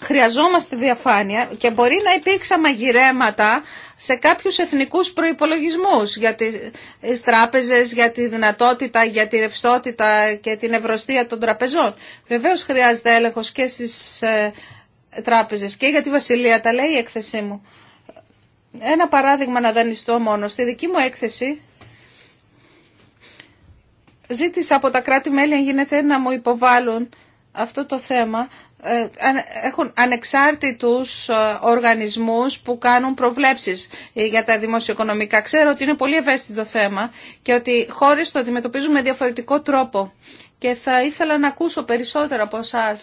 Χρειαζόμαστε διαφάνεια και μπορεί να υπήρξαν μαγειρέματα σε κάποιους εθνικούς προϋπολογισμούς για τις τράπεζες, για τη δυνατότητα, για τη ρευστότητα και την ευρωστία των τραπεζών. Βεβαίως χρειάζεται έλεγχος και στις ε, τράπεζες και για τη Βασιλεία, τα λέει η έκθεσή μου. Ένα παράδειγμα να δανειστώ μόνο. Στη δική μου έκθεση Ζήτησα από τα κράτη-μέλη, αν γίνεται, να μου υποβάλουν αυτό το θέμα. Ε, έχουν ανεξάρτητους ε, οργανισμούς που κάνουν προβλέψεις για τα δημοσιοοικονομικά. Ξέρω ότι είναι πολύ ευαίσθητο θέμα και ότι χώρες το αντιμετωπίζουν με διαφορετικό τρόπο. Και θα ήθελα να ακούσω περισσότερα από εσά.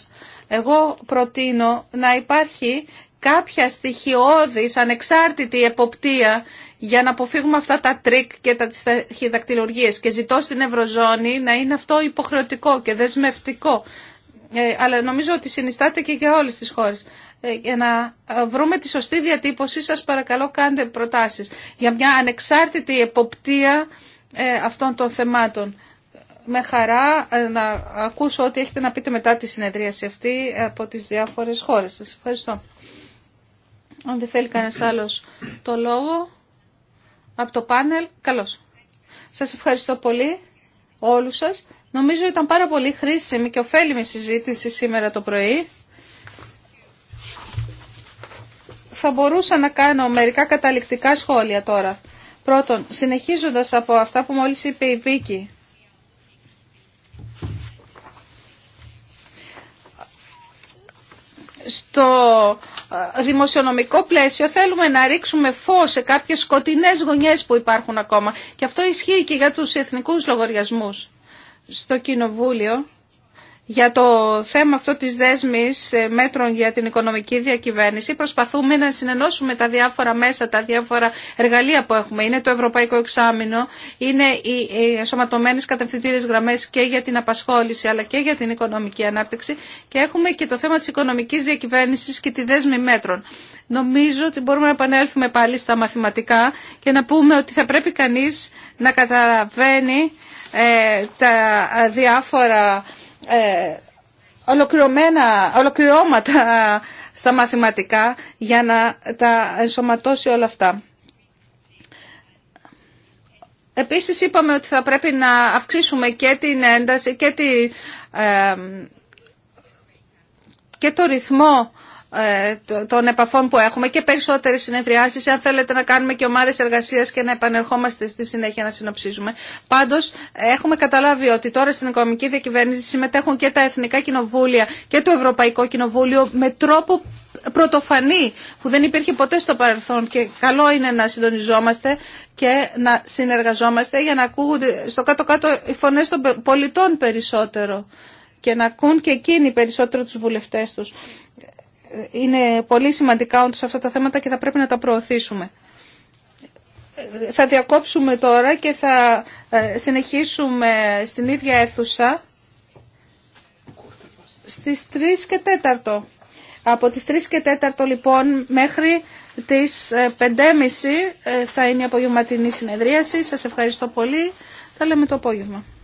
Εγώ προτείνω να υπάρχει κάποια στοιχειώδης, ανεξάρτητη εποπτεία για να αποφύγουμε αυτά τα τρίκ και τα χειδακτηλουργίες και ζητώ στην Ευρωζώνη να είναι αυτό υποχρεωτικό και δεσμευτικό. Ε, αλλά νομίζω ότι συνιστάται και για όλες τις χώρες. Ε, για να βρούμε τη σωστή διατύπωση σας παρακαλώ κάντε προτάσεις για μια ανεξάρτητη εποπτεία ε, αυτών των θεμάτων. Με χαρά ε, να ακούσω ό,τι έχετε να πείτε μετά τη συνεδρίαση αυτή από τις διάφορες χώρες σας. Ευχαριστώ. Αν δεν θέλει κανένας άλλος το λόγο από το πάνελ, καλώς. Σας ευχαριστώ πολύ όλους σας. Νομίζω ήταν πάρα πολύ χρήσιμη και ωφέλιμη συζήτηση σήμερα το πρωί. Θα μπορούσα να κάνω μερικά καταληκτικά σχόλια τώρα. Πρώτον, συνεχίζοντας από αυτά που μόλις είπε η Βίκη. Στο δημοσιονομικό πλαίσιο θέλουμε να ρίξουμε φως σε κάποιες σκοτεινές γωνιές που υπάρχουν ακόμα. Και αυτό ισχύει και για τους εθνικούς λογαριασμούς. Στο Κοινοβούλιο για το θέμα αυτό της δέσμης ε, μέτρων για την οικονομική διακυβέρνηση προσπαθούμε να συνενώσουμε τα διάφορα μέσα, τα διάφορα εργαλεία που έχουμε. Είναι το Ευρωπαϊκό Εξάμεινο, είναι οι ασωματωμένες κατευθυντήρες γραμμές και για την απασχόληση αλλά και για την οικονομική ανάπτυξη και έχουμε και το θέμα της οικονομικής διακυβέρνησης και τη δέσμη μέτρων. Νομίζω ότι μπορούμε να επανέλθουμε πάλι στα μαθηματικά και να πούμε ότι θα πρέπει κανείς να καταλαβαίνει ε, τα διάφορα ε, ολοκληρωμένα, ολοκληρώματα στα μαθηματικά για να τα ενσωματώσει όλα αυτά. Επίσης είπαμε ότι θα πρέπει να αυξήσουμε και την ένταση και, τη, ε, και το ρυθμό ε, των επαφών που έχουμε και περισσότερε συνεδριάσει, αν θέλετε να κάνουμε και ομάδε εργασία και να επανερχόμαστε στη συνέχεια να συνοψίζουμε. Πάντως έχουμε καταλάβει ότι τώρα στην οικονομική διακυβέρνηση συμμετέχουν και τα Εθνικά Κοινοβούλια και το Ευρωπαϊκό Κοινοβούλιο με τρόπο πρωτοφανή που δεν υπήρχε ποτέ στο παρελθόν και καλό είναι να συντονιζόμαστε και να συνεργαζόμαστε για να ακούγονται στο κάτω-κάτω οι φωνές των πολιτών περισσότερο και να ακούν και εκείνοι περισσότερο τους βουλευτές τους είναι πολύ σημαντικά όντω αυτά τα θέματα και θα πρέπει να τα προωθήσουμε. Θα διακόψουμε τώρα και θα ε, συνεχίσουμε στην ίδια αίθουσα στις 3 και 4. Από τις 3 και 4 λοιπόν μέχρι τις 5.30 ε, ε, θα είναι η απογευματινή συνεδρίαση. Σας ευχαριστώ πολύ. Θα λέμε το απόγευμα.